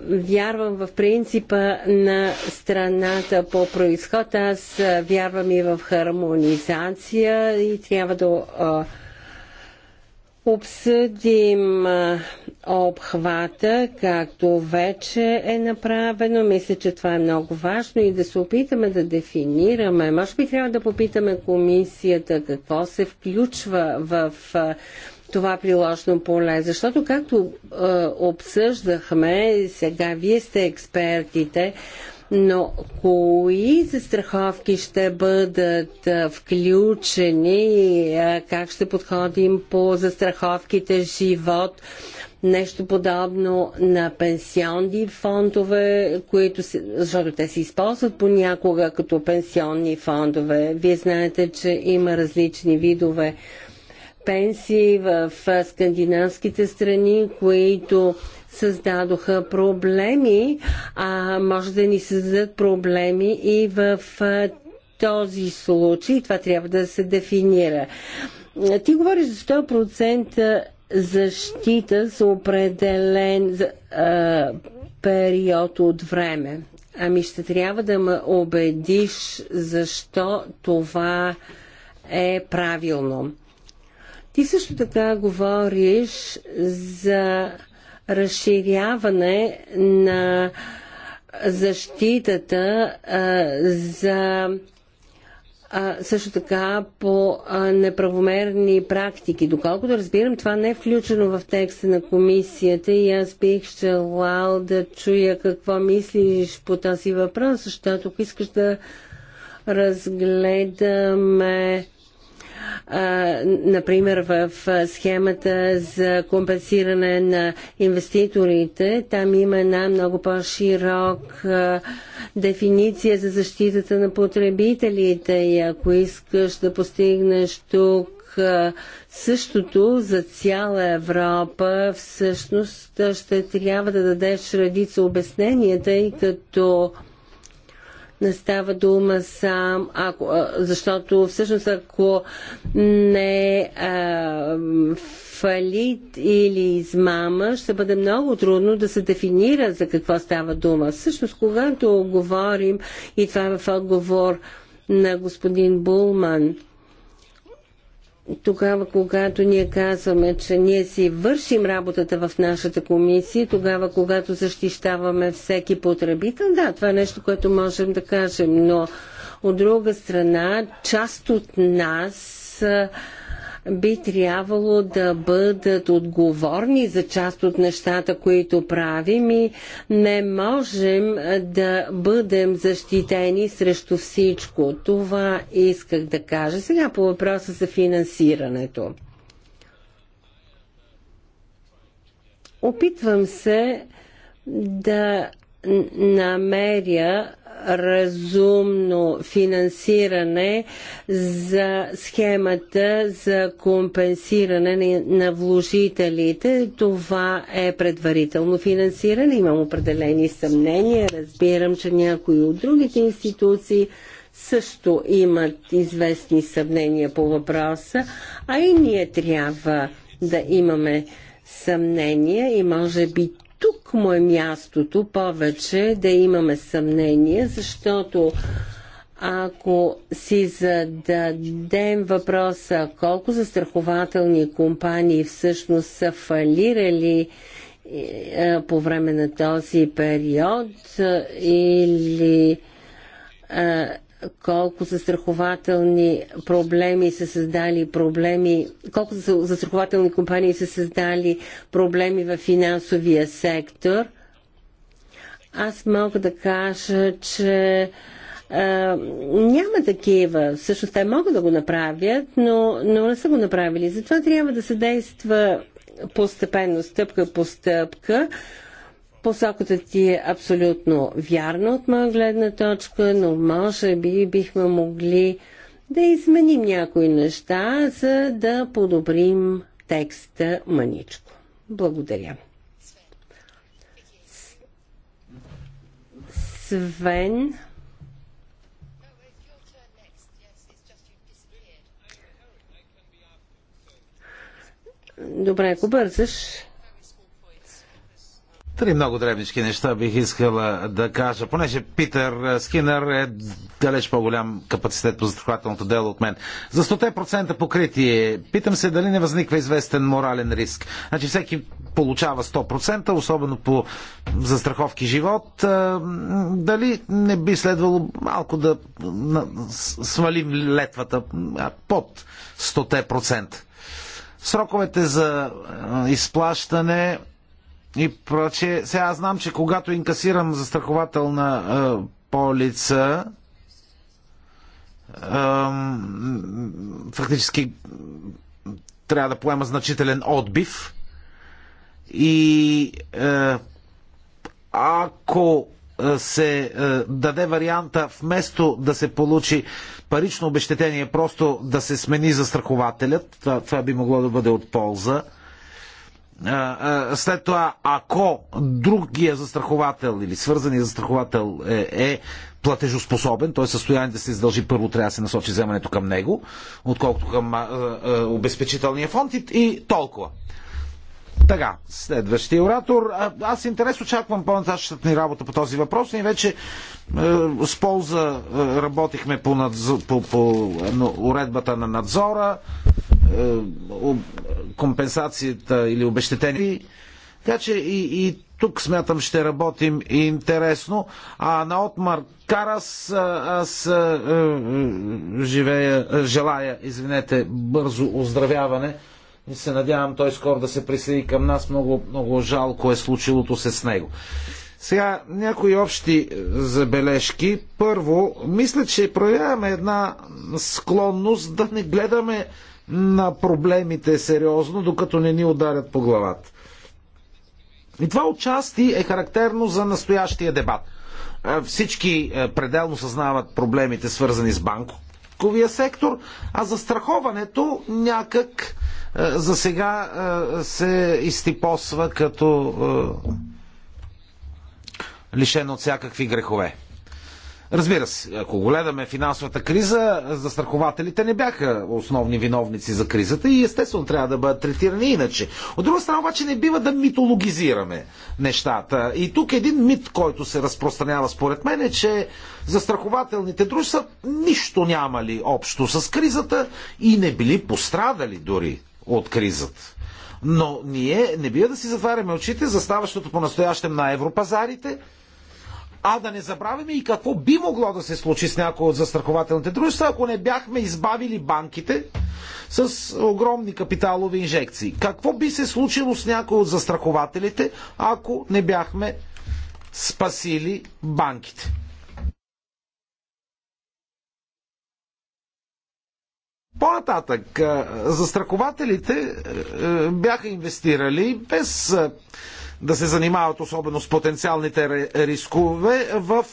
вярвам в принципа на страната по происход. Аз вярвам и в хармонизация и трябва да обсъдим обхвата, както вече е направено. Мисля, че това е много важно и да се опитаме да дефинираме. Може би трябва да попитаме комисията какво се включва в това приложно поле, защото както е, обсъждахме, сега вие сте експертите, но кои застраховки ще бъдат включени, как ще подходим по застраховките живот, нещо подобно на пенсионни фондове, които се, защото те се използват понякога като пенсионни фондове. Вие знаете, че има различни видове пенсии в скандинавските страни, които създадоха проблеми, а може да ни създадат проблеми и в този случай. Това трябва да се дефинира. Ти говориш за 100% защита за определен а, период от време. Ами ще трябва да ме убедиш защо това е правилно. Ти също така говориш за разширяване на защитата а, за а, също така по а, неправомерни практики. Доколкото разбирам, това не е включено в текста на комисията и аз бих желал да чуя какво мислиш по този въпрос, защото ако искаш да разгледаме например в схемата за компенсиране на инвеститорите, там има една много по-широк дефиниция за защитата на потребителите и ако искаш да постигнеш тук същото за цяла Европа, всъщност ще трябва да дадеш редица обяснения, тъй като не става дума сам, ако, защото всъщност ако не а, фалит или измама, ще бъде много трудно да се дефинира за какво става дума. Всъщност, когато говорим, и това е в отговор на господин Булман – тогава, когато ние казваме, че ние си вършим работата в нашата комисия, тогава, когато защищаваме всеки потребител, да, това е нещо, което можем да кажем, но от друга страна, част от нас би трябвало да бъдат отговорни за част от нещата, които правим и не можем да бъдем защитени срещу всичко. Това исках да кажа. Сега по въпроса за финансирането. Опитвам се да намеря разумно финансиране за схемата за компенсиране на вложителите. Това е предварително финансиране. Имам определени съмнения. Разбирам, че някои от другите институции също имат известни съмнения по въпроса, а и ние трябва да имаме съмнения и може би тук му е мястото повече да имаме съмнение, защото ако си зададем въпроса колко застрахователни компании всъщност са фалирали е, по време на този период е, или е, колко застрахователни проблеми са създали проблеми, колко застрахователни компании са създали проблеми в финансовия сектор. Аз мога да кажа, че а, няма такива. Всъщност те могат да го направят, но, но не са го направили. Затова трябва да се действа постепенно, стъпка по стъпка. Посоката ти е абсолютно вярна от моя гледна точка, но може би бихме могли да изменим някои неща, за да подобрим текста мъничко. Благодаря. Свен. Добре, ако бързаш. Три много древнички неща бих искала да кажа, понеже Питър Скинър е далеч по-голям капацитет по застрахователното дело от мен. За 100% покритие, питам се дали не възниква известен морален риск. Значи всеки получава 100%, особено по застраховки живот. Дали не би следвало малко да свалим летвата под 100%? Сроковете за изплащане и проче. Сега аз знам, че когато инкасирам застрахователна а, полица, фактически трябва да поема значителен отбив. И ако се даде варианта вместо да се получи парично обещетение, просто да се смени застрахователят, това, това би могло да бъде от полза след това, ако другия застраховател или свързания застраховател е, е платежоспособен, той е състояние да се издължи, първо трябва да се насочи вземането към него, отколкото към а, а, обезпечителния фонд и, и толкова. Така, следващия оратор. Аз интерес очаквам по-нататъчната ни работа по този въпрос. Ние вече е, с полза е, работихме по, надзор, по, по, по уредбата на надзора. Е, компенсацията или обещетение. Така че и, и тук смятам ще работим и интересно. А на Отмар Карас аз е, живея, е, желая, извинете, бързо оздравяване. И се надявам той скоро да се присъедини към нас. Много, много жалко е случилото се с него. Сега някои общи забележки. Първо, мисля, че проявяваме една склонност да не гледаме на проблемите сериозно, докато не ни ударят по главата. И това отчасти е характерно за настоящия дебат. Е, всички е, пределно съзнават проблемите, свързани с банковия сектор, а застраховането някак е, за сега се изтипосва като лишено от всякакви грехове. Разбира се, ако гледаме финансовата криза, застрахователите не бяха основни виновници за кризата и естествено трябва да бъдат третирани иначе. От друга страна обаче не бива да митологизираме нещата. И тук един мит, който се разпространява според мен е, че застрахователните дружества нищо нямали общо с кризата и не били пострадали дори от кризата. Но ние не бива да си затваряме очите за ставащото по-настоящем на европазарите – а да не забравяме и какво би могло да се случи с някои от застрахователните дружества, ако не бяхме избавили банките с огромни капиталови инжекции. Какво би се случило с някои от застрахователите, ако не бяхме спасили банките? По-нататък, застрахователите бяха инвестирали без да се занимават особено с потенциалните рискове в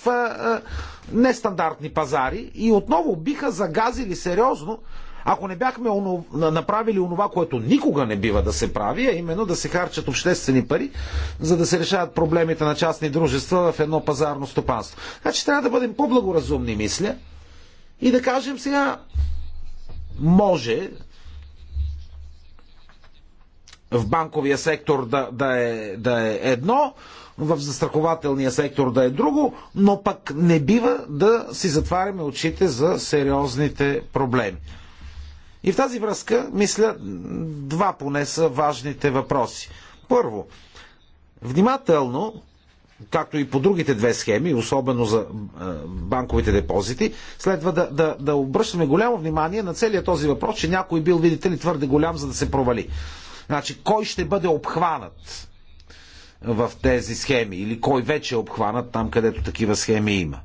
нестандартни пазари и отново биха загазили сериозно, ако не бяхме направили онова, което никога не бива да се прави, а именно да се харчат обществени пари, за да се решават проблемите на частни дружества в едно пазарно стопанство. Така значи че трябва да бъдем по-благоразумни, мисля, и да кажем сега, може в банковия сектор да, да, е, да е едно, в застрахователния сектор да е друго, но пък не бива да си затваряме очите за сериозните проблеми. И в тази връзка, мисля, два поне са важните въпроси. Първо, внимателно, както и по другите две схеми, особено за банковите депозити, следва да, да, да обръщаме голямо внимание на целият този въпрос, че някой бил, видите ли, твърде голям, за да се провали. Значи, кой ще бъде обхванат в тези схеми или кой вече е обхванат там, където такива схеми има?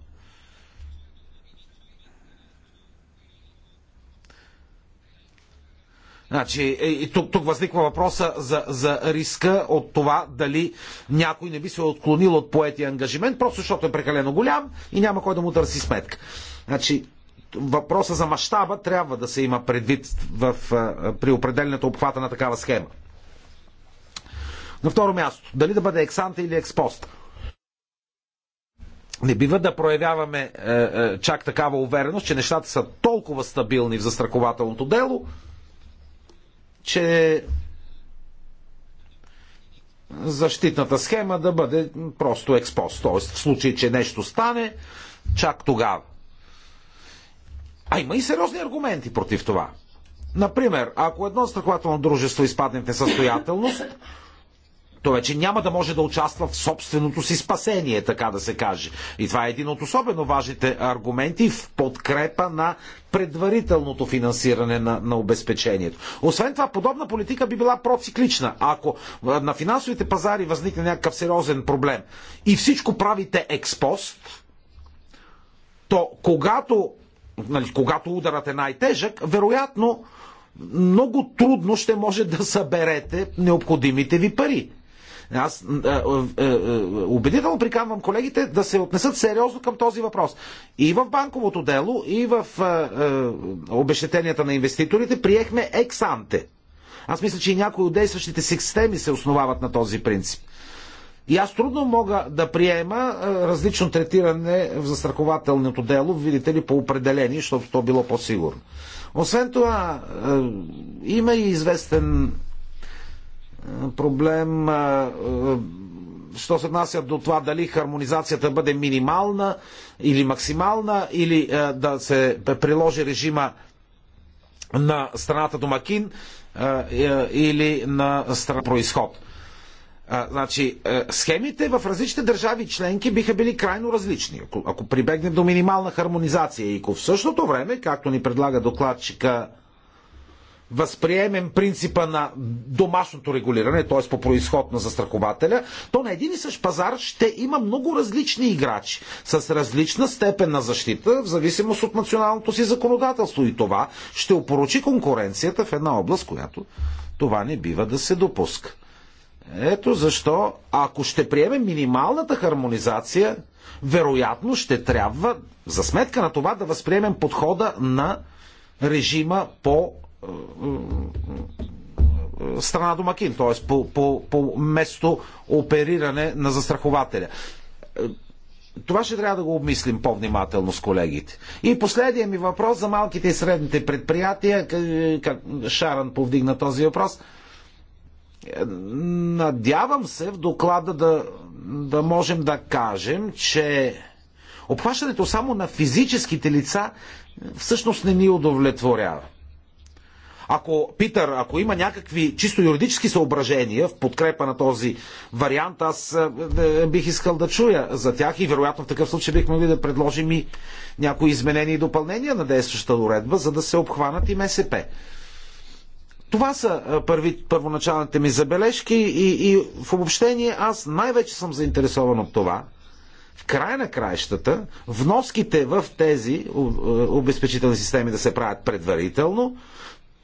Значи, е, и тук, тук възниква въпроса за, за риска от това дали някой не би се отклонил от поетия ангажимент, просто защото е прекалено голям и няма кой да му търси сметка. Значи, въпроса за мащаба трябва да се има предвид в, при определенето обхвата на такава схема. На второ място, дали да бъде ексанта или експост. Не бива да проявяваме е, е, чак такава увереност, че нещата са толкова стабилни в застрахователното дело, че защитната схема да бъде просто експост. Тоест, в случай, че нещо стане, чак тогава. А има и сериозни аргументи против това. Например, ако едно страхователно дружество изпадне в несъстоятелност, то вече няма да може да участва в собственото си спасение, така да се каже. И това е един от особено важните аргументи в подкрепа на предварителното финансиране на, на обезпечението. Освен това, подобна политика би била проциклична. Ако на финансовите пазари възникне някакъв сериозен проблем и всичко правите експост, то когато нали, когато ударът е най-тежък, вероятно много трудно ще може да съберете необходимите ви пари. Аз е, е, е, е убедително приканвам колегите да се отнесат сериозно към този въпрос. И в банковото дело, и в е, е, обещетенията на инвеститорите приехме ексанте. Аз мисля, че и някои от действащите системи се основават на този принцип. И аз трудно мога да приема различно третиране в застрахователното дело, видите ли, по определени, защото то било по-сигурно. Освен това, има и известен проблем, що се отнася до това дали хармонизацията бъде минимална или максимална, или да се приложи режима на страната домакин или на страна происход. А, значи, е, схемите в различните държави членки биха били крайно различни, ако, ако прибегнем до минимална хармонизация и ако в същото време, както ни предлага докладчика, възприемем принципа на домашното регулиране, т.е. по происход на застрахователя, то на един и същ пазар ще има много различни играчи с различна степен на защита в зависимост от националното си законодателство. И това ще опорочи конкуренцията в една област, която това не бива да се допуска. Ето защо, ако ще приемем минималната хармонизация, вероятно ще трябва, за сметка на това, да възприемем подхода на режима по е, е, е, страна домакин, т.е. По, по, по место опериране на застрахователя. Това ще трябва да го обмислим по-внимателно с колегите. И последния ми въпрос за малките и средните предприятия. Шаран повдигна този въпрос. Надявам се в доклада да, да можем да кажем, че обхващането само на физическите лица всъщност не ни удовлетворява. Ако, Питър, ако има някакви чисто юридически съображения в подкрепа на този вариант, аз е, е, бих искал да чуя за тях и вероятно в такъв случай бих могли да предложим и някои изменения и допълнения на действащата уредба, за да се обхванат и МСП. Това са първи, първоначалните ми забележки и, и в обобщение аз най-вече съм заинтересован от това, в края на краищата, вноските в тези обезпечителни системи да се правят предварително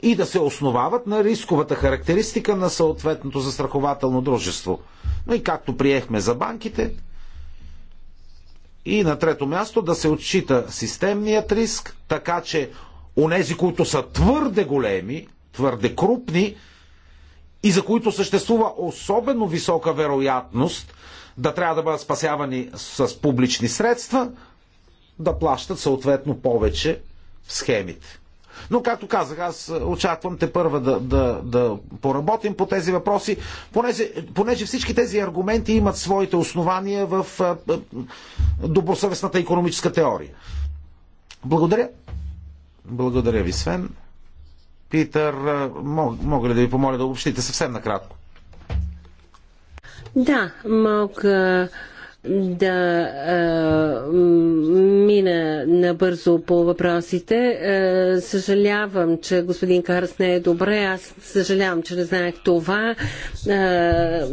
и да се основават на рисковата характеристика на съответното застрахователно дружество. Но и както приехме за банките, и на трето място да се отчита системният риск, така че нези, които са твърде големи, твърде крупни и за които съществува особено висока вероятност да трябва да бъдат спасявани с публични средства, да плащат съответно повече в схемите. Но, както казах, аз очаквам те първа да, да, да поработим по тези въпроси, понеже, понеже всички тези аргументи имат своите основания в а, а, добросъвестната економическа теория. Благодаря. Благодаря ви, Свен. Питър, мога ли да ви помоля да обобщите съвсем накратко? Да, мога да а, мина набързо по въпросите. А, съжалявам, че господин Карс не е добре. Аз съжалявам, че не знаех това.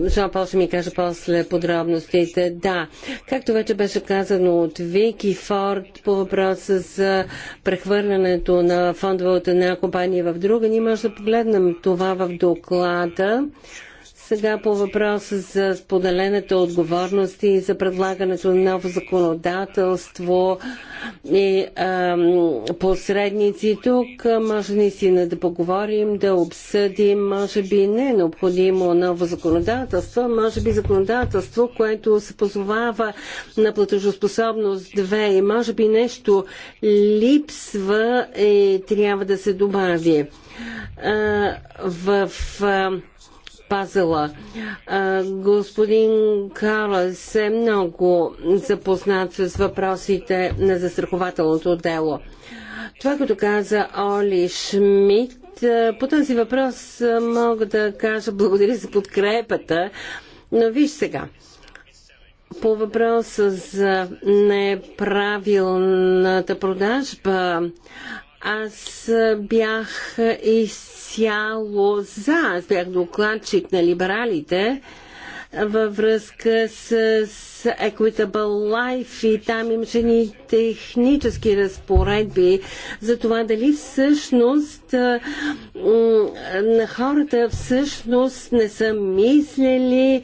Жан Пол ще ми каже после подробностите. Да, както вече беше казано от Вики Форд по въпроса за прехвърлянето на фондове от една компания в друга, ние може да погледнем това в доклада. Сега по въпроса за споделената отговорност и за предлагането на ново законодателство и ам, посредници. Тук може наистина да поговорим, да обсъдим. Може би не е необходимо ново законодателство, може би законодателство, което се позовава на платежоспособност 2 и може би нещо липсва и трябва да се добави. А, в а, спазила. Господин Карлас е много запознат с въпросите на застрахователното дело. Това, като каза Оли Шмидт, по този въпрос мога да кажа благодаря за подкрепата, но виж сега. По въпроса за неправилната продажба, аз бях из изцяло за. Аз бях докладчик на либералите във връзка с Equitable Life и там имаше ни технически разпоредби за това дали всъщност на хората всъщност не са мислили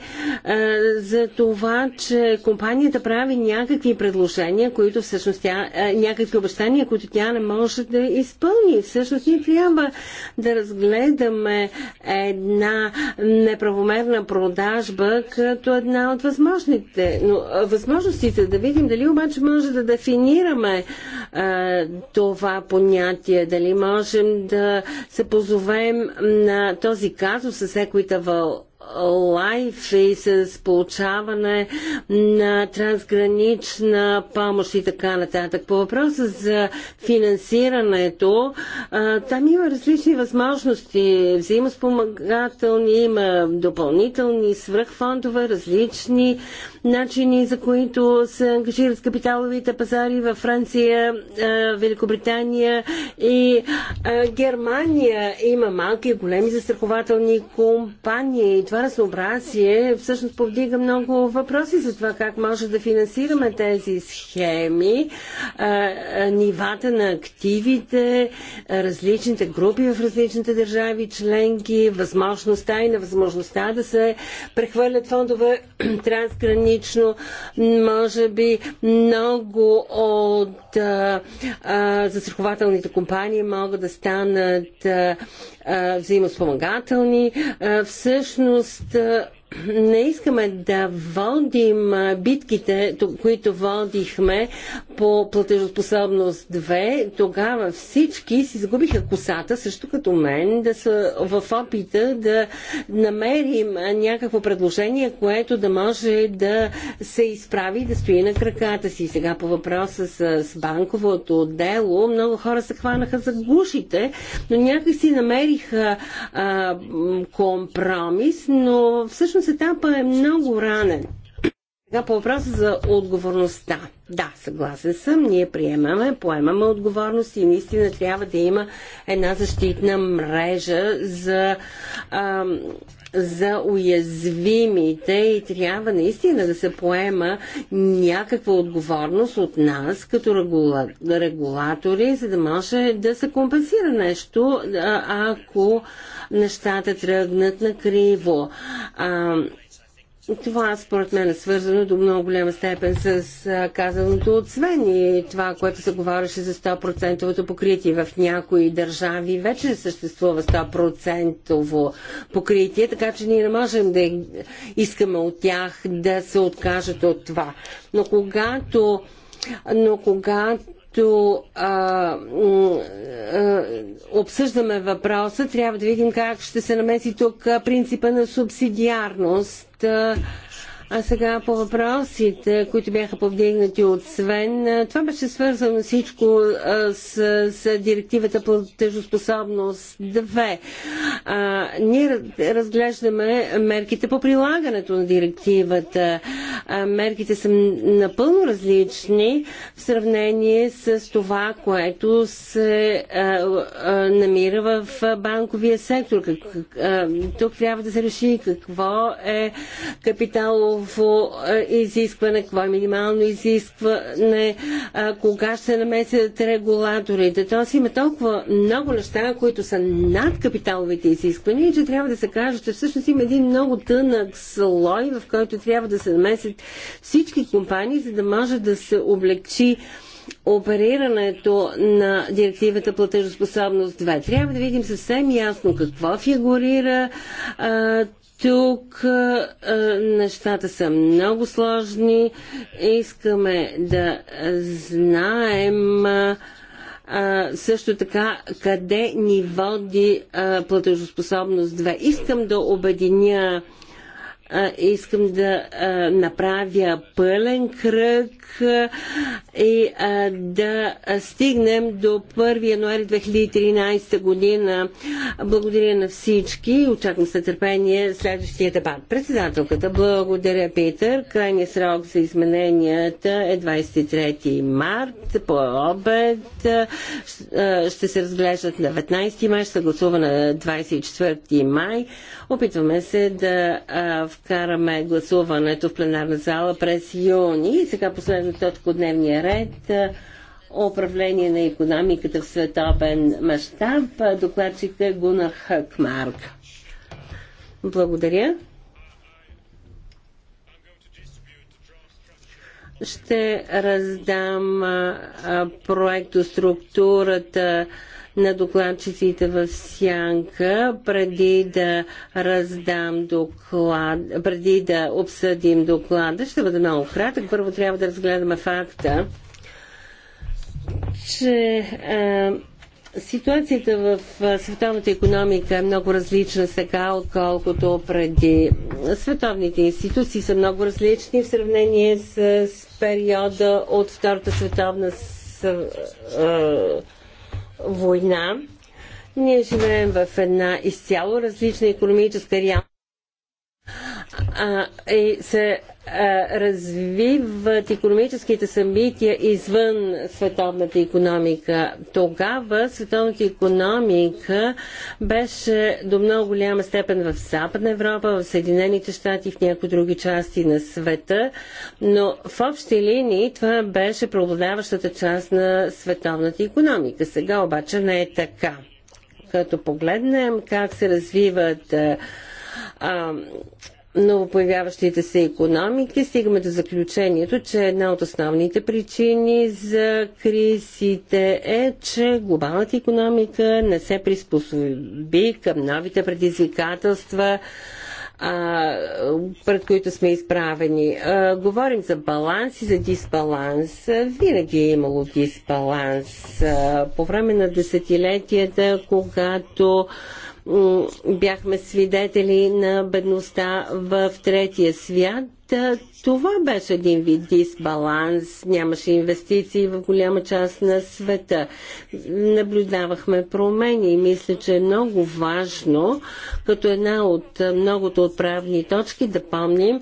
за това, че компанията прави някакви предложения, които всъщност тя, някакви обещания, които тя не може да изпълни. Всъщност ние трябва да разгледаме една неправомерна продажба като една от възможните възможностите, да видим дали обаче може да дефинираме а, това понятие, дали можем да се позовем на този казус с еквитавал лайф и с получаване на трансгранична помощ и така нататък. По въпроса за финансирането, там има различни възможности. Взаимоспомагателни, има допълнителни свръхфондове, различни начини, за които се ангажират капиталовите пазари във Франция, Великобритания и Германия. Има малки и големи застрахователни компании, това разнообразие всъщност повдига много въпроси за това как може да финансираме тези схеми, нивата на активите, различните групи в различните държави, членки, възможността и невъзможността да се прехвърлят фондове трансгранично. Може би много от застрахователните компании могат да станат взаимоспомагателни, всъщност не искаме да водим битките, които водихме по платежоспособност 2, тогава всички си загубиха косата, също като мен, да са в опита да намерим някакво предложение, което да може да се изправи, да стои на краката си. Сега по въпроса с банковото дело, много хора се хванаха за гушите, но някак си намериха а, компромис, но всъщност Всъщност етапа е много ранен. Сега по въпроса за отговорността. Да, съгласен съм, ние приемаме, поемаме отговорност и наистина трябва да има една защитна мрежа за, а, за уязвимите и трябва наистина да се поема някаква отговорност от нас като регула, регулатори, за да може да се компенсира нещо, ако. А, нещата тръгнат на криво. А, това според мен е свързано до много голяма степен с казаното от Свен и това, което се говореше за 100 покритие. В някои държави вече съществува 100 покритие, така че ние не можем да искаме от тях да се откажат от това. Но когато но когато когато а, а, обсъждаме въпроса, трябва да видим как ще се намеси тук принципа на субсидиарност. А, а сега по въпросите, които бяха повдигнати от Свен, това беше свързано всичко с, с директивата по тежоспособност 2. А, ние разглеждаме мерките по прилагането на директивата. А, мерките са напълно различни в сравнение с това, което се а, а, намира в банковия сектор. Как, а, тук трябва да се реши какво е капиталово законово изискване, какво е минимално изискване, кога ще се намесят регулаторите. Тоест има толкова много неща, които са над капиталовите изисквания, че трябва да се каже, че всъщност има един много тънък слой, в който трябва да се намесят всички компании, за да може да се облегчи оперирането на директивата платежоспособност 2. Трябва да видим съвсем ясно какво фигурира а, тук а, нещата са много сложни. Искаме да знаем а, също така къде ни води платежоспособност 2. Искам да обединя искам да направя пълен кръг и да стигнем до 1 януари 2013 година. Благодаря на всички. Очаквам с нетърпение следващия дебат. Председателката, благодаря Питър. Крайният срок за измененията е 23 март по обед. Ще се разглеждат на 19 май, ще се гласува на 24 май. Опитваме се да а, вкараме гласуването в пленарна зала през юни. И сега последна точка от дневния ред. А, управление на економиката в световен мащаб. Докладчик е Гунар Хъкмарк. Благодаря. Ще раздам проекто структурата на докладчиците в Сянка, преди да раздам доклад, преди да обсъдим доклада. Ще бъде много кратък. Първо трябва да разгледаме факта, че а, Ситуацията в световната економика е много различна сега, отколкото преди. Световните институции са много различни в сравнение с, периода от Втората световна с, война. Ние живеем в една изцяло различна економическа реалност и се развиват економическите събития извън световната економика. Тогава световната економика беше до много голяма степен в Западна Европа, в Съединените щати, в някои други части на света, но в общи линии това беше преобладаващата част на световната економика. Сега обаче не е така. Като погледнем как се развиват новопоявяващите се економики, стигаме до заключението, че една от основните причини за кризите е, че глобалната економика не се приспособи към новите предизвикателства, а, пред които сме изправени. А, говорим за баланс и за дисбаланс. Винаги е имало дисбаланс. А, по време на десетилетията, когато а, бяхме свидетели на бедността в третия свят Та, това беше един вид дисбаланс. Нямаше инвестиции в голяма част на света. Наблюдавахме промени и мисля, че е много важно, като една от многото отправни точки, да помним,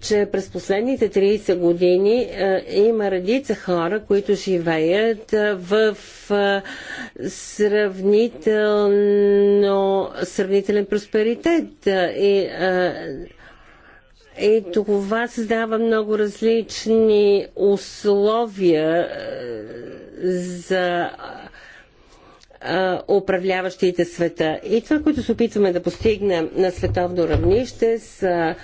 че през последните 30 години е, има редица хора, които живеят е, в е, сравнително, сравнителен просперитет. е, е и това създава много различни условия е, за е, управляващите света. И това, което се опитваме да постигнем на световно равнище са е,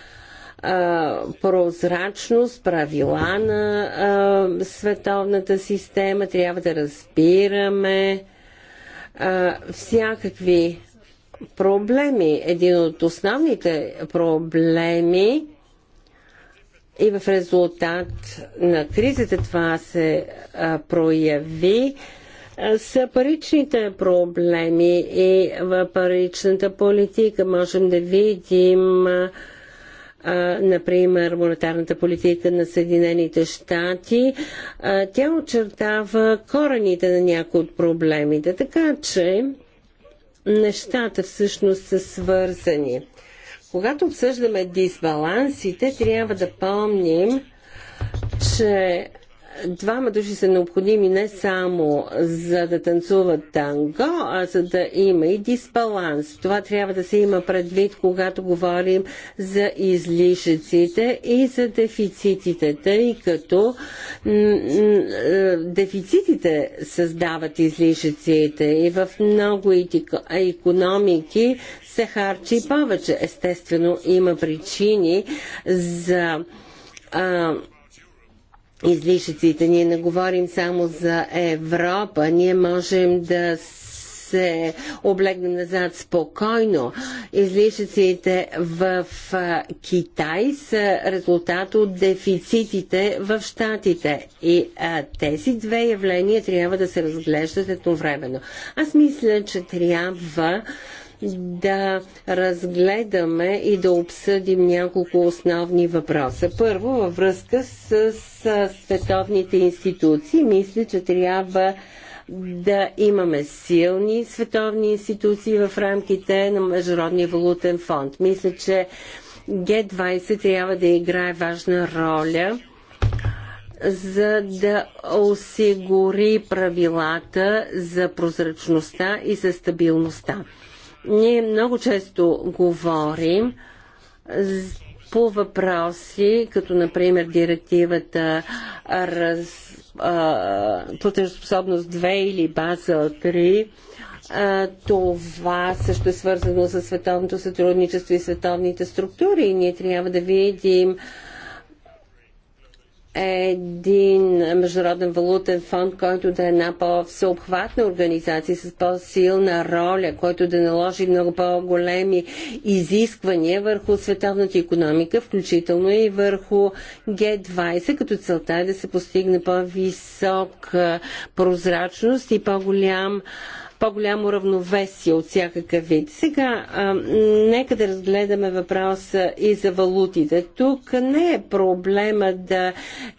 прозрачност, правила на световната система, трябва да разбираме всякакви проблеми. Един от основните проблеми и в резултат на кризата това се а, прояви са паричните проблеми и паричната политика. Можем да видим, а, например, монетарната политика на Съединените щати. А, тя очертава корените на някои от проблемите. Така че нещата всъщност са свързани. Когато обсъждаме дисбалансите, трябва да помним, че двама души са необходими не само за да танцуват танго, а за да има и дисбаланс. Това трябва да се има предвид, когато говорим за излишъците и за дефицитите, тъй като дефицитите създават излишъците и в много економики се харчи повече. Естествено, има причини за а, излишъците. Ние не говорим само за Европа. Ние можем да се облегнем назад спокойно. Излишъците в Китай са резултат от дефицитите в Штатите. И а, тези две явления трябва да се разглеждат едновременно. Аз мисля, че трябва да разгледаме и да обсъдим няколко основни въпроса. Първо, във връзка с, с световните институции, мисля, че трябва да имаме силни световни институции в рамките на Международния валутен фонд. Мисля, че Г20 трябва да играе важна роля за да осигури правилата за прозрачността и за стабилността. Ние много често говорим по въпроси, като например директивата раз, а, платежоспособност 2 или база 3, това също е свързано с световното сътрудничество и световните структури. ние трябва да видим един международен валутен фонд, който да е една по-всеобхватна организация с по-силна роля, който да наложи много по-големи изисквания върху световната економика, включително и върху g 20 като целта е да се постигне по-висок прозрачност и по-голям по-голямо равновесие от всякакъв вид. Сега, а, нека да разгледаме въпроса и за валутите. Тук не е проблема да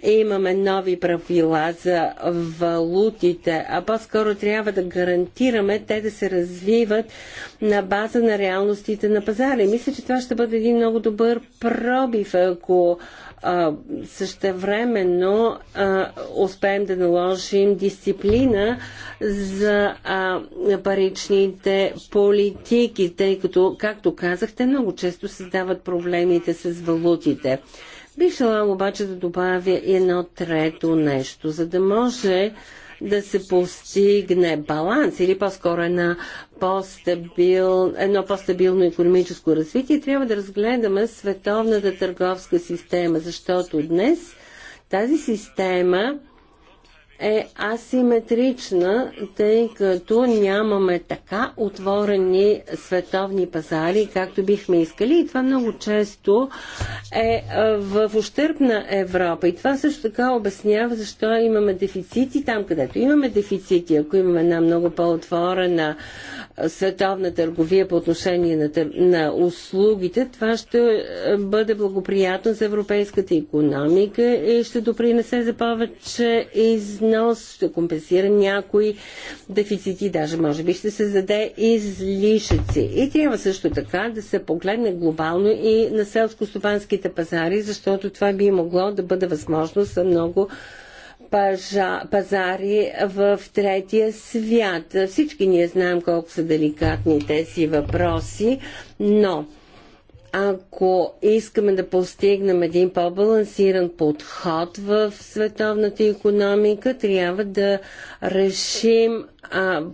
имаме нови правила за валутите, а по-скоро трябва да гарантираме те да се развиват на база на реалностите на пазара. И мисля, че това ще бъде един много добър пробив, ако същевременно успеем да наложим дисциплина за паричните политики, тъй като, както казахте, много често създават проблемите с валутите. Бих желала обаче да добавя едно трето нещо, за да може да се постигне баланс или по-скоро една по-стабил, едно по-стабилно економическо развитие, трябва да разгледаме световната търговска система, защото днес тази система е асиметрична, тъй като нямаме така отворени световни пазари, както бихме искали. И това много често е, е в ущърп на Европа. И това също така обяснява защо имаме дефицити там, където имаме дефицити. Ако имаме една много по-отворена световна търговия по отношение на, тър... на услугите, това ще е, бъде благоприятно за европейската економика и ще допринесе за повече износ, ще компенсира някои дефицити, даже може би ще се заде излишъци. И трябва също така да се погледне глобално и на селско-стопанските пазари, защото това би могло да бъде възможно за много пажа, пазари в третия свят. Всички ние знаем колко са деликатни тези въпроси, но ако искаме да постигнем един по-балансиран подход в световната економика, трябва да решим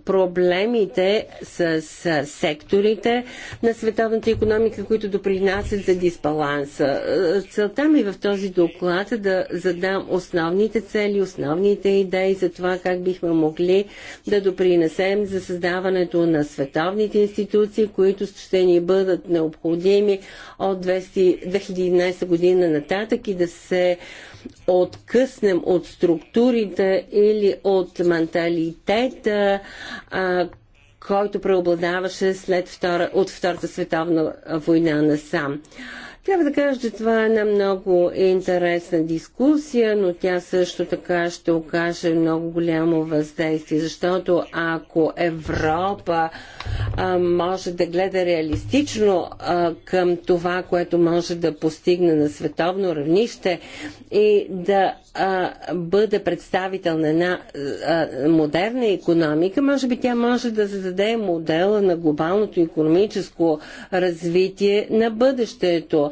проблемите с, секторите на световната економика, които допринасят за дисбаланса. Целта ми в този доклад е да задам основните цели, основните идеи за това как бихме могли да допринесем за създаването на световните институции, които ще ни бъдат необходими от 2011 година нататък и да се откъснем от структурите или от менталитета, а, който преобладаваше след втора, от Втората световна война насам. сам трябва да кажа, че това е една много интересна дискусия, но тя също така ще окаже много голямо въздействие, защото ако Европа а, може да гледа реалистично а, към това, което може да постигне на световно равнище и да а, бъде представител на една а, модерна економика, може би тя може да зададе модела на глобалното економическо развитие на бъдещето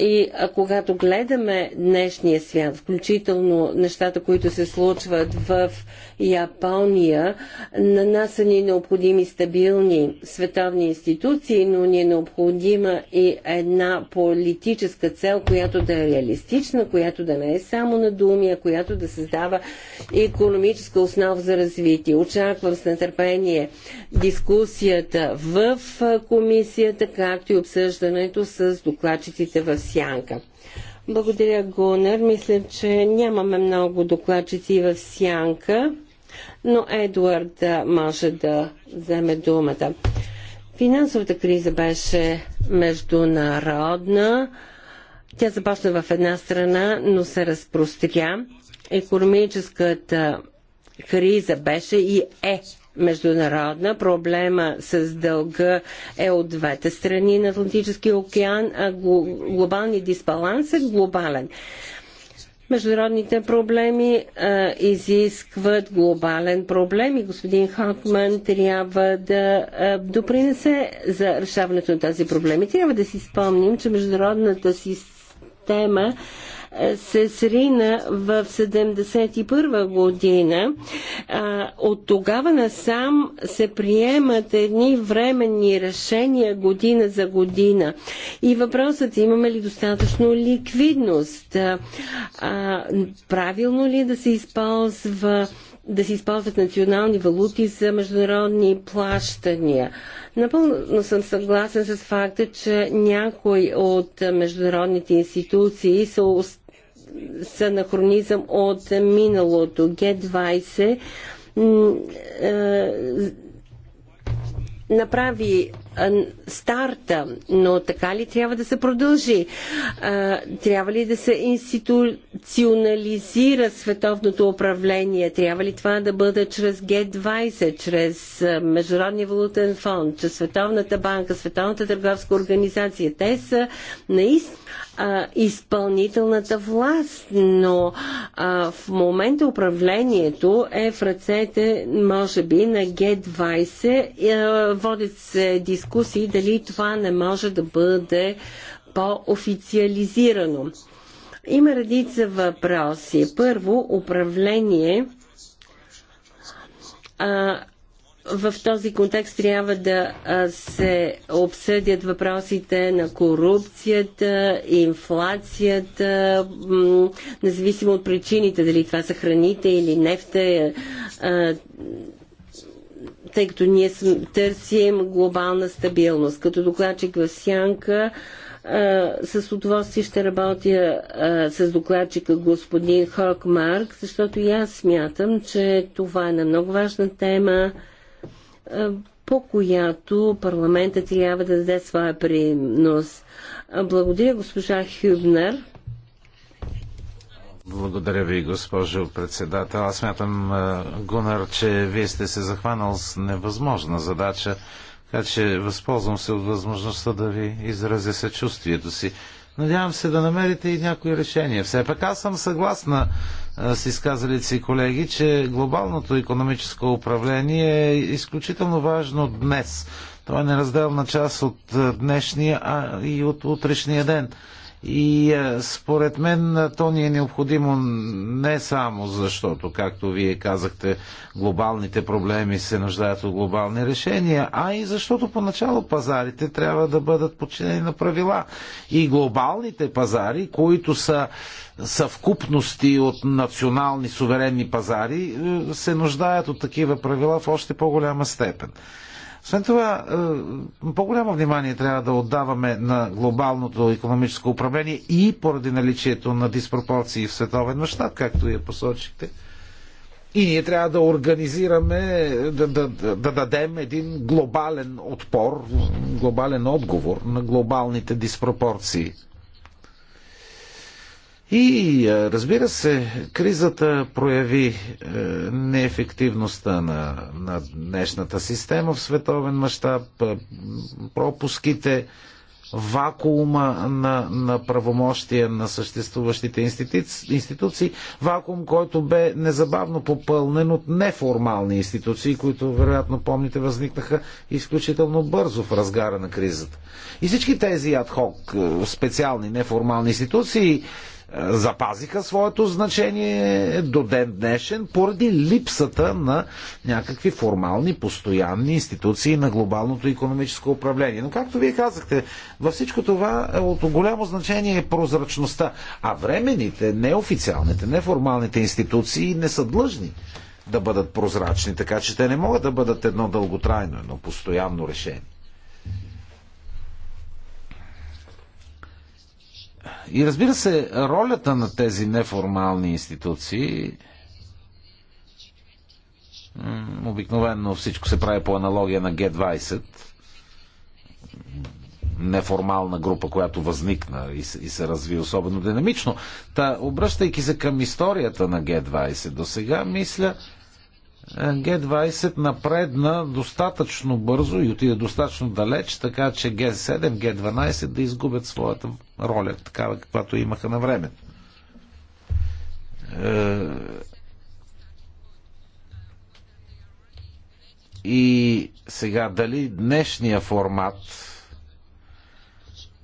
И а когато гледаме днешния свят, включително нещата, които се случват в Япония, на нас са ни необходими стабилни световни институции, но ни е необходима и една политическа цел, която да е реалистична, която да не е само на думи, а която да създава економическа основа за развитие. Очаквам с нетърпение дискусията в комисията, както и обсъждането с докладчиците в сянка. Благодаря, Гунер, Мисля, че нямаме много докладчици в сянка, но Едуард може да вземе думата. Финансовата криза беше международна. Тя започна в една страна, но се разпростря. Економическата криза беше и е международна. Проблема с дълга е от двете страни на Атлантическия океан, а глобалният дисбаланс е глобален. Международните проблеми а, изискват глобален проблем и господин Хокман трябва да а, допринесе за решаването на тези проблеми. трябва да си спомним, че международната система се срина в 71 година. От тогава насам се приемат едни временни решения година за година. И въпросът е, имаме ли достатъчно ликвидност? Правилно ли е да се използва да се използват национални валути за международни плащания. Напълно съм съгласен с факта, че някои от международните институции са са на хронизъм от миналото. Г20 е, направи старта, но така ли трябва да се продължи? Трябва ли да се институционализира световното управление? Трябва ли това да бъде чрез Г20, чрез Международния валутен фонд, чрез Световната банка, Световната търговска организация? Те са наистина изпълнителната власт, но а, в момента управлението е в ръцете, може би, на Г20. Е, водят се дискусии дали това не може да бъде по-официализирано. Има редица въпроси. Първо, управление. А, в този контекст трябва да се обсъдят въпросите на корупцията, инфлацията, независимо от причините, дали това са храните или нефта, е, тъй като ние търсим глобална стабилност. Като докладчик в Сянка, с удоволствие ще работя с докладчика господин Хокмарк, защото и аз смятам, че това е на много важна тема. Е, по която парламента трябва да даде своя принос. Е, благодаря госпожа Хюбнер. Благодаря ви, госпожо председател. Аз смятам, е, Гунар, че вие сте се захванал с невъзможна задача, така че възползвам се от възможността да ви изразя съчувствието си. Надявам се да намерите и някои решения. Все пак аз съм съгласна с изказалите си колеги, че глобалното економическо управление е изключително важно днес. Това е неразделна част от днешния а и от утрешния ден. И е, според мен е, то ни е необходимо не само защото, както вие казахте, глобалните проблеми се нуждаят от глобални решения, а и защото поначало пазарите трябва да бъдат подчинени на правила. И глобалните пазари, които са съвкупности от национални суверенни пазари, е, се нуждаят от такива правила в още по-голяма степен. Освен това, е, по-голямо внимание трябва да отдаваме на глобалното економическо управление и поради наличието на диспропорции в световен мащаб, както я посочихте. И ние трябва да организираме, да, да, да дадем един глобален отпор, глобален отговор на глобалните диспропорции. И разбира се, кризата прояви е, неефективността на, на днешната система в световен мащаб, е, пропуските, вакуума на, на правомощия на съществуващите институци, институции, вакуум, който бе незабавно попълнен от неформални институции, които, вероятно, помните, възникнаха изключително бързо в разгара на кризата. И всички тези адхок, е, специални, неформални институции, запазиха своето значение до ден днешен поради липсата на някакви формални, постоянни институции на глобалното економическо управление. Но както вие казахте, във всичко това е от голямо значение е прозрачността, а времените, неофициалните, неформалните институции не са длъжни да бъдат прозрачни, така че те не могат да бъдат едно дълготрайно, едно постоянно решение. И разбира се, ролята на тези неформални институции обикновено всичко се прави по аналогия на Г-20 неформална група, която възникна и се, и се разви особено динамично. Та, обръщайки се към историята на Г-20 до сега, мисля, е, Г-20 напредна достатъчно бързо и отиде достатъчно далеч, така че Г-7, Г-12 да изгубят своята роля, такава каквато имаха на времето. Е, и сега дали днешния формат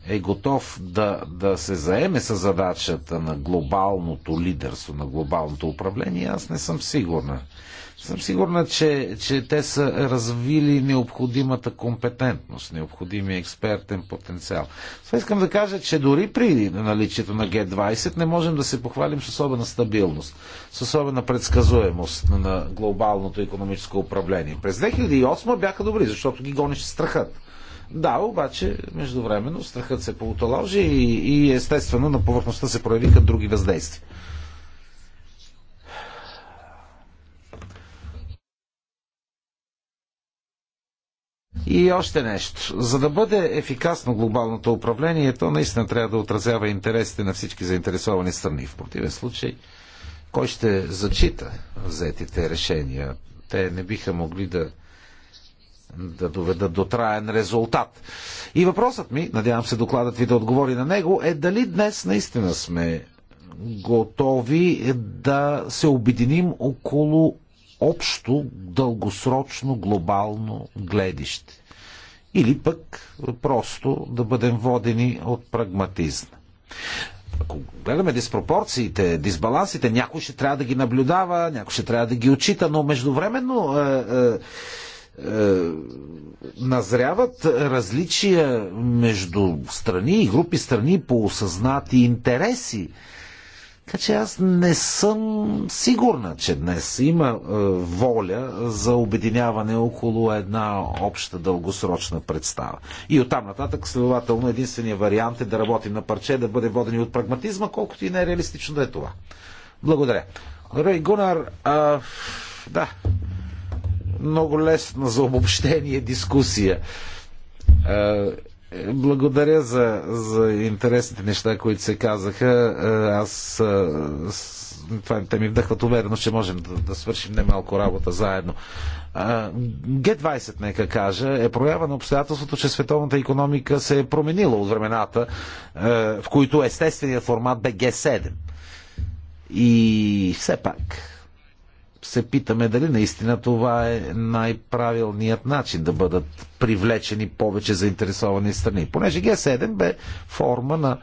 е готов да, да се заеме с задачата на глобалното лидерство, на глобалното управление, аз не съм сигурна съм сигурна, че, че те са развили необходимата компетентност, необходимия експертен потенциал. Сега искам да кажа, че дори при наличието на Г20 не можем да се похвалим с особена стабилност, с особена предсказуемост на глобалното економическо управление. През 2008 бяха добри, защото ги гонише страхът. Да, обаче, междувременно страхът се поутоложи и, и естествено на повърхността се проявиха други въздействия. И още нещо. За да бъде ефикасно глобалното управление, то наистина трябва да отразява интересите на всички заинтересовани страни. В противен случай, кой ще зачита взетите решения? Те не биха могли да, да доведат до траен резултат. И въпросът ми, надявам се докладът ви да отговори на него, е дали днес наистина сме готови да се обединим около общо, дългосрочно, глобално гледище. Или пък просто да бъдем водени от прагматизма. Ако гледаме диспропорциите, дисбалансите, някой ще трябва да ги наблюдава, някой ще трябва да ги отчита, но междувременно е, е, е назряват различия между страни и групи страни по осъзнати интереси. Така че аз не съм сигурна, че днес има е, воля за обединяване около една обща дългосрочна представа. И оттам нататък, следователно, единствения вариант е да работим на парче, да бъде водени от прагматизма, колкото и не е реалистично да е това. Благодаря. Рей Гунар, а, да, много лесна за обобщение дискусия. А, благодаря за, за интересните неща, които се казаха. Е, аз е, това, те ми вдъхват увереност, че можем да, да свършим немалко работа заедно. Е, Г-20, нека кажа, е проява на обстоятелството, че световната економика се е променила от времената, в които естественият формат бе Г7. И все пак, се питаме дали наистина това е най-правилният начин да бъдат привлечени повече заинтересовани страни. Понеже Г7 бе форма на,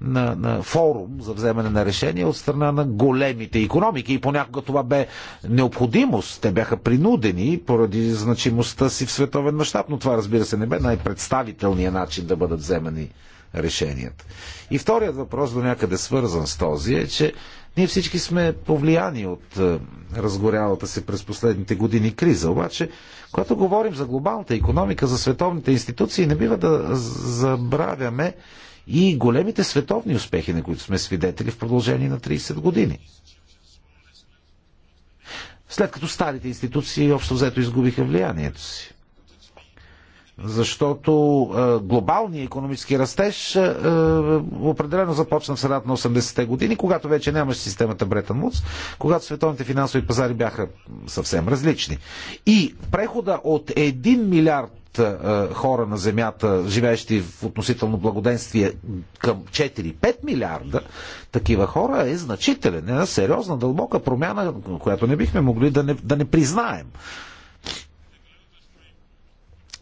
на, на форум за вземане на решения от страна на големите економики и понякога това бе необходимост. Те бяха принудени поради значимостта си в световен мащаб, но това разбира се не бе най-представителният начин да бъдат вземани решенията. И вторият въпрос до някъде свързан с този е, че ние всички сме повлияни от е, разгорялата се през последните години криза. Обаче, когато говорим за глобалната економика, за световните институции, не бива да забравяме и големите световни успехи, на които сме свидетели в продължение на 30 години. След като старите институции общо взето изгубиха влиянието си защото е, глобалният економически растеж е, е, определено започна в средата на 80-те години, когато вече нямаше системата Бретън Мудс, когато световните финансови пазари бяха съвсем различни. И прехода от 1 милиард хора на Земята, живеещи в относително благоденствие към 4-5 милиарда такива хора е значителен, една сериозна, дълбока промяна, която не бихме могли да не, да не признаем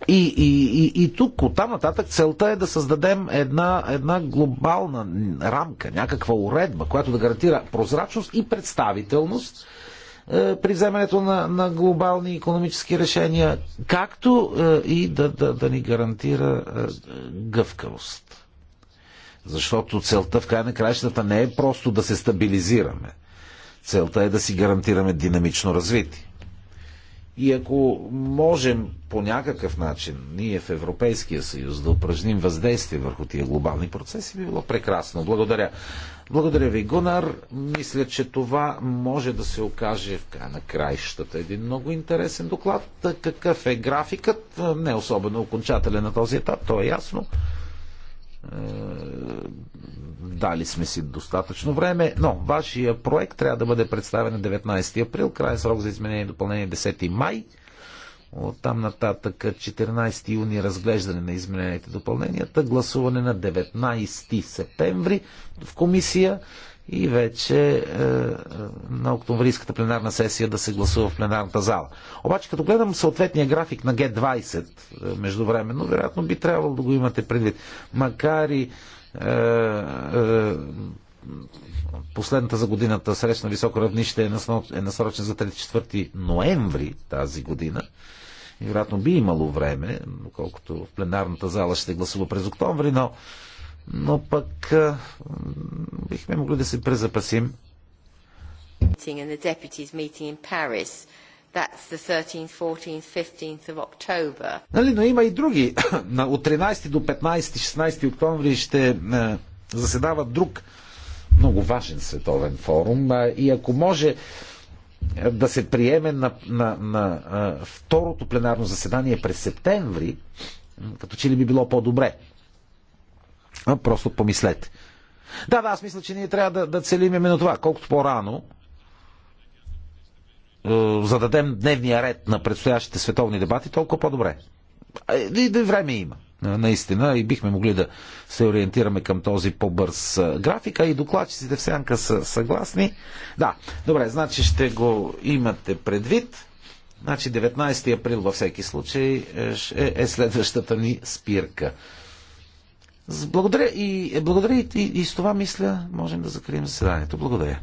и, и, и, и тук, оттам нататък, целта е да създадем една, една глобална рамка, някаква уредба, която да гарантира прозрачност и представителност е, при вземането на, на глобални економически решения, както е, и да, да, да ни гарантира е, гъвкавост. Защото целта в край на краищата не е просто да се стабилизираме. Целта е да си гарантираме динамично развитие. И ако можем по някакъв начин ние в Европейския съюз да упражним въздействие върху тия глобални процеси, би било прекрасно. Благодаря. Благодаря ви, Гунар. Мисля, че това може да се окаже в края на краищата. Един много интересен доклад. Какъв е графикът? Не особено окончателен на този етап, то е ясно. Е, дали сме си достатъчно време, но вашия проект трябва да бъде представен на 19 април, крайен срок за изменение и допълнение 10 май. От там нататък 14 юни разглеждане на измененията и допълненията, гласуване на 19 септември в комисия и вече е, е, на октомврийската пленарна сесия да се гласува в пленарната зала. Обаче, като гледам съответния график на Г20 е, междувременно, вероятно би трябвало да го имате предвид. Макар и е, е, последната за годината среща на високо равнище е, е насрочена за 3-4 ноември тази година, и вероятно би имало време, колкото в пленарната зала ще гласува през октомври, но но пък бихме могли да се презапасим. That's the 13th, 14th, 15th of October. Нали, но има и други. От 13 до 15, 16 октомври ще е, заседава друг много важен световен форум. И ако може е, да се приеме на, на, на второто пленарно заседание през септември, като че ли би било по-добре. Просто помислете. Да, да, аз мисля, че ние трябва да, да целим именно това. Колкото по-рано е, зададем дневния ред на предстоящите световни дебати, толкова по-добре. И да време има, наистина, и бихме могли да се ориентираме към този по-бърз график, а и докладчиците в сянка са съгласни. Да, добре, значи ще го имате предвид. Значи 19 април във всеки случай е, е следващата ни спирка. Благодаря и, благодаря и, и, и с това мисля можем да закрием заседанието. Благодаря.